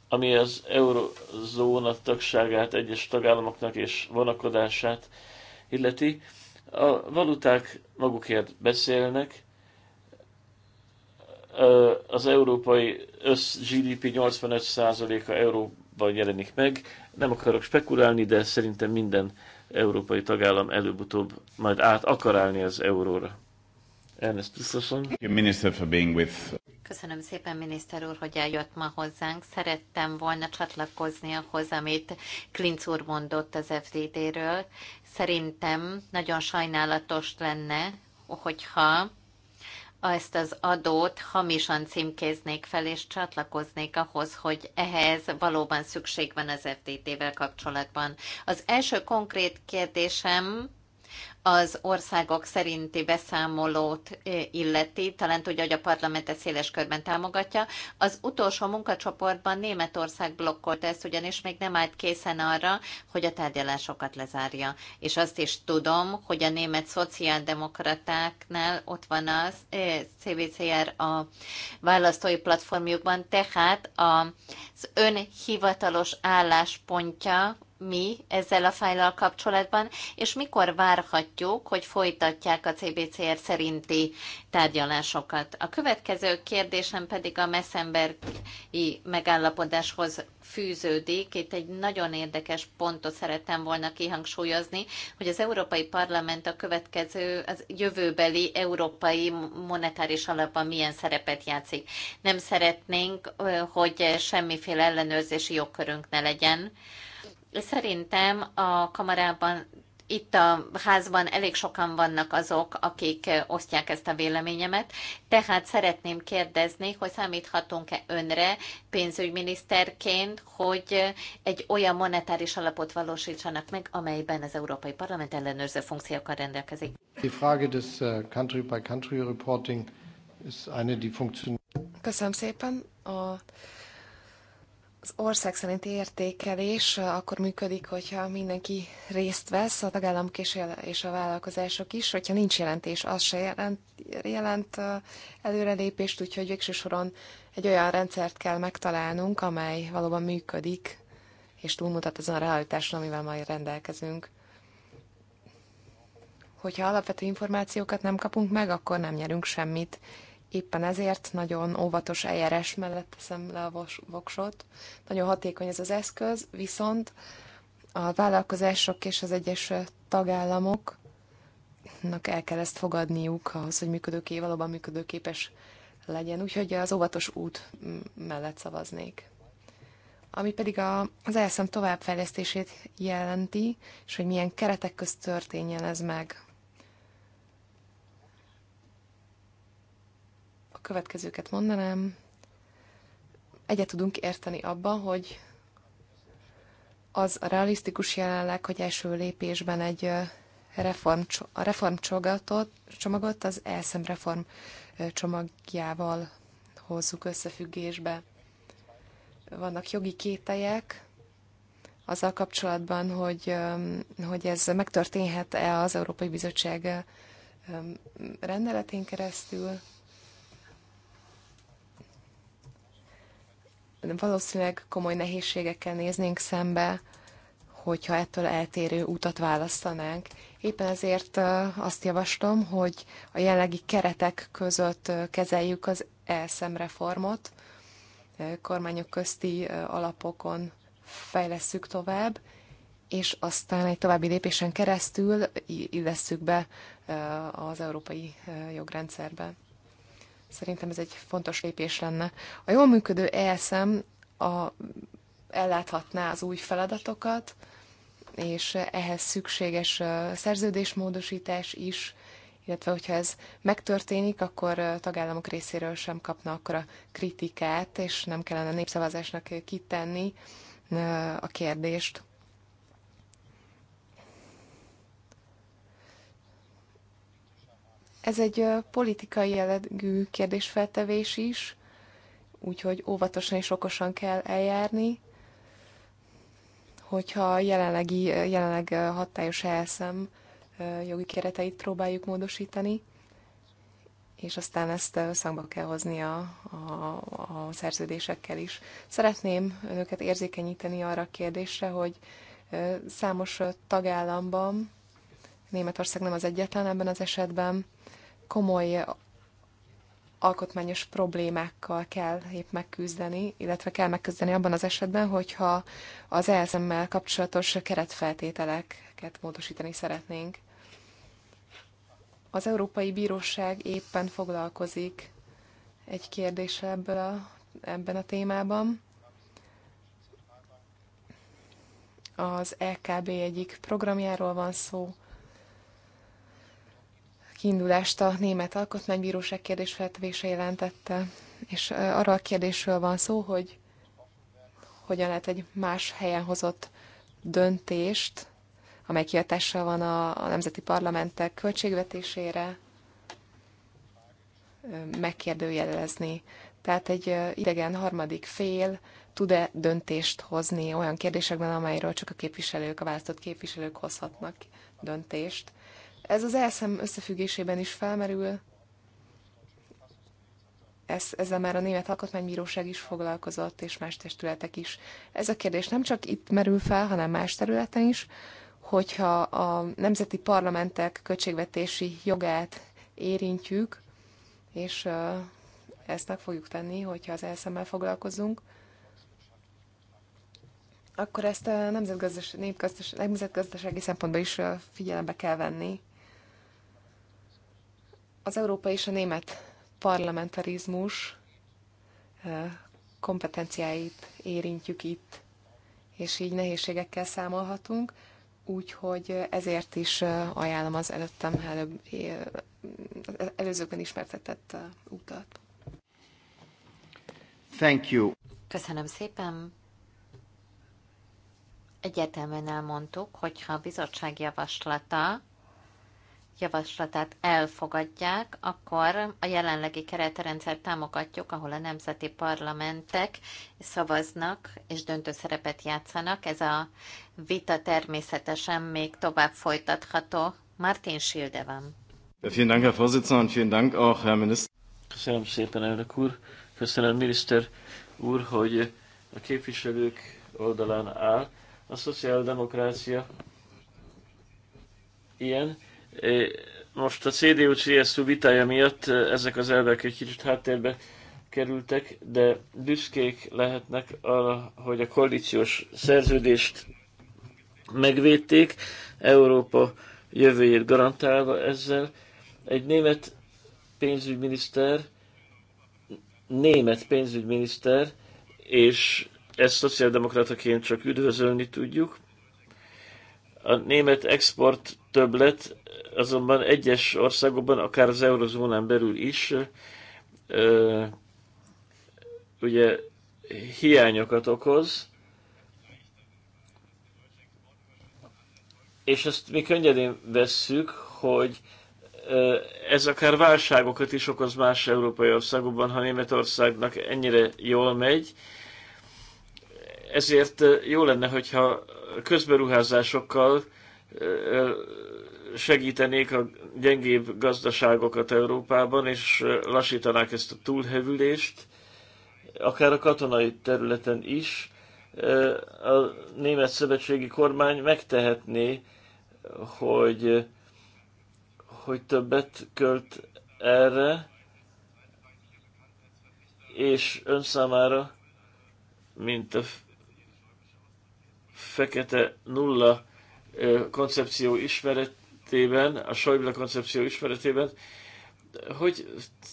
Ami az eurozóna tagságát egyes tagállamoknak és vonakodását illeti, a valuták magukért beszélnek, az európai össz GDP 85%-a euró Európában jelenik meg. Nem akarok spekulálni, de szerintem minden európai tagállam előbb-utóbb majd át akar állni az euróra. Ernest Christensen. Köszönöm szépen, miniszter úr, hogy eljött ma hozzánk. Szerettem volna csatlakozni ahhoz, amit Klinc úr mondott az FDD-ről. Szerintem nagyon sajnálatos lenne, hogyha ezt az adót hamisan címkéznék fel, és csatlakoznék ahhoz, hogy ehhez valóban szükség van az FTT-vel kapcsolatban. Az első konkrét kérdésem az országok szerinti beszámolót illeti, talán tudja, hogy a ezt széles körben támogatja. Az utolsó munkacsoportban Németország blokkolta ezt, ugyanis még nem állt készen arra, hogy a tárgyalásokat lezárja. És azt is tudom, hogy a német szociáldemokratáknál ott van az CVCR a választói platformjukban, tehát az ön hivatalos álláspontja mi ezzel a fájlal kapcsolatban, és mikor várhatjuk, hogy folytatják a CBCR szerinti tárgyalásokat. A következő kérdésem pedig a Messenbergi megállapodáshoz fűződik. Itt egy nagyon érdekes pontot szerettem volna kihangsúlyozni, hogy az Európai Parlament a következő, az jövőbeli európai monetáris alapban milyen szerepet játszik. Nem szeretnénk, hogy semmiféle ellenőrzési jogkörünk ne legyen, Szerintem a kamarában itt a házban elég sokan vannak azok, akik osztják ezt a véleményemet, tehát szeretném kérdezni, hogy számíthatunk-e önre pénzügyminiszterként, hogy egy olyan monetáris alapot valósítsanak meg, amelyben az Európai Parlament ellenőrző funkciókkal rendelkezik. Äh, country by country reporting Köszönöm szépen. A az ország szerint értékelés eh, akkor működik, hogyha mindenki részt vesz, a tagállam és a vállalkozások is, hogyha nincs jelentés, az se jelent, jelent eh, előrelépést, úgyhogy végső soron egy olyan rendszert kell megtalálnunk, amely valóban működik, és túlmutat azon a realitáson, amivel majd rendelkezünk. Hogyha alapvető információkat nem kapunk meg, akkor nem nyerünk semmit. Éppen ezért nagyon óvatos eljárás mellett teszem le a voksot. Nagyon hatékony ez az eszköz, viszont a vállalkozások és az egyes tagállamoknak el kell ezt fogadniuk ahhoz, hogy működőké, valóban működőképes legyen. Úgyhogy az óvatos út mellett szavaznék. Ami pedig a, az elszem továbbfejlesztését jelenti, és hogy milyen keretek közt történjen ez meg. következőket mondanám. Egyet tudunk érteni abban, hogy az a realisztikus jelenleg, hogy első lépésben egy reform, a reform csomagot az ESM reform csomagjával hozzuk összefüggésbe. Vannak jogi kételyek azzal kapcsolatban, hogy, hogy ez megtörténhet-e az Európai Bizottság rendeletén keresztül. valószínűleg komoly nehézségekkel néznénk szembe, hogyha ettől eltérő útat választanánk. Éppen ezért azt javaslom, hogy a jelenlegi keretek között kezeljük az ESM reformot, kormányok közti alapokon fejlesszük tovább, és aztán egy további lépésen keresztül illesszük be az európai jogrendszerbe. Szerintem ez egy fontos lépés lenne. A jól működő ESM a, elláthatná az új feladatokat, és ehhez szükséges szerződésmódosítás is, illetve hogyha ez megtörténik, akkor a tagállamok részéről sem kapna akkor a kritikát, és nem kellene népszavazásnak kitenni a kérdést. Ez egy politikai jellegű kérdésfeltevés is, úgyhogy óvatosan és okosan kell eljárni, hogyha jelenlegi, jelenleg hatályos elszem jogi kereteit próbáljuk módosítani, és aztán ezt szangba kell hozni a, a, a szerződésekkel is. Szeretném önöket érzékenyíteni arra a kérdésre, hogy számos tagállamban, Németország nem az egyetlen ebben az esetben, komoly alkotmányos problémákkal kell épp megküzdeni, illetve kell megküzdeni abban az esetben, hogyha az ESM-mel kapcsolatos keretfeltételeket módosítani szeretnénk. Az Európai Bíróság éppen foglalkozik egy kérdéssel ebből a, ebben a témában. Az EKB egyik programjáról van szó, kiindulást a Német Alkotmánybíróság kérdésfeltevése jelentette, és arra a kérdésről van szó, hogy hogyan lehet egy más helyen hozott döntést, amely kihatással van a, a nemzeti parlamentek költségvetésére, megkérdőjelezni. Tehát egy idegen harmadik fél tud-e döntést hozni olyan kérdésekben, amelyről csak a képviselők, a választott képviselők hozhatnak döntést. Ez az elszem összefüggésében is felmerül. Ez, ezzel már a Német Alkotmánybíróság is foglalkozott, és más testületek is. Ez a kérdés nem csak itt merül fel, hanem más területen is, hogyha a nemzeti parlamentek költségvetési jogát érintjük, és ezt meg fogjuk tenni, hogyha az elszemmel foglalkozunk, akkor ezt a nemzetgazdas, népgazdas, nemzetgazdasági szempontból is figyelembe kell venni. Az európai és a német parlamentarizmus kompetenciáit érintjük itt, és így nehézségekkel számolhatunk, úgyhogy ezért is ajánlom az előttem előbb, előzőkben ismertetett utat. Thank you. Köszönöm szépen. Egyetemen elmondtuk, hogyha a bizottság javaslata javaslatát elfogadják, akkor a jelenlegi keretrendszer támogatjuk, ahol a nemzeti parlamentek szavaznak és döntő szerepet játszanak. Ez a vita természetesen még tovább folytatható. Martin Schilde van. Köszönöm szépen, elnök úr. Köszönöm, miniszter úr, hogy a képviselők oldalán áll. A szociáldemokrácia ilyen, most a CDU-CSU vitája miatt e, ezek az elvek egy kicsit háttérbe kerültek, de büszkék lehetnek arra, hogy a koalíciós szerződést megvédték, Európa jövőjét garantálva ezzel. Egy német pénzügyminiszter, német pénzügyminiszter, és ezt szociáldemokrataként csak üdvözölni tudjuk. A német export többlet azonban egyes országokban, akár az eurozónán belül is, ö, ugye hiányokat okoz, és ezt mi könnyedén vesszük, hogy ez akár válságokat is okoz más európai országokban, ha Németországnak ennyire jól megy. Ezért jó lenne, hogyha közberuházásokkal segítenék a gyengébb gazdaságokat Európában, és lassítanák ezt a túlhevülést, akár a katonai területen is. A német szövetségi kormány megtehetné, hogy, hogy többet költ erre, és ön számára, mint a fekete nulla koncepció ismeretében, a Schäuble koncepció ismeretében, hogy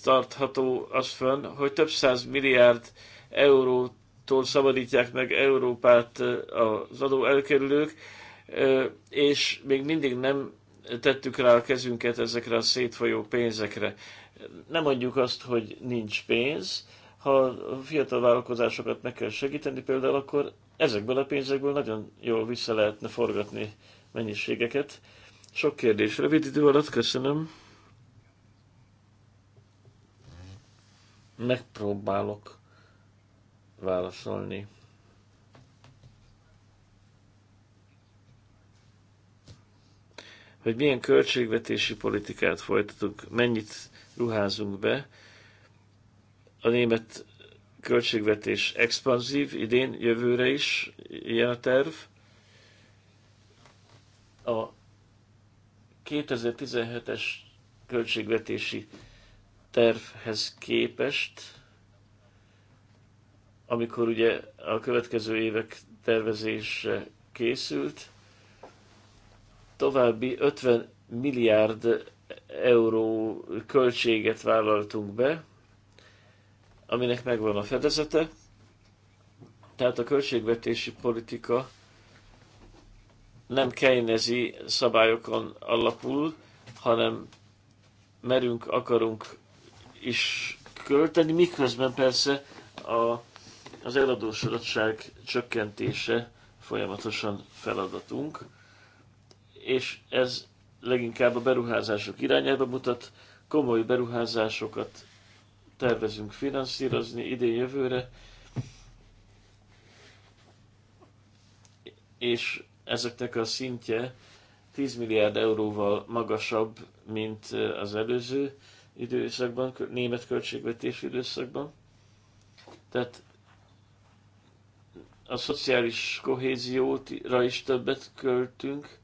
tartható az fönn, hogy több száz milliárd eurótól szabadítják meg Európát az adó elkerülők, és még mindig nem tettük rá a kezünket ezekre a szétfolyó pénzekre. Nem mondjuk azt, hogy nincs pénz, ha a fiatal vállalkozásokat meg kell segíteni például, akkor ezekből a pénzekből nagyon jól vissza lehetne forgatni mennyiségeket. Sok kérdés. Rövid idő alatt köszönöm. Megpróbálok válaszolni. Hogy milyen költségvetési politikát folytatunk, mennyit ruházunk be. A német költségvetés expanzív, idén, jövőre is ilyen a terv. A 2017-es költségvetési tervhez képest, amikor ugye a következő évek tervezése készült, további 50 milliárd euró költséget vállaltunk be, aminek megvan a fedezete, tehát a költségvetési politika nem kejnezi szabályokon alapul, hanem merünk, akarunk is költeni, miközben persze a, az eladósodottság csökkentése folyamatosan feladatunk, és ez leginkább a beruházások irányába mutat, komoly beruházásokat tervezünk finanszírozni idén-jövőre, és ezeknek a szintje 10 milliárd euróval magasabb, mint az előző időszakban, német költségvetés időszakban. Tehát a szociális kohézióra is többet költünk,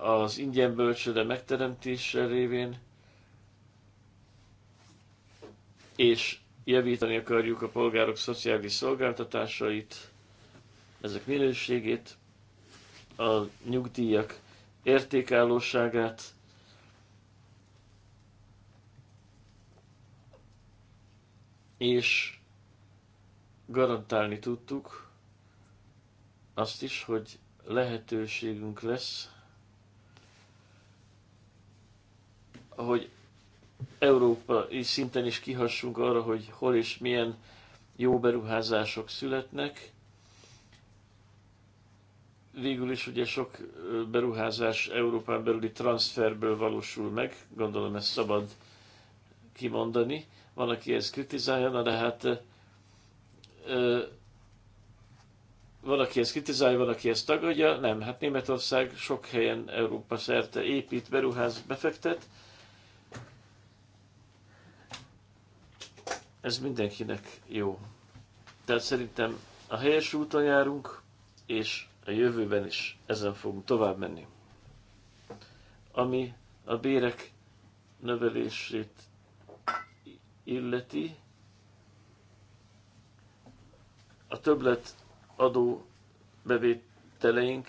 az ingyen bölcsőde megteremtése révén, és javítani akarjuk a polgárok szociális szolgáltatásait, ezek minőségét, a nyugdíjak értékállóságát, és garantálni tudtuk azt is, hogy lehetőségünk lesz, hogy európai szinten is kihassunk arra, hogy hol és milyen jó beruházások születnek. Végül is ugye sok beruházás Európán belüli transferből valósul meg, gondolom ezt szabad kimondani. Van, aki ezt kritizálja, na de hát ö, van, aki ezt kritizálja, van, aki ezt tagadja. Nem, hát Németország sok helyen Európa szerte épít, beruház, befektet, Ez mindenkinek jó. Tehát szerintem a helyes úton járunk, és a jövőben is ezen fogunk tovább menni. Ami a bérek növelését illeti, a többlet adó bevételeink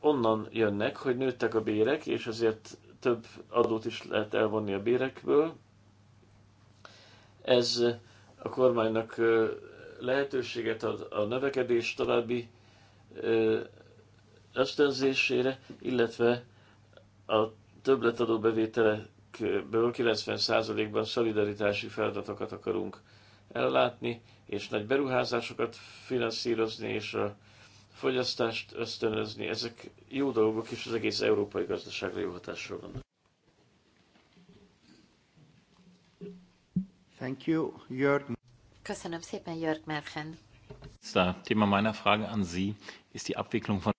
onnan jönnek, hogy nőttek a bérek, és ezért több adót is lehet elvonni a bérekből, ez a kormánynak lehetőséget ad a növekedés további ösztönzésére, illetve a többletadó bevételekből 90%-ban szolidaritási feladatokat akarunk ellátni, és nagy beruházásokat finanszírozni, és a fogyasztást ösztönözni. Ezek jó dolgok, és az egész európai gazdaságra jó hatással vannak. Thank you, Jörg. Köszönöm szépen, Jörg Merchen. A téma meiner Frage an Sie ist die Abwicklung von...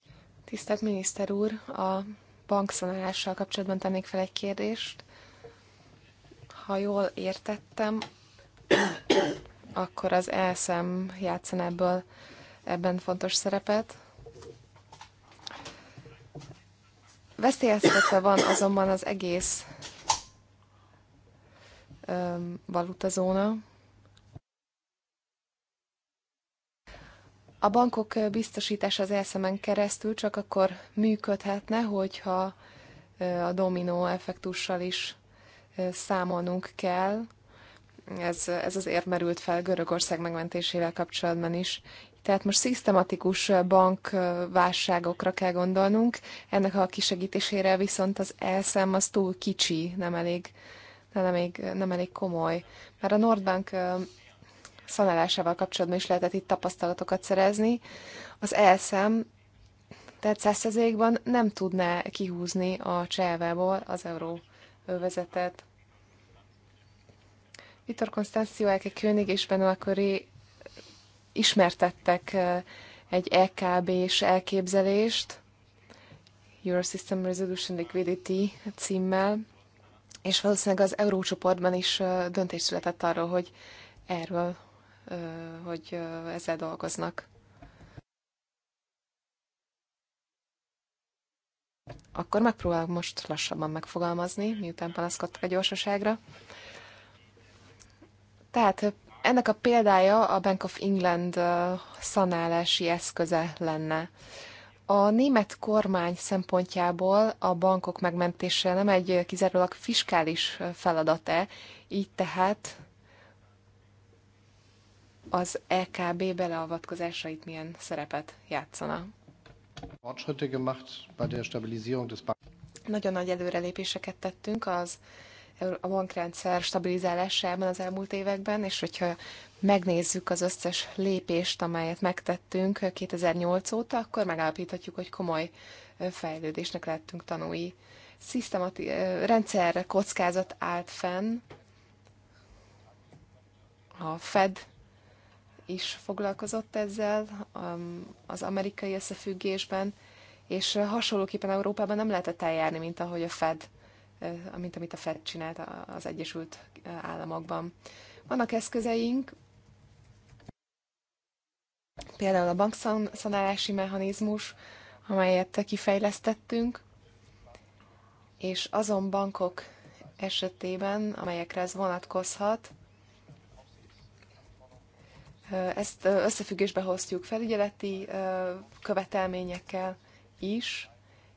Tisztelt miniszter úr, a bankszanálással kapcsolatban tennék fel egy kérdést. Ha jól értettem, [COUGHS] akkor az ESM játszan ebből ebben fontos szerepet. Veszélyeztetve van azonban az egész valutazóna. A bankok biztosítás az elszemen keresztül csak akkor működhetne, hogyha a dominó effektussal is számolnunk kell. Ez, ez az érmerült fel Görögország megmentésével kapcsolatban is. Tehát most szisztematikus bankválságokra kell gondolnunk, ennek a kisegítésére viszont az elszem az túl kicsi, nem elég de nem elég, nem elég komoly. Mert a Nordbank szanálásával kapcsolatban is lehetett itt tapasztalatokat szerezni. Az ESM tehát százszerzékban nem tudná kihúzni a csehvából az euró övezetet. Vitor Konstanció, Elke König és Benoit ismertettek egy EKB-s elképzelést, Eurosystem Resolution Liquidity címmel, és valószínűleg az eurócsoportban is döntés született arról, hogy erről, hogy ezzel dolgoznak. Akkor megpróbálok most lassabban megfogalmazni, miután panaszkodtak a gyorsaságra. Tehát ennek a példája a Bank of England szanálási eszköze lenne. A német kormány szempontjából a bankok megmentése nem egy kizárólag fiskális feladat-e, így tehát az EKB beleavatkozásait milyen szerepet játszana? Nagyon nagy előrelépéseket tettünk az a bankrendszer stabilizálásában az elmúlt években, és hogyha megnézzük az összes lépést, amelyet megtettünk 2008 óta, akkor megállapíthatjuk, hogy komoly fejlődésnek lettünk tanúi. Szisztemati- rendszer kockázat állt fenn, a Fed is foglalkozott ezzel az amerikai összefüggésben, és hasonlóképpen Európában nem lehetett eljárni, mint ahogy a Fed mint amit a Fed csinált az Egyesült Államokban. Vannak eszközeink, például a bankszanálási mechanizmus, amelyet kifejlesztettünk, és azon bankok esetében, amelyekre ez vonatkozhat, ezt összefüggésbe hoztjuk felügyeleti követelményekkel is,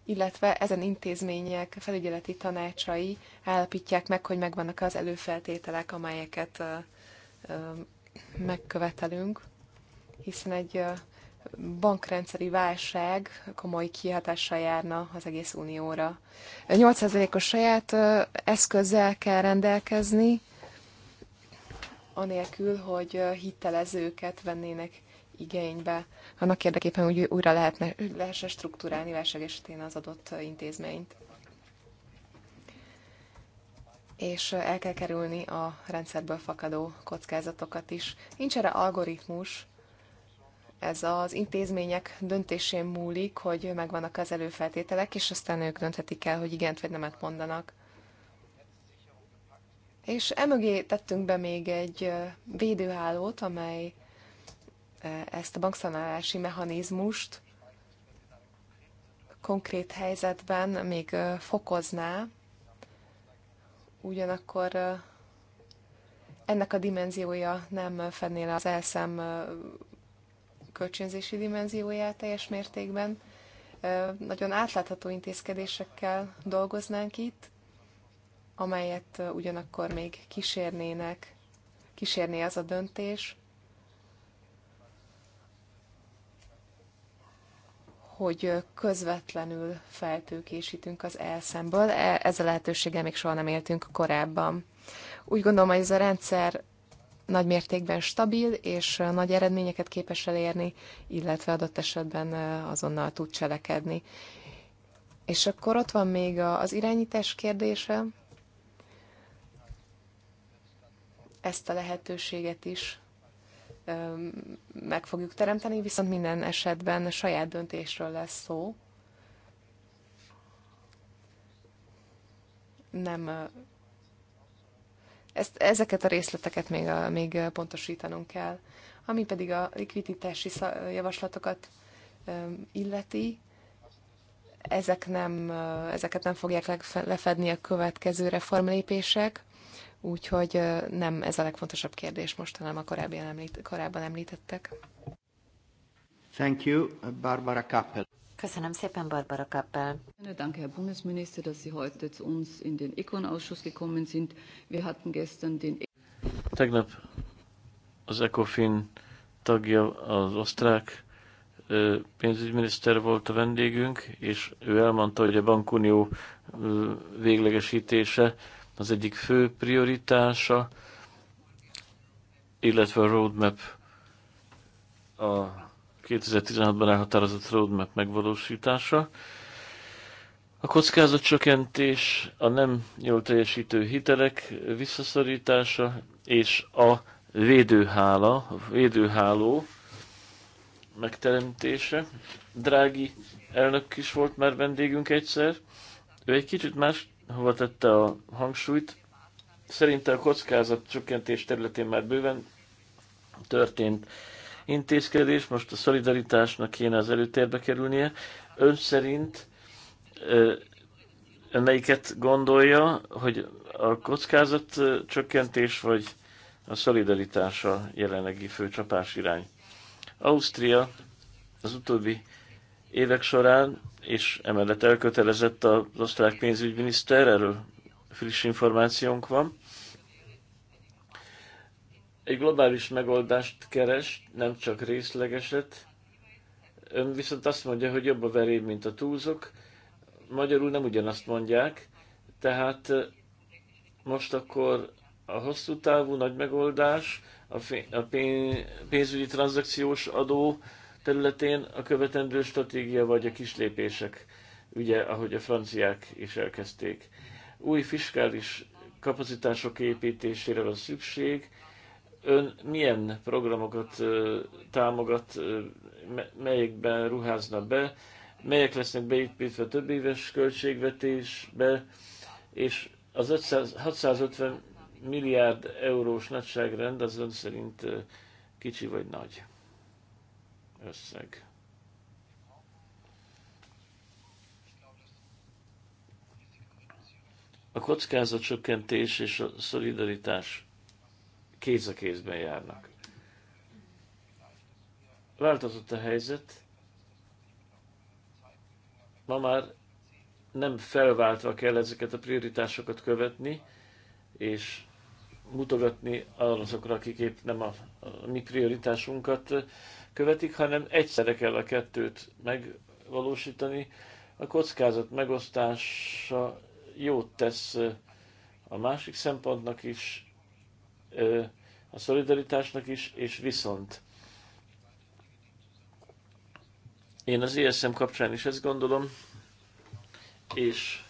illetve ezen intézmények felügyeleti tanácsai állapítják meg, hogy megvannak az előfeltételek, amelyeket megkövetelünk, hiszen egy bankrendszeri válság komoly kihatással járna az egész unióra. 8%-os saját eszközzel kell rendelkezni, anélkül, hogy hitelezőket vennének igénybe, annak érdekében, hogy újra lehetne, lehessen struktúrálni válság esetén az adott intézményt. És el kell kerülni a rendszerből fakadó kockázatokat is. Nincs erre algoritmus, ez az intézmények döntésén múlik, hogy megvannak az előfeltételek, és aztán ők dönthetik el, hogy igent vagy nemet mondanak. És emögé tettünk be még egy védőhálót, amely ezt a bankszanálási mechanizmust konkrét helyzetben még fokozná, ugyanakkor ennek a dimenziója nem fedné le az elszem kölcsönzési dimenzióját teljes mértékben. Nagyon átlátható intézkedésekkel dolgoznánk itt, amelyet ugyanakkor még kísérnének, kísérné az a döntés, hogy közvetlenül feltőkésítünk az elszemből. E, ez a lehetőséggel még soha nem éltünk korábban. Úgy gondolom, hogy ez a rendszer nagy mértékben stabil és nagy eredményeket képes elérni, illetve adott esetben e, azonnal tud cselekedni. És akkor ott van még az irányítás kérdése. Ezt a lehetőséget is meg fogjuk teremteni, viszont minden esetben saját döntésről lesz szó. Nem. Ezt, ezeket a részleteket még, a, még pontosítanunk kell. Ami pedig a likviditási javaslatokat illeti, ezek nem, ezeket nem fogják lefedni a következő reformlépések. Úgyhogy nem ez a legfontosabb kérdés most, hanem a korábban, említ, korábban említettek. Thank you, Barbara Kappel. Köszönöm szépen, Barbara Kappel. Danke, Herr Bundesminister, dass Sie heute zu uns in den ECON-Ausschuss gekommen sind. Wir hatten gestern den... E- Tegnap az ECOFIN tagja az osztrák pénzügyminiszter volt a vendégünk, és ő elmondta, hogy a bankunió véglegesítése az egyik fő prioritása, illetve a roadmap, a 2016-ban elhatározott roadmap megvalósítása. A kockázatcsökkentés, a nem jól teljesítő hitelek visszaszorítása és a védőhála, a védőháló megteremtése. Drági elnök is volt már vendégünk egyszer. Ő egy kicsit más hova tette a hangsúlyt. Szerinte a kockázat csökkentés területén már bőven történt intézkedés, most a szolidaritásnak kéne az előtérbe kerülnie. Ön szerint melyiket gondolja, hogy a kockázat csökkentés vagy a szolidaritás a jelenlegi fő csapás irány? Ausztria az utóbbi évek során, és emellett elkötelezett az osztrák pénzügyminiszter, erről friss információnk van. Egy globális megoldást keres, nem csak részlegeset. Ön viszont azt mondja, hogy jobb a veréb, mint a túlzok. Magyarul nem ugyanazt mondják, tehát most akkor a hosszú távú nagy megoldás, a, pénzügyi tranzakciós adó, területén a követendő stratégia vagy a kislépések ugye, ahogy a franciák is elkezdték. Új fiskális kapacitások építésére van szükség. Ön milyen programokat támogat, melyekben ruházna be, melyek lesznek beépítve több éves költségvetésbe, és az 500, 650 milliárd eurós nagyságrend az ön szerint kicsi vagy nagy? összeg. A kockázatcsökkentés és a szolidaritás kéz a kézben járnak. Változott a helyzet, ma már nem felváltva kell ezeket a prioritásokat követni, és mutogatni azokra, akik épp nem a, a mi prioritásunkat követik, hanem egyszerre kell a kettőt megvalósítani. A kockázat megosztása jót tesz a másik szempontnak is, a szolidaritásnak is, és viszont én az ISM kapcsán is ezt gondolom, és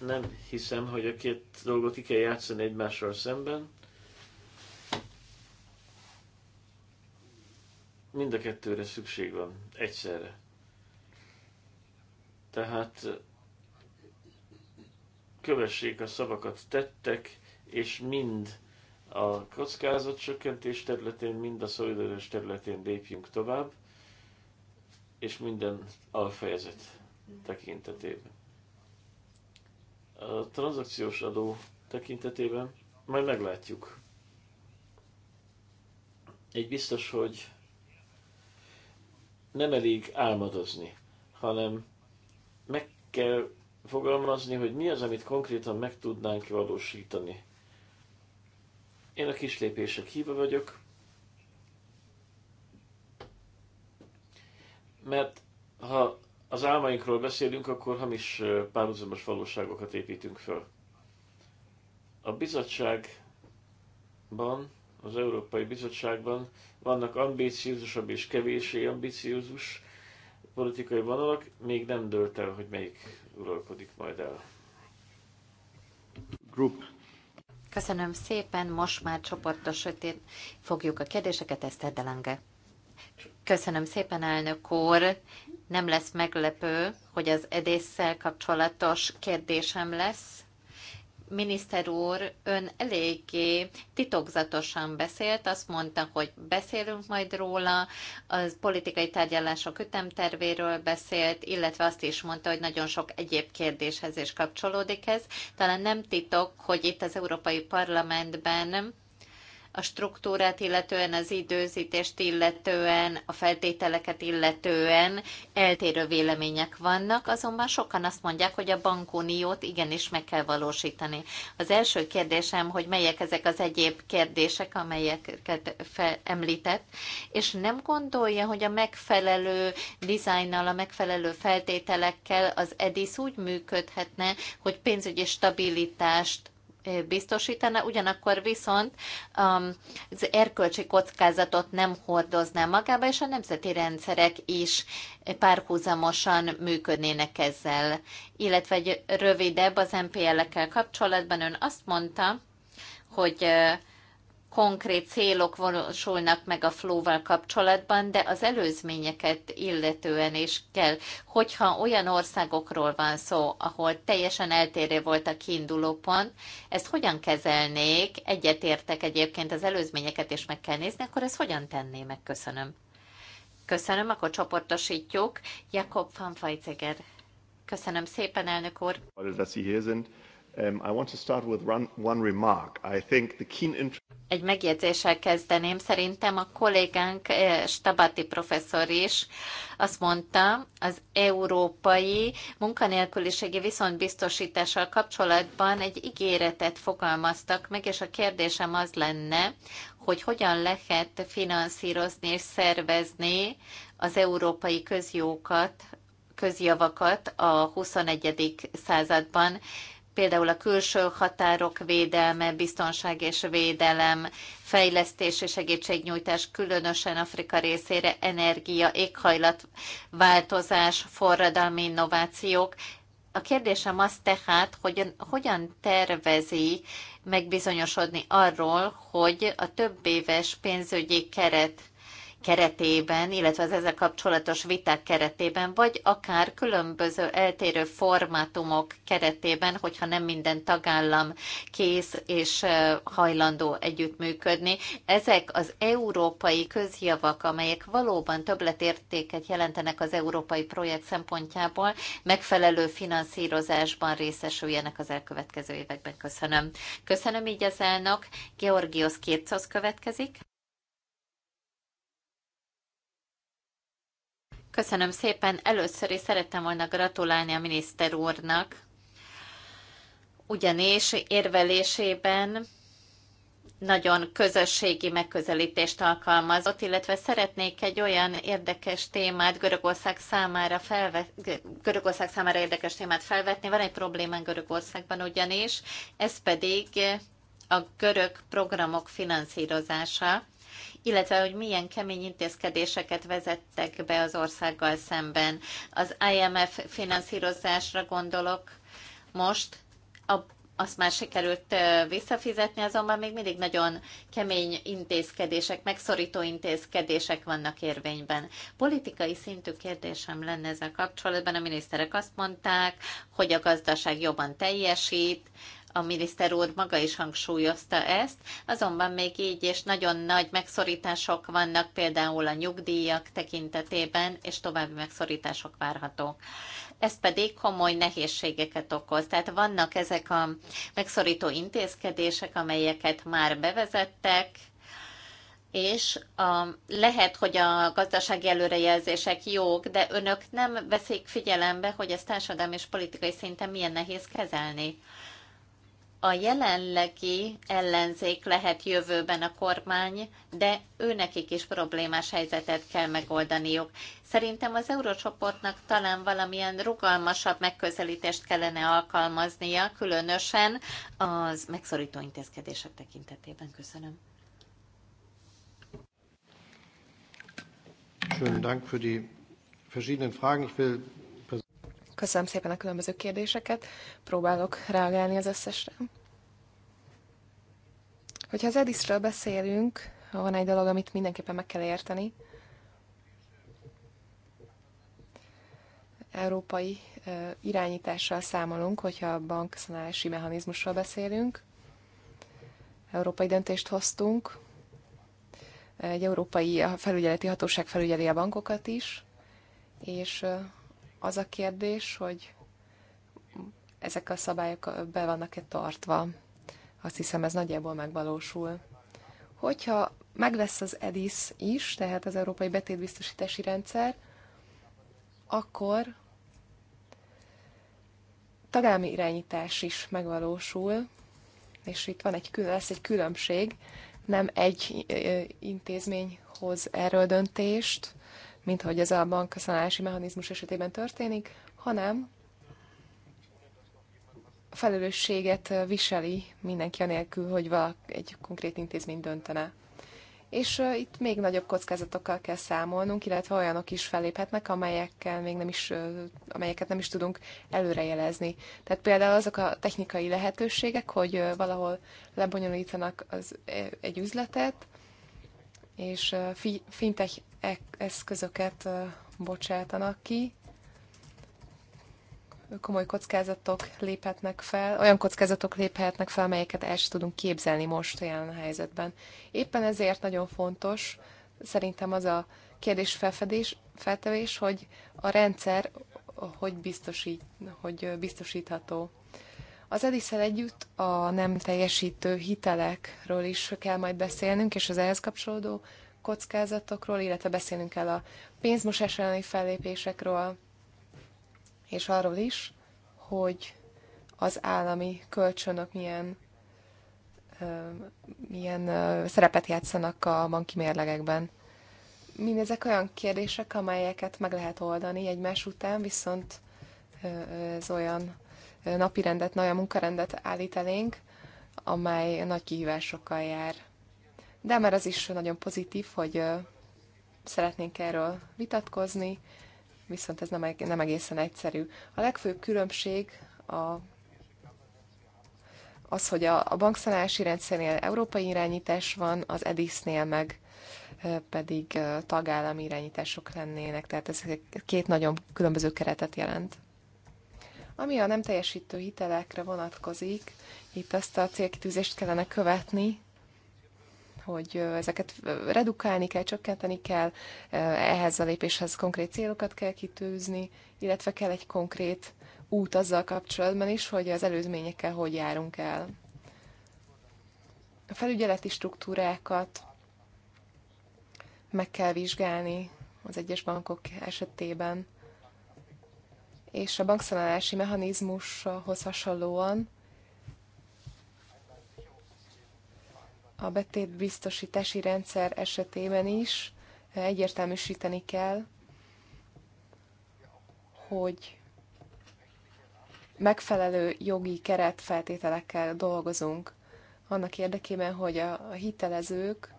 nem hiszem, hogy a két dolgot ki kell játszani egymással szemben. Mind a kettőre szükség van, egyszerre. Tehát kövessék a szavakat tettek, és mind a csökkentés területén, mind a szolidaritás területén lépjünk tovább, és minden alfejezet tekintetében. A tranzakciós adó tekintetében majd meglátjuk. Egy biztos, hogy nem elég álmodozni, hanem meg kell fogalmazni, hogy mi az, amit konkrétan meg tudnánk valósítani. Én a kislépések híve vagyok, mert ha az álmainkról beszélünk, akkor hamis párhuzamos valóságokat építünk föl. A bizottságban, az Európai Bizottságban vannak ambíciózusabb és kevésé ambíciózus politikai vonalak, még nem dölt el, hogy melyik uralkodik majd el. Group. Köszönöm szépen, most már csoportos sötét fogjuk a kérdéseket, ezt Delange. Köszönöm szépen, elnök úr nem lesz meglepő, hogy az edésszel kapcsolatos kérdésem lesz. Miniszter úr, ön eléggé titokzatosan beszélt, azt mondta, hogy beszélünk majd róla, az politikai tárgyalások ütemtervéről beszélt, illetve azt is mondta, hogy nagyon sok egyéb kérdéshez is kapcsolódik ez. Talán nem titok, hogy itt az Európai Parlamentben a struktúrát illetően, az időzítést illetően, a feltételeket illetően eltérő vélemények vannak, azonban sokan azt mondják, hogy a bankuniót igenis meg kell valósítani. Az első kérdésem, hogy melyek ezek az egyéb kérdések, amelyeket említett, és nem gondolja, hogy a megfelelő dizájnnal, a megfelelő feltételekkel az EDIS úgy működhetne, hogy pénzügyi stabilitást biztosítana, ugyanakkor viszont um, az erkölcsi kockázatot nem hordozná magába, és a nemzeti rendszerek is párhuzamosan működnének ezzel. Illetve egy rövidebb az MPL-ekkel kapcsolatban ön azt mondta, hogy konkrét célok vonosulnak meg a flóval kapcsolatban, de az előzményeket illetően is kell, hogyha olyan országokról van szó, ahol teljesen eltérő volt a kiinduló pont, ezt hogyan kezelnék, egyetértek egyébként az előzményeket is meg kell nézni, akkor ezt hogyan tenné meg, köszönöm. Köszönöm, akkor csoportosítjuk. Jakob van Feiziger. Köszönöm szépen, elnök úr. Egy megjegyzéssel kezdeném. Szerintem a kollégánk eh, Stabati professzor is azt mondta, az európai munkanélküliségi viszontbiztosítással kapcsolatban egy ígéretet fogalmaztak meg, és a kérdésem az lenne, hogy hogyan lehet finanszírozni és szervezni az európai közjókat, közjavakat a 21. században például a külső határok védelme, biztonság és védelem, fejlesztés és segítségnyújtás, különösen Afrika részére, energia, éghajlatváltozás, forradalmi innovációk. A kérdésem az tehát, hogy hogyan tervezi megbizonyosodni arról, hogy a több éves pénzügyi keret keretében, illetve az ezzel kapcsolatos viták keretében, vagy akár különböző eltérő formátumok keretében, hogyha nem minden tagállam kész és hajlandó együttműködni. Ezek az európai közjavak, amelyek valóban többletértéket jelentenek az európai projekt szempontjából, megfelelő finanszírozásban részesüljenek az elkövetkező években. Köszönöm. Köszönöm így az elnök. Georgios Kircosz következik. Köszönöm szépen. Először is szerettem volna gratulálni a miniszter úrnak, ugyanis érvelésében nagyon közösségi megközelítést alkalmazott, illetve szeretnék egy olyan érdekes témát Görögország számára, felve, Görögország számára érdekes témát felvetni. Van egy problémán Görögországban ugyanis, ez pedig a görög programok finanszírozása illetve hogy milyen kemény intézkedéseket vezettek be az országgal szemben. Az IMF finanszírozásra gondolok most, a azt már sikerült visszafizetni, azonban még mindig nagyon kemény intézkedések, megszorító intézkedések vannak érvényben. Politikai szintű kérdésem lenne ezzel kapcsolatban. A miniszterek azt mondták, hogy a gazdaság jobban teljesít, a miniszter úr maga is hangsúlyozta ezt, azonban még így és nagyon nagy megszorítások vannak, például a nyugdíjak tekintetében, és további megszorítások várhatók. Ez pedig komoly nehézségeket okoz. Tehát vannak ezek a megszorító intézkedések, amelyeket már bevezettek, és a, lehet, hogy a gazdasági előrejelzések jók, de önök nem veszik figyelembe, hogy ezt társadalmi és politikai szinten milyen nehéz kezelni a jelenlegi ellenzék lehet jövőben a kormány, de őnekik is problémás helyzetet kell megoldaniuk. Szerintem az eurócsoportnak talán valamilyen rugalmasabb megközelítést kellene alkalmaznia, különösen az megszorító intézkedések tekintetében. Köszönöm. Schönen Dank für die verschiedenen Fragen. Ich will Köszönöm szépen a különböző kérdéseket, próbálok reagálni az összesre. Hogyha az Edisről beszélünk, van egy dolog, amit mindenképpen meg kell érteni. Európai irányítással számolunk, hogyha a bankszanálási mechanizmusról beszélünk. Európai döntést hoztunk. Egy európai felügyeleti hatóság felügyeli a bankokat is, és az a kérdés, hogy ezek a szabályok be vannak-e tartva. Azt hiszem, ez nagyjából megvalósul. Hogyha meg lesz az EDIS is, tehát az Európai Betétbiztosítási Rendszer, akkor tagállami irányítás is megvalósul, és itt van egy, lesz egy különbség, nem egy intézmény hoz erről döntést, mint ahogy ez a bankszanálási mechanizmus esetében történik, hanem a felelősséget viseli mindenki anélkül, hogy egy konkrét intézmény döntene. És itt még nagyobb kockázatokkal kell számolnunk, illetve olyanok is felléphetnek, amelyekkel még nem is, amelyeket nem is tudunk előrejelezni. Tehát például azok a technikai lehetőségek, hogy valahol lebonyolítanak az, egy üzletet, és fintech eszközöket bocsátanak ki, komoly kockázatok léphetnek fel, olyan kockázatok léphetnek fel, amelyeket el sem tudunk képzelni most jelen helyzetben. Éppen ezért nagyon fontos szerintem az a kérdés felfedés, feltevés, hogy a rendszer hogy, biztosít, hogy biztosítható. Az Edisszel együtt a nem teljesítő hitelekről is kell majd beszélnünk, és az ehhez kapcsolódó kockázatokról, illetve beszélnünk kell a pénzmosás elleni fellépésekről, és arról is, hogy az állami kölcsönök milyen, milyen szerepet játszanak a banki mérlegekben. Mindezek olyan kérdések, amelyeket meg lehet oldani egymás után, viszont ez olyan napirendet, nagyon munkarendet állít elénk, amely nagy kihívásokkal jár de már az is nagyon pozitív, hogy szeretnénk erről vitatkozni, viszont ez e-, nem, egészen egyszerű. A legfőbb különbség a, az, hogy a, a bankszanálási rendszernél európai irányítás van, az EDIS-nél meg pedig tagállami irányítások lennének, tehát ez két nagyon különböző keretet jelent. Ami a nem teljesítő hitelekre vonatkozik, itt azt a célkitűzést kellene követni, hogy ezeket redukálni kell, csökkenteni kell, ehhez a lépéshez konkrét célokat kell kitűzni, illetve kell egy konkrét út azzal kapcsolatban is, hogy az előzményekkel hogy járunk el. A felügyeleti struktúrákat meg kell vizsgálni az egyes bankok esetében, és a bankszállási mechanizmushoz hasonlóan a betétbiztosítási rendszer esetében is eh, egyértelműsíteni kell, hogy megfelelő jogi keretfeltételekkel dolgozunk annak érdekében, hogy a hitelezők,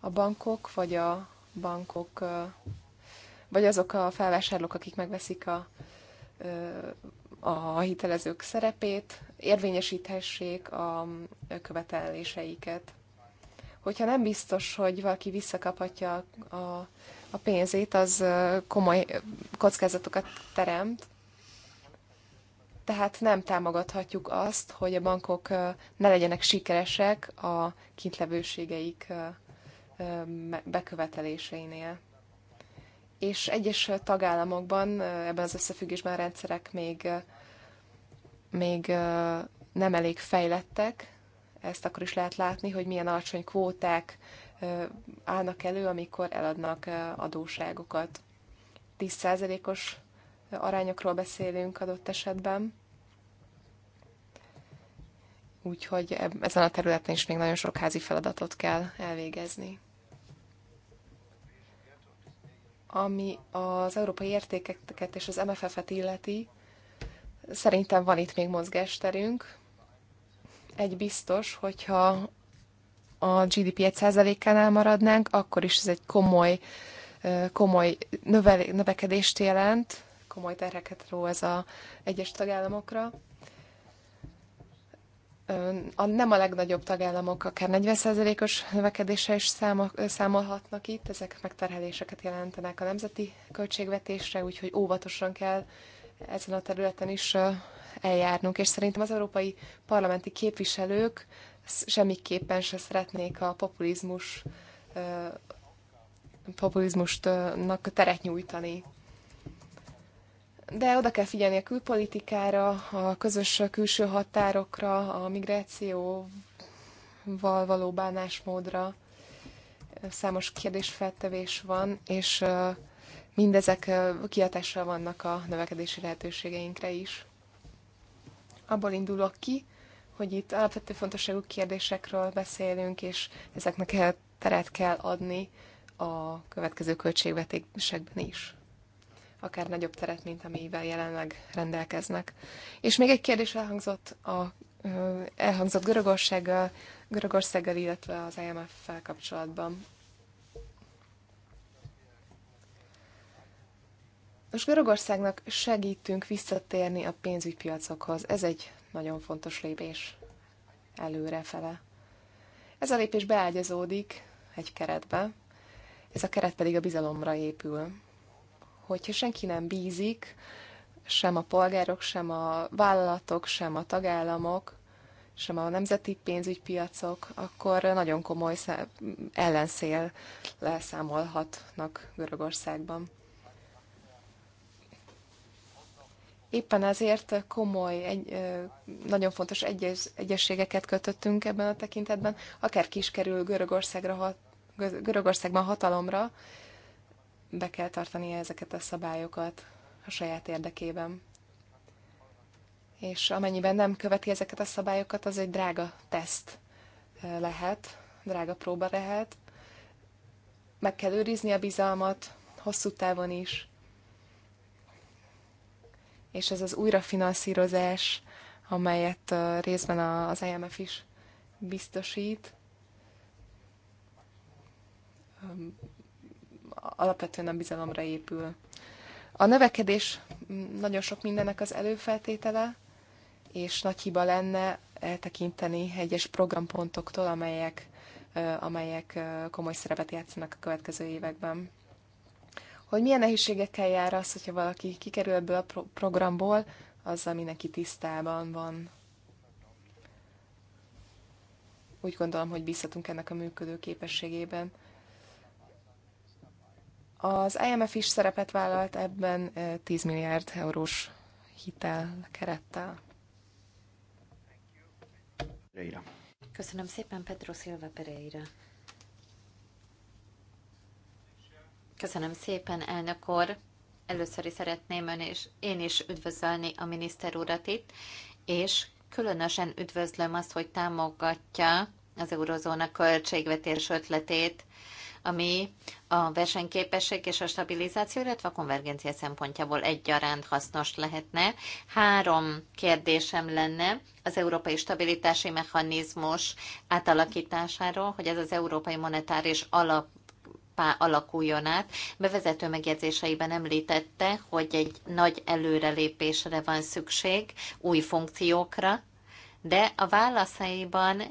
a bankok, vagy a bankok, eh, vagy azok a felvásárlók, akik megveszik a, eh, a hitelezők szerepét, érvényesíthessék a követeléseiket. Hogyha nem biztos, hogy valaki visszakaphatja a, a pénzét, az komoly kockázatokat teremt. Tehát nem támogathatjuk azt, hogy a bankok ne legyenek sikeresek a kintlevőségeik beköveteléseinél és egyes tagállamokban ebben az összefüggésben a rendszerek még még nem elég fejlettek, ezt akkor is lehet látni, hogy milyen alacsony kvóták állnak elő, amikor eladnak adóságokat. 10%-os arányokról beszélünk adott esetben. Úgyhogy ezen a területen is még nagyon sok házi feladatot kell elvégezni. Ami az európai értékeket és az MFF-et illeti, Szerintem van itt még mozgásterünk. Egy biztos, hogyha a GDP 1%-ánál maradnánk, akkor is ez egy komoly, komoly növel, növekedést jelent, komoly terheket ró ez a egyes tagállamokra. A, nem a legnagyobb tagállamok akár 40%-os növekedése is számolhatnak itt, ezek megterheléseket jelentenek a nemzeti költségvetésre, úgyhogy óvatosan kell ezen a területen is eljárnunk, és szerintem az európai parlamenti képviselők semmiképpen se szeretnék a populizmus populizmustnak teret nyújtani. De oda kell figyelni a külpolitikára, a közös külső határokra, a migrációval való bánásmódra. Számos kérdésfeltevés van, és mindezek kiatással vannak a növekedési lehetőségeinkre is. Abból indulok ki, hogy itt alapvető fontosságú kérdésekről beszélünk, és ezeknek teret kell adni a következő költségvetésekben is. Akár nagyobb teret, mint amivel jelenleg rendelkeznek. És még egy kérdés elhangzott a elhangzott Görögországgal, Görögországgal, illetve az IMF-fel kapcsolatban. Most Görögországnak segítünk visszatérni a pénzügypiacokhoz. Ez egy nagyon fontos lépés előrefele. Ez a lépés beágyazódik egy keretbe, ez a keret pedig a bizalomra épül. Hogyha senki nem bízik, sem a polgárok, sem a vállalatok, sem a tagállamok, sem a nemzeti pénzügypiacok, akkor nagyon komoly ellenszél leszámolhatnak Görögországban. Éppen ezért komoly, egy, nagyon fontos egyes, egyességeket kötöttünk ebben a tekintetben, akár kiskerül Görögországra, Görögországban hatalomra, be kell tartani ezeket a szabályokat a saját érdekében. És amennyiben nem követi ezeket a szabályokat, az egy drága teszt lehet, drága próba lehet. Meg kell őrizni a bizalmat, hosszú távon is, és ez az újrafinanszírozás, amelyet részben az IMF is biztosít, alapvetően a bizalomra épül. A növekedés nagyon sok mindennek az előfeltétele, és nagy hiba lenne eltekinteni egyes programpontoktól, amelyek, amelyek komoly szerepet játszanak a következő években hogy milyen nehézségekkel jár az, hogyha valaki kikerül ebből a pro- programból, ami neki tisztában van. Úgy gondolom, hogy bízhatunk ennek a működő képességében. Az IMF is szerepet vállalt ebben 10 eh, milliárd eurós hitel kerettel. Köszönöm szépen, Pedro Silva Pereira. Köszönöm szépen, elnök úr. Először is szeretném ön és én is üdvözölni a miniszter urat itt, és különösen üdvözlöm azt, hogy támogatja az eurozóna költségvetés ötletét, ami a versenyképesség és a stabilizáció, illetve a konvergencia szempontjából egyaránt hasznos lehetne. Három kérdésem lenne az európai stabilitási mechanizmus átalakításáról, hogy ez az európai monetáris alap Európa alakuljon át. Bevezető megjegyzéseiben említette, hogy egy nagy előrelépésre van szükség, új funkciókra, de a válaszaiban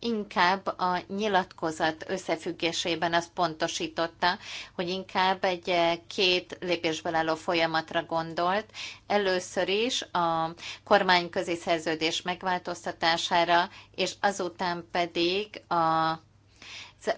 inkább a nyilatkozat összefüggésében azt pontosította, hogy inkább egy két lépésből álló folyamatra gondolt. Először is a kormányközi szerződés megváltoztatására, és azután pedig a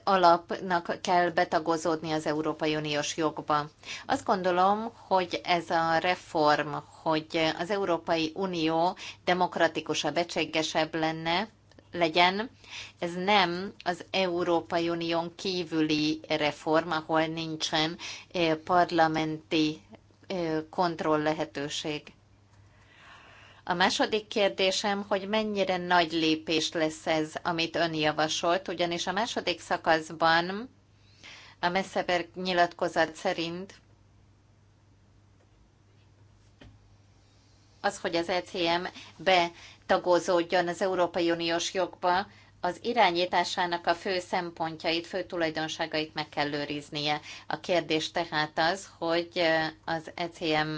alapnak kell betagozódni az Európai Uniós jogba. Azt gondolom, hogy ez a reform, hogy az Európai Unió demokratikusabb, egységesebb lenne, legyen. Ez nem az Európai Unión kívüli reform, ahol nincsen eh, parlamenti eh, kontroll lehetőség. A második kérdésem, hogy mennyire nagy lépés lesz ez, amit ön javasolt, ugyanis a második szakaszban a Messzeberg nyilatkozat szerint az, hogy az ECM betagozódjon az Európai Uniós jogba, az irányításának a fő szempontjait, fő tulajdonságait meg kell őriznie. A kérdés tehát az, hogy az ECM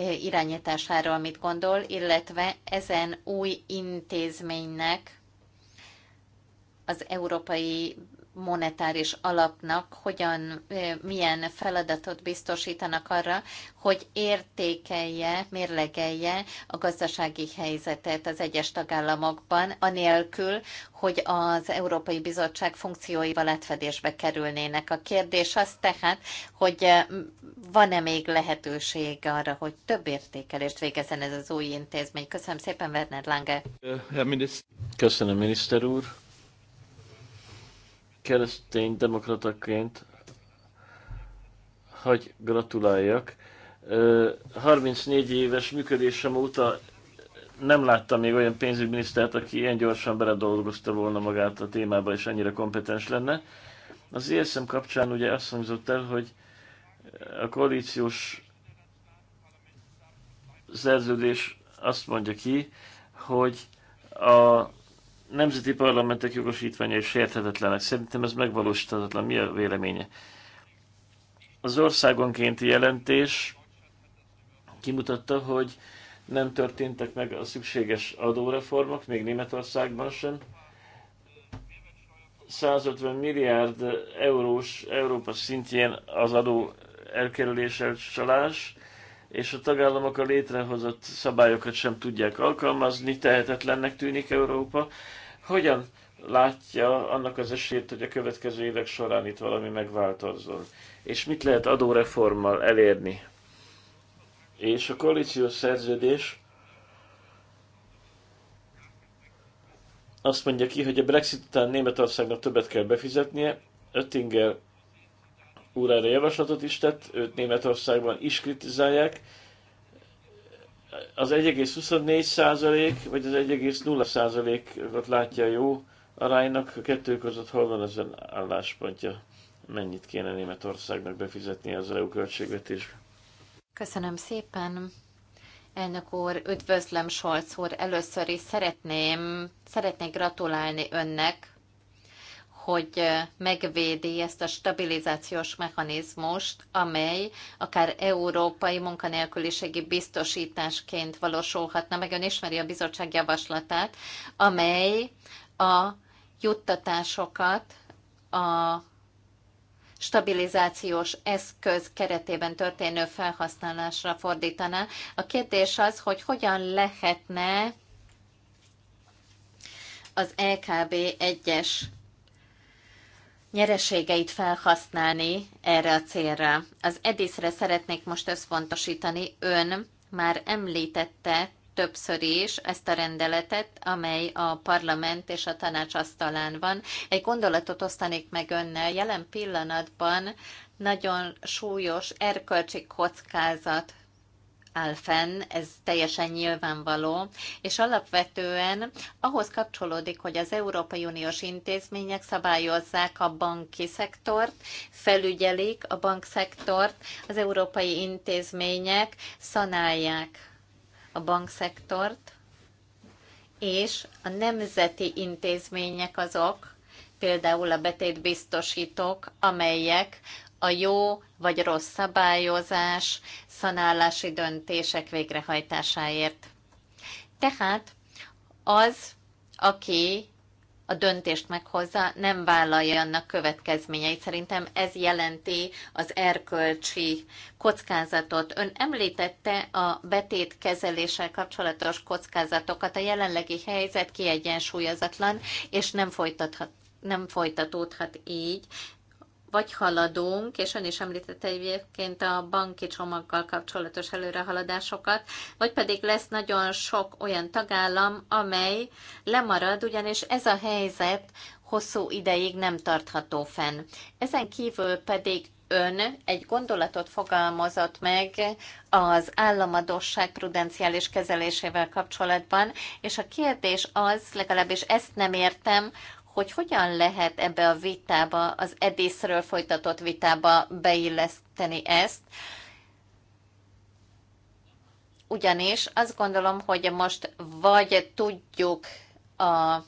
irányításáról mit gondol, illetve ezen új intézménynek az Európai monetáris alapnak hogyan, milyen feladatot biztosítanak arra, hogy értékelje, mérlegelje a gazdasági helyzetet az egyes tagállamokban, anélkül, hogy az Európai Bizottság funkcióival átfedésbe kerülnének. A kérdés az tehát, hogy van-e még lehetőség arra, hogy több értékelést végezzen ez az új intézmény. Köszönöm szépen, Werner Lange. Köszönöm, miniszter úr keresztény demokrataként, hogy gratuláljak. 34 éves működésem óta nem láttam még olyan pénzügyminisztert, aki ilyen gyorsan beledolgozta volna magát a témába, és ennyire kompetens lenne. Az ESM kapcsán ugye azt hangzott el, hogy a koalíciós szerződés azt mondja ki, hogy a nemzeti parlamentek jogosítványai is sérthetetlenek. Szerintem ez megvalósíthatatlan. Mi a véleménye? Az országonkénti jelentés kimutatta, hogy nem történtek meg a szükséges adóreformok, még Németországban sem. 150 milliárd eurós Európa szintjén az adó elkerüléssel csalás, és a tagállamok a létrehozott szabályokat sem tudják alkalmazni, tehetetlennek tűnik Európa, hogyan látja annak az esélyt, hogy a következő évek során itt valami megváltozzon? És mit lehet adóreformmal elérni? És a koalíciós szerződés azt mondja ki, hogy a Brexit után Németországnak többet kell befizetnie. Öttinger úr erre javaslatot is tett, őt Németországban is kritizálják az 1,24 százalék, vagy az 1,0 százalékot látja jó aránynak, a kettő között hol van az ön álláspontja? Mennyit kéne Németországnak befizetni az EU költségvetésbe? Köszönöm szépen. Elnök úr, üdvözlöm Solc úr. Először is szeretném, szeretnék gratulálni önnek hogy megvédi ezt a stabilizációs mechanizmust, amely akár európai munkanélküliségi biztosításként valósulhatna meg. Ön ismeri a bizottság javaslatát, amely a juttatásokat a stabilizációs eszköz keretében történő felhasználásra fordítaná. A kérdés az, hogy hogyan lehetne az LKB egyes nyereségeit felhasználni erre a célra. Az Edisre szeretnék most összpontosítani. Ön már említette többször is ezt a rendeletet, amely a parlament és a tanács asztalán van. Egy gondolatot osztanék meg önnel. Jelen pillanatban nagyon súlyos erkölcsi kockázat áll fenn, ez teljesen nyilvánvaló, és alapvetően ahhoz kapcsolódik, hogy az Európai Uniós intézmények szabályozzák a banki szektort, felügyelik a bankszektort, az európai intézmények szanálják a bankszektort, és a nemzeti intézmények azok, például a betétbiztosítók, amelyek a jó vagy rossz szabályozás, szanálási döntések végrehajtásáért. Tehát az, aki a döntést meghozza, nem vállalja annak következményeit. Szerintem ez jelenti az erkölcsi kockázatot. Ön említette a betét kezeléssel kapcsolatos kockázatokat. A jelenlegi helyzet kiegyensúlyozatlan, és nem folytathat nem folytatódhat így vagy haladunk, és ön is említette egyébként a banki csomaggal kapcsolatos előrehaladásokat, vagy pedig lesz nagyon sok olyan tagállam, amely lemarad, ugyanis ez a helyzet hosszú ideig nem tartható fenn. Ezen kívül pedig ön egy gondolatot fogalmazott meg az államadosság prudenciális kezelésével kapcsolatban, és a kérdés az, legalábbis ezt nem értem, hogy hogyan lehet ebbe a vitába, az edészről folytatott vitába beilleszteni ezt, ugyanis azt gondolom, hogy most vagy tudjuk a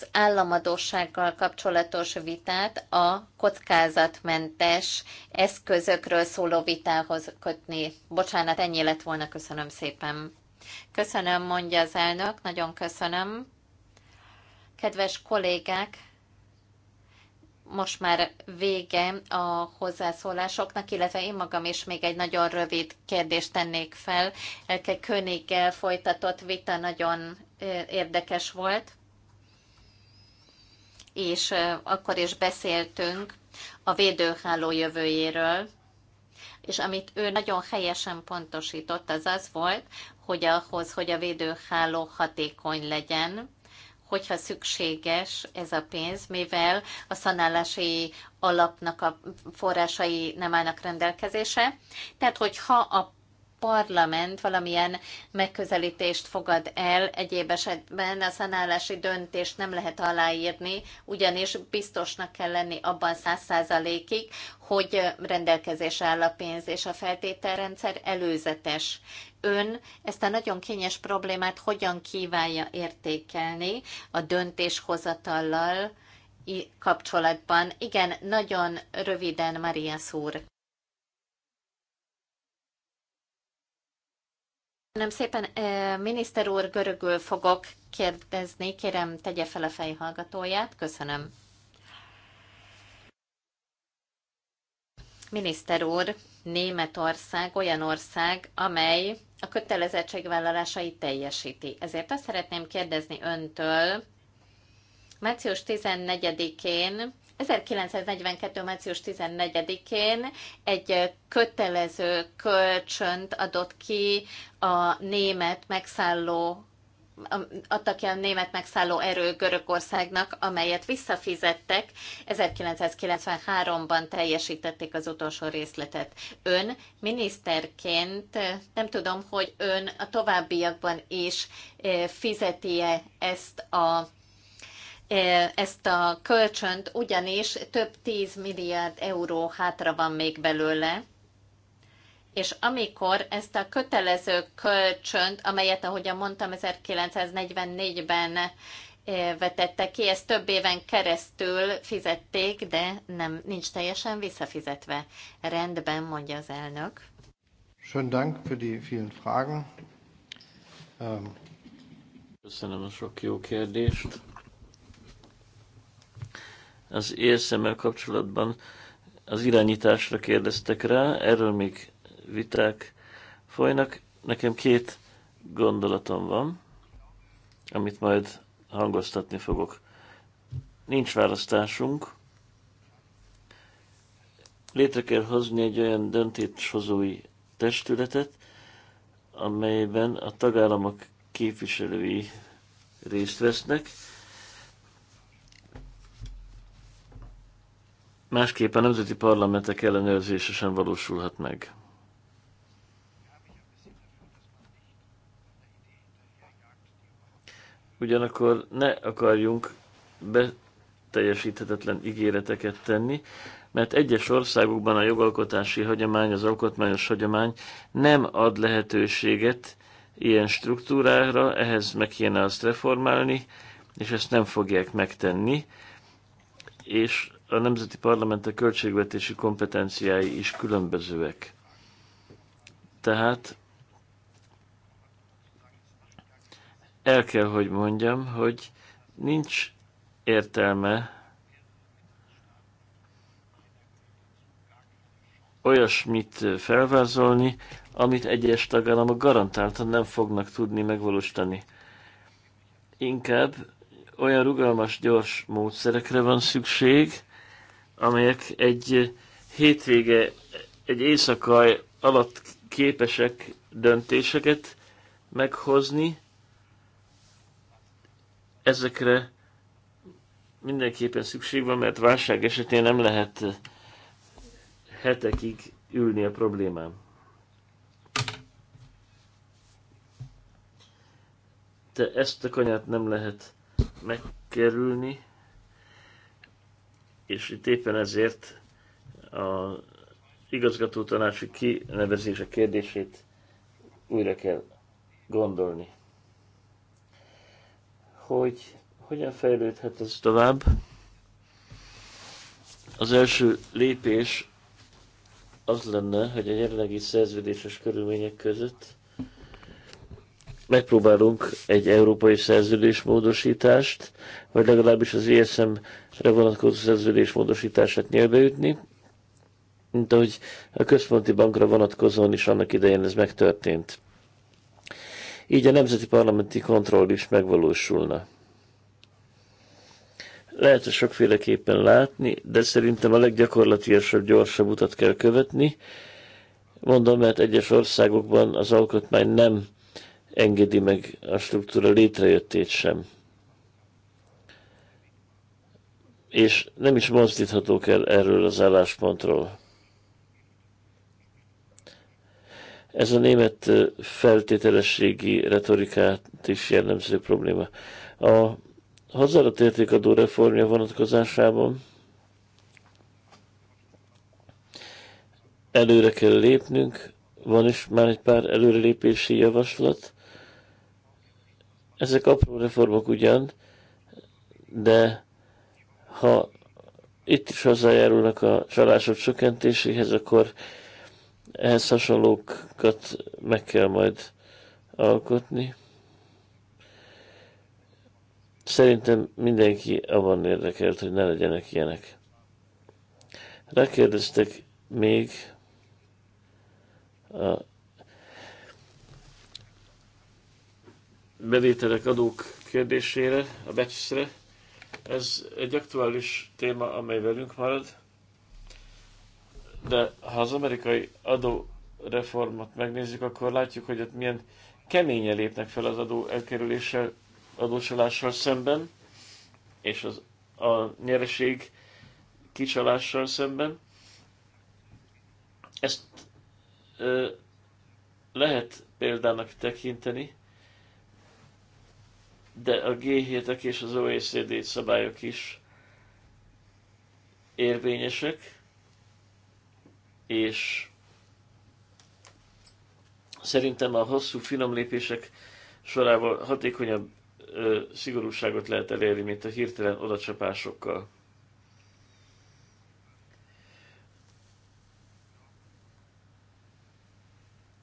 az államadósággal kapcsolatos vitát a kockázatmentes eszközökről szóló vitához kötni. Bocsánat, ennyi lett volna, köszönöm szépen. Köszönöm, mondja az elnök, nagyon köszönöm. Kedves kollégák, most már vége a hozzászólásoknak, illetve én magam is még egy nagyon rövid kérdést tennék fel. Elke Königgel folytatott vita nagyon érdekes volt, és akkor is beszéltünk a védőháló jövőjéről, és amit ő nagyon helyesen pontosított, az az volt, hogy ahhoz, hogy a védőháló hatékony legyen, hogyha szükséges ez a pénz, mivel a szanálási alapnak a forrásai nem állnak rendelkezése. Tehát, hogyha a parlament valamilyen megközelítést fogad el, egyéb esetben a szanálási döntést nem lehet aláírni, ugyanis biztosnak kell lenni abban száz százalékig, hogy rendelkezésre áll a pénz, és a feltételrendszer előzetes ön ezt a nagyon kényes problémát hogyan kívánja értékelni a döntéshozatallal kapcsolatban. Igen, nagyon röviden, Maria úr. Köszönöm szépen, miniszter úr, görögül fogok kérdezni. Kérem, tegye fel a fejhallgatóját. Köszönöm. Miniszter úr, Németország olyan ország, amely a kötelezettségvállalásait teljesíti. Ezért azt szeretném kérdezni öntől, március 14-én 1942. március 14-én egy kötelező kölcsönt adott ki a német megszálló adtak ki német megszálló erő Görögországnak, amelyet visszafizettek. 1993-ban teljesítették az utolsó részletet. Ön miniszterként, nem tudom, hogy ön a továbbiakban is eh, fizeti-e ezt a eh, ezt a kölcsönt, ugyanis több 10 milliárd euró hátra van még belőle és amikor ezt a kötelező kölcsönt, amelyet, ahogyan mondtam, 1944-ben eh, vetette ki, ezt több éven keresztül fizették, de nem, nincs teljesen visszafizetve. Rendben, mondja az elnök. Schönen Dank für die vielen Fragen. Ähm, Köszönöm a sok jó kérdést. Az érszemmel kapcsolatban az irányításra kérdeztek rá, erről még viták folynak. Nekem két gondolatom van, amit majd hangoztatni fogok. Nincs választásunk. Létre kell hozni egy olyan döntéshozói testületet, amelyben a tagállamok képviselői részt vesznek. Másképpen a nemzeti parlamentek ellenőrzése sem valósulhat meg. ugyanakkor ne akarjunk beteljesíthetetlen ígéreteket tenni, mert egyes országokban a jogalkotási hagyomány, az alkotmányos hagyomány nem ad lehetőséget ilyen struktúrára, ehhez meg kéne azt reformálni, és ezt nem fogják megtenni, és a nemzeti parlamentek költségvetési kompetenciái is különbözőek. Tehát el kell, hogy mondjam, hogy nincs értelme olyasmit felvázolni, amit egyes tagállamok garantáltan nem fognak tudni megvalósítani. Inkább olyan rugalmas, gyors módszerekre van szükség, amelyek egy hétvége, egy éjszaka alatt képesek döntéseket meghozni, Ezekre mindenképpen szükség van, mert válság esetén nem lehet hetekig ülni a problémám. Te ezt a kanyát nem lehet megkerülni, és itt éppen ezért a igazgató tanácsi kinevezése kérdését újra kell gondolni hogy hogyan fejlődhet ez tovább. Az első lépés az lenne, hogy a jelenlegi szerződéses körülmények között megpróbálunk egy európai szerződésmódosítást, vagy legalábbis az ESM-re vonatkozó szerződésmódosítását ütni, mint ahogy a központi bankra vonatkozóan is annak idején ez megtörtént. Így a nemzeti parlamenti kontroll is megvalósulna. Lehet ezt sokféleképpen látni, de szerintem a leggyakorlatilasabb, gyorsabb utat kell követni. Mondom, mert egyes országokban az alkotmány nem engedi meg a struktúra létrejöttét sem. És nem is mozdíthatók el erről az álláspontról. Ez a német feltételességi retorikát is jellemző probléma. A hazárat értékadó reformja vonatkozásában előre kell lépnünk, van is már egy pár előrelépési javaslat. Ezek apró reformok ugyan, de ha itt is hozzájárulnak a csalások csökkentéséhez, akkor ehhez hasonlókat meg kell majd alkotni. Szerintem mindenki abban érdekelt, hogy ne legyenek ilyenek. Rákérdeztek még a bevételek adók kérdésére, a becsre. Ez egy aktuális téma, amely velünk marad. De ha az amerikai adóreformot megnézzük, akkor látjuk, hogy ott milyen keményen lépnek fel az adó elkerülése, adócsalással szemben, és az, a nyereség kicsalással szemben. Ezt ö, lehet példának tekinteni, de a G7-ek és az OECD szabályok is érvényesek és szerintem a hosszú finom lépések sorával hatékonyabb ö, szigorúságot lehet elérni, mint a hirtelen odacsapásokkal.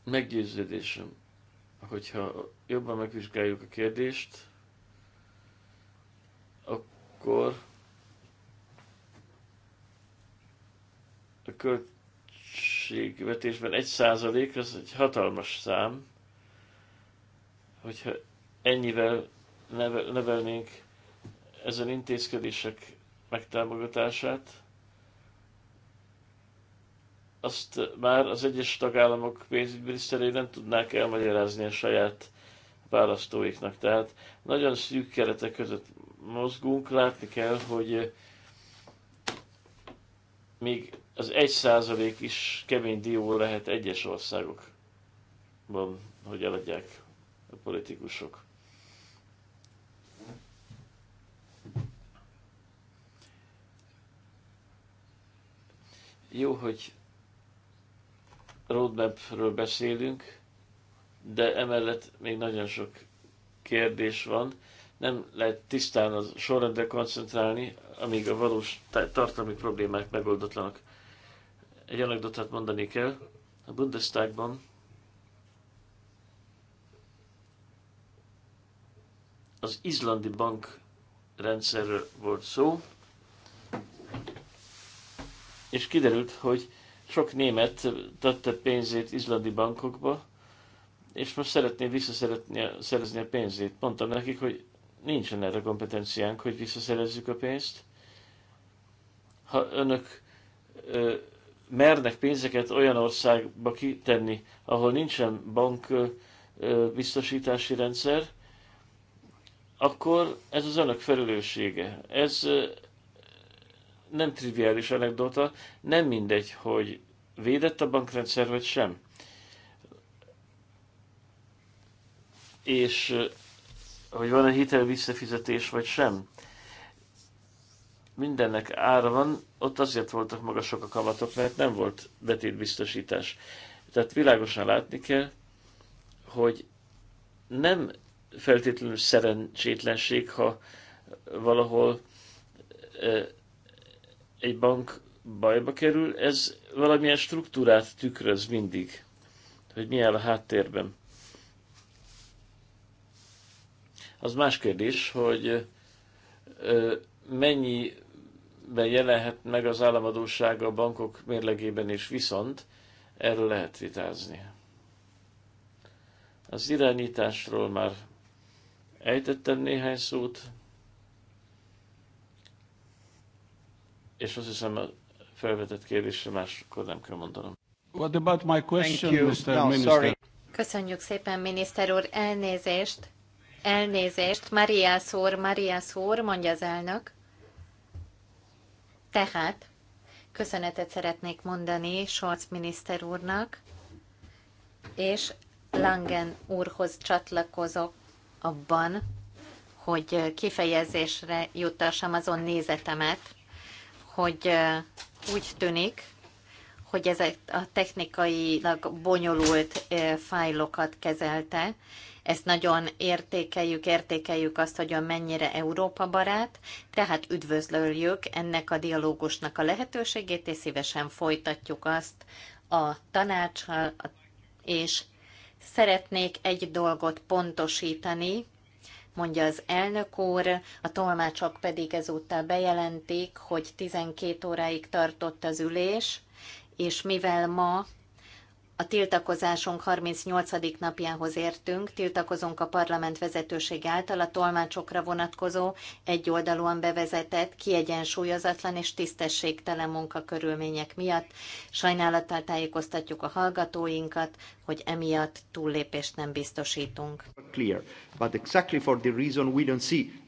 Meggyőződésem, hogyha jobban megvizsgáljuk a kérdést, akkor a költ költségvetésben egy százalék, az egy hatalmas szám, hogyha ennyivel nevelnénk ezen intézkedések megtámogatását, azt már az egyes tagállamok pénzügyminiszterei nem tudnák elmagyarázni a saját választóiknak. Tehát nagyon szűk keretek között mozgunk, látni kell, hogy még az egy százalék is kemény dió lehet egyes országokban, hogy eladják a politikusok. Jó, hogy roadmapről beszélünk, de emellett még nagyon sok kérdés van, nem lehet tisztán az sorrendre koncentrálni, amíg a valós tartalmi problémák megoldatlanak. Egy anekdotát mondani kell. A Bundestagban az izlandi bank rendszerről volt szó, és kiderült, hogy sok német tette pénzét izlandi bankokba, és most szeretné visszaszerezni a pénzét. Mondtam nekik, hogy nincsen erre kompetenciánk, hogy visszaszerezzük a pénzt. Ha önök ö, mernek pénzeket olyan országba kitenni, ahol nincsen bank ö, biztosítási rendszer, akkor ez az önök felelőssége. Ez ö, nem triviális anekdota, nem mindegy, hogy védett a bankrendszer vagy sem. És hogy van-e hitel visszafizetés vagy sem. Mindennek ára van, ott azért voltak magasok a kamatok, mert nem volt betétbiztosítás. Tehát világosan látni kell, hogy nem feltétlenül szerencsétlenség, ha valahol egy bank bajba kerül, ez valamilyen struktúrát tükröz mindig, hogy mi áll a háttérben. Az más kérdés, hogy mennyiben jelenhet meg az államadóság a bankok mérlegében is viszont, erről lehet vitázni. Az irányításról már ejtettem néhány szót, és azt hiszem a felvetett kérdésre máskor nem kell mondanom. What about my question, Mr. No, Sorry. Köszönjük szépen, miniszter úr, elnézést. Elnézést, Maria szór, Maria szór, mondja az elnök. Tehát köszönetet szeretnék mondani Scholz miniszter úrnak, és Langen úrhoz csatlakozok abban, hogy kifejezésre juttassam azon nézetemet, hogy úgy tűnik, hogy ezek a technikailag bonyolult fájlokat kezelte, ezt nagyon értékeljük, értékeljük azt, hogy a mennyire Európa barát, tehát üdvözlőjük ennek a dialógusnak a lehetőségét, és szívesen folytatjuk azt a tanácssal, és szeretnék egy dolgot pontosítani, mondja az elnök úr, a tolmácsok pedig ezúttal bejelentik, hogy 12 óráig tartott az ülés, és mivel ma a tiltakozásunk 38. napjához értünk, tiltakozunk a parlament vezetőség által a tolmácsokra vonatkozó, egyoldalúan bevezetett, kiegyensúlyozatlan és tisztességtelen munkakörülmények miatt. Sajnálattal tájékoztatjuk a hallgatóinkat, hogy emiatt túllépést nem biztosítunk. Clear. But exactly for the reason we don't see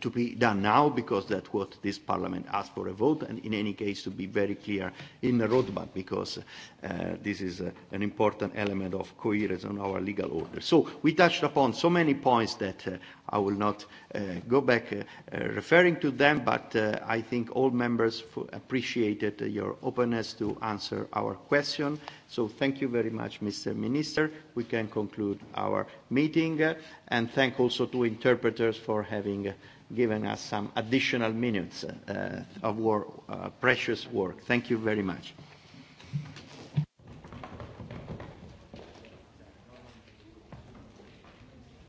to be done now because that's what this parliament asked for a vote and in any case to be very clear in the roadmap because uh, this is a, uh, an important element of coherence on our legal order. So we touched upon so many points that uh, I will not uh, go back uh, uh, referring to them but uh, I think all members appreciated uh, your openness to answer our question. Uh, So thank you very much, Mr. Minister. We can conclude our meeting uh, and thank also to interpreters for having uh, given us some additional minutes uh, of work, uh, precious work. Thank you very much.